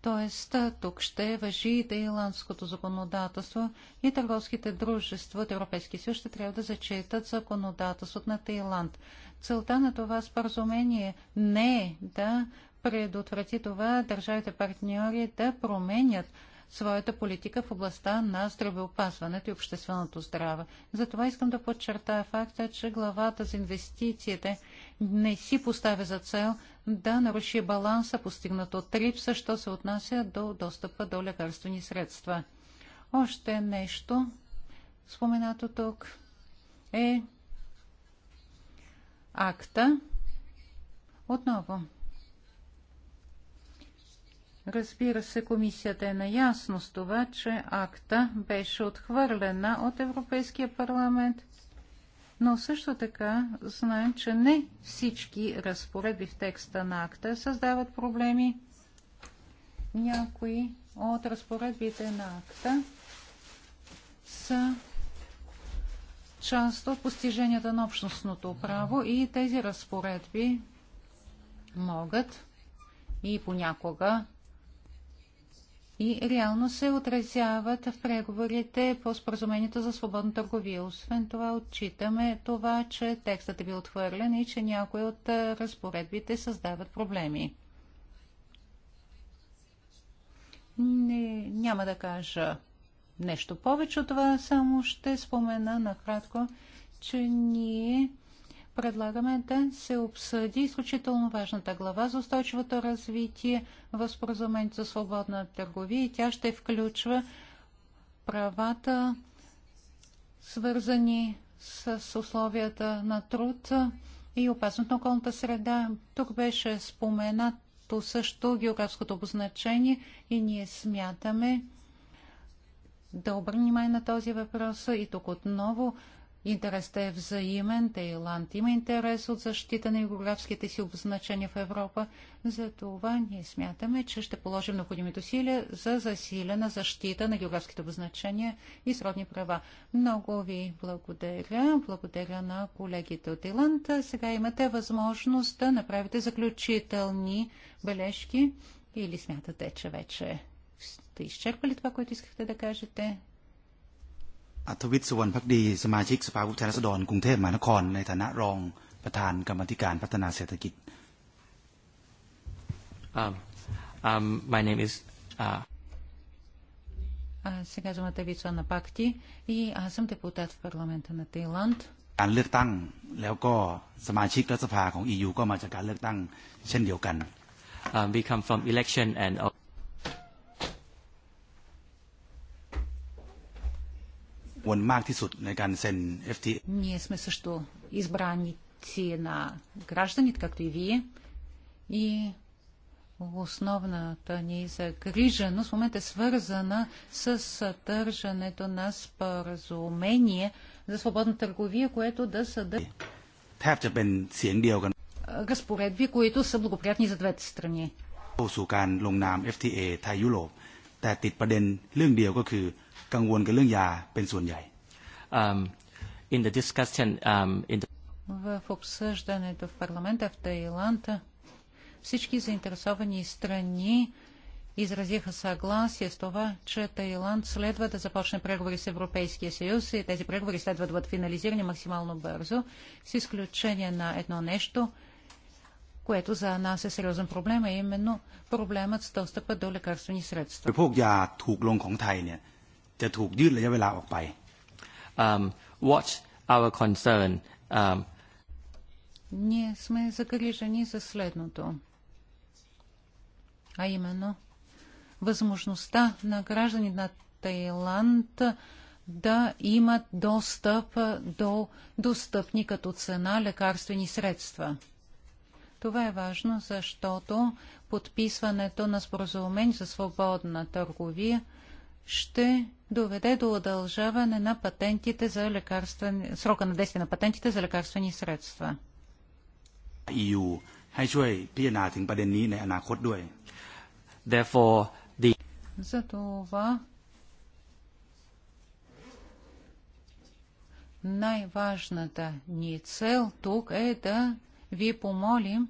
Тоест, тук ще въжи и тайландското законодателство и търговските дружества от Европейския съюз ще трябва да зачитат законодателството на Тайланд. Целта на това споразумение не е да предотврати това държавите партньори да променят своята политика в областта на здравеопазването и общественото здраве. Затова искам да подчертая факта, че главата за инвестициите – не си поставя за цел да наруши баланса, постигнат от ТРИПСа, що се отнася до достъпа до лекарствени средства. Още нещо, споменато тук, е акта. Отново. Разбира се, комисията е наясно с това, че акта беше отхвърлена от Европейския парламент – но също така знаем, че не всички разпоредби в текста на акта създават проблеми. Някои от разпоредбите на акта са част от постиженията на общностното право и тези разпоредби могат и понякога и реално се отразяват в преговорите по споразумението за свободна търговия. Освен това, отчитаме това, че текстът е бил отхвърлен и че някои от разпоредбите създават проблеми. Не, няма да кажа нещо повече от това, само ще спомена накратко, че ние предлагаме да се обсъди изключително важната глава за устойчивото развитие в споразумението за свободна търговия и тя ще включва правата, свързани с условията на труд и опасност на околната среда. Тук беше споменато също географското обозначение и ние смятаме да обърнем внимание на този въпрос и тук отново Интересът е взаимен. Тайланд има интерес от защита на географските си обозначения в Европа. Затова ние смятаме, че ще положим необходимите усилия за засилена защита на географските обозначения и сродни права. Много ви благодаря. Благодаря на колегите от Тайланд. Сега имате възможност да направите заключителни бележки или смятате, че вече сте изчерпали това, което искахте да кажете? อัธวิทย์สุวรรณพักดีสมาชิกสภาผู้แทนราษฎรกรุงเทพมหานครในฐานะรองประธานกรรมธิการพัฒนาเศรษฐกิจ um, um, my name is uh... Аз се казвам Атавицона Пакти и аз съм депутат в парламента на Таиланд. การเลือกตั้งแล้วก็สมาชิกรัฐสภาของ EU ก็มาจากการเลือกตั้งเช่นเดียวกัน um, We come from election and วนมากที่สุดในการเซ็น FTA. Ние сме също избраници на гражданите, както и вие. И основната ни загриженост в момента е свързана с съдържането на споразумение за свободна търговия, което да съдържа разпоредби, които са благоприятни за двете страни. สู่การลงนาม FTA ไทยยุโรปแต่ติดประเด็นเรื่องเดียวก็คือกังวลกับเรื่องยาเป็นส่วนใหญ่ in the discussion um, in the... В обсъждането в парламента в Таиланд всички заинтересовани страни изразиха съгласие с това, че Таиланд следва да започне преговори с Европейския съюз и тези преговори следва да бъдат финализирани максимално бързо, с изключение на едно нещо – което за нас е сериозен проблем, а е именно проблемът с достъпа до лекарствени средства. Um, what our concern, um... Ние сме загрижени за следното, а именно възможността на граждани на Тайланд да имат достъп до достъпни като цена лекарствени средства. Това е важно, защото подписването на споразумение за свободна търговия ще доведе до удължаване на патентите за лекарствени, срока на действие на патентите за лекарствени средства. за това най-важната ни цел тук е да ви помолим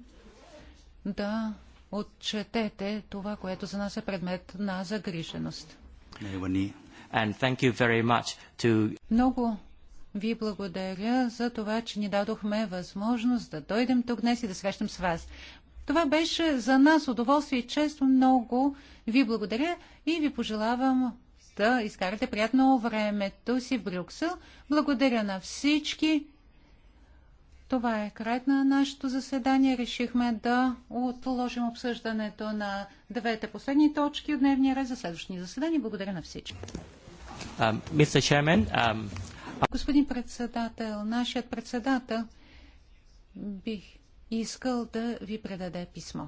да отчетете това, което за нас е предмет на загриженост. To... Много ви благодаря за това, че ни дадохме възможност да дойдем тук днес и да срещам с вас. Това беше за нас удоволствие и често много ви благодаря и ви пожелавам да изкарате приятно времето си в Брюксел. Благодаря на всички. Това е край на нашето заседание. Решихме да отложим обсъждането на двете последни точки от дневния ред за следващото заседания. Благодаря на всички. Um, Chairman, um... Господин председател, нашият председател бих искал да ви предаде писмо.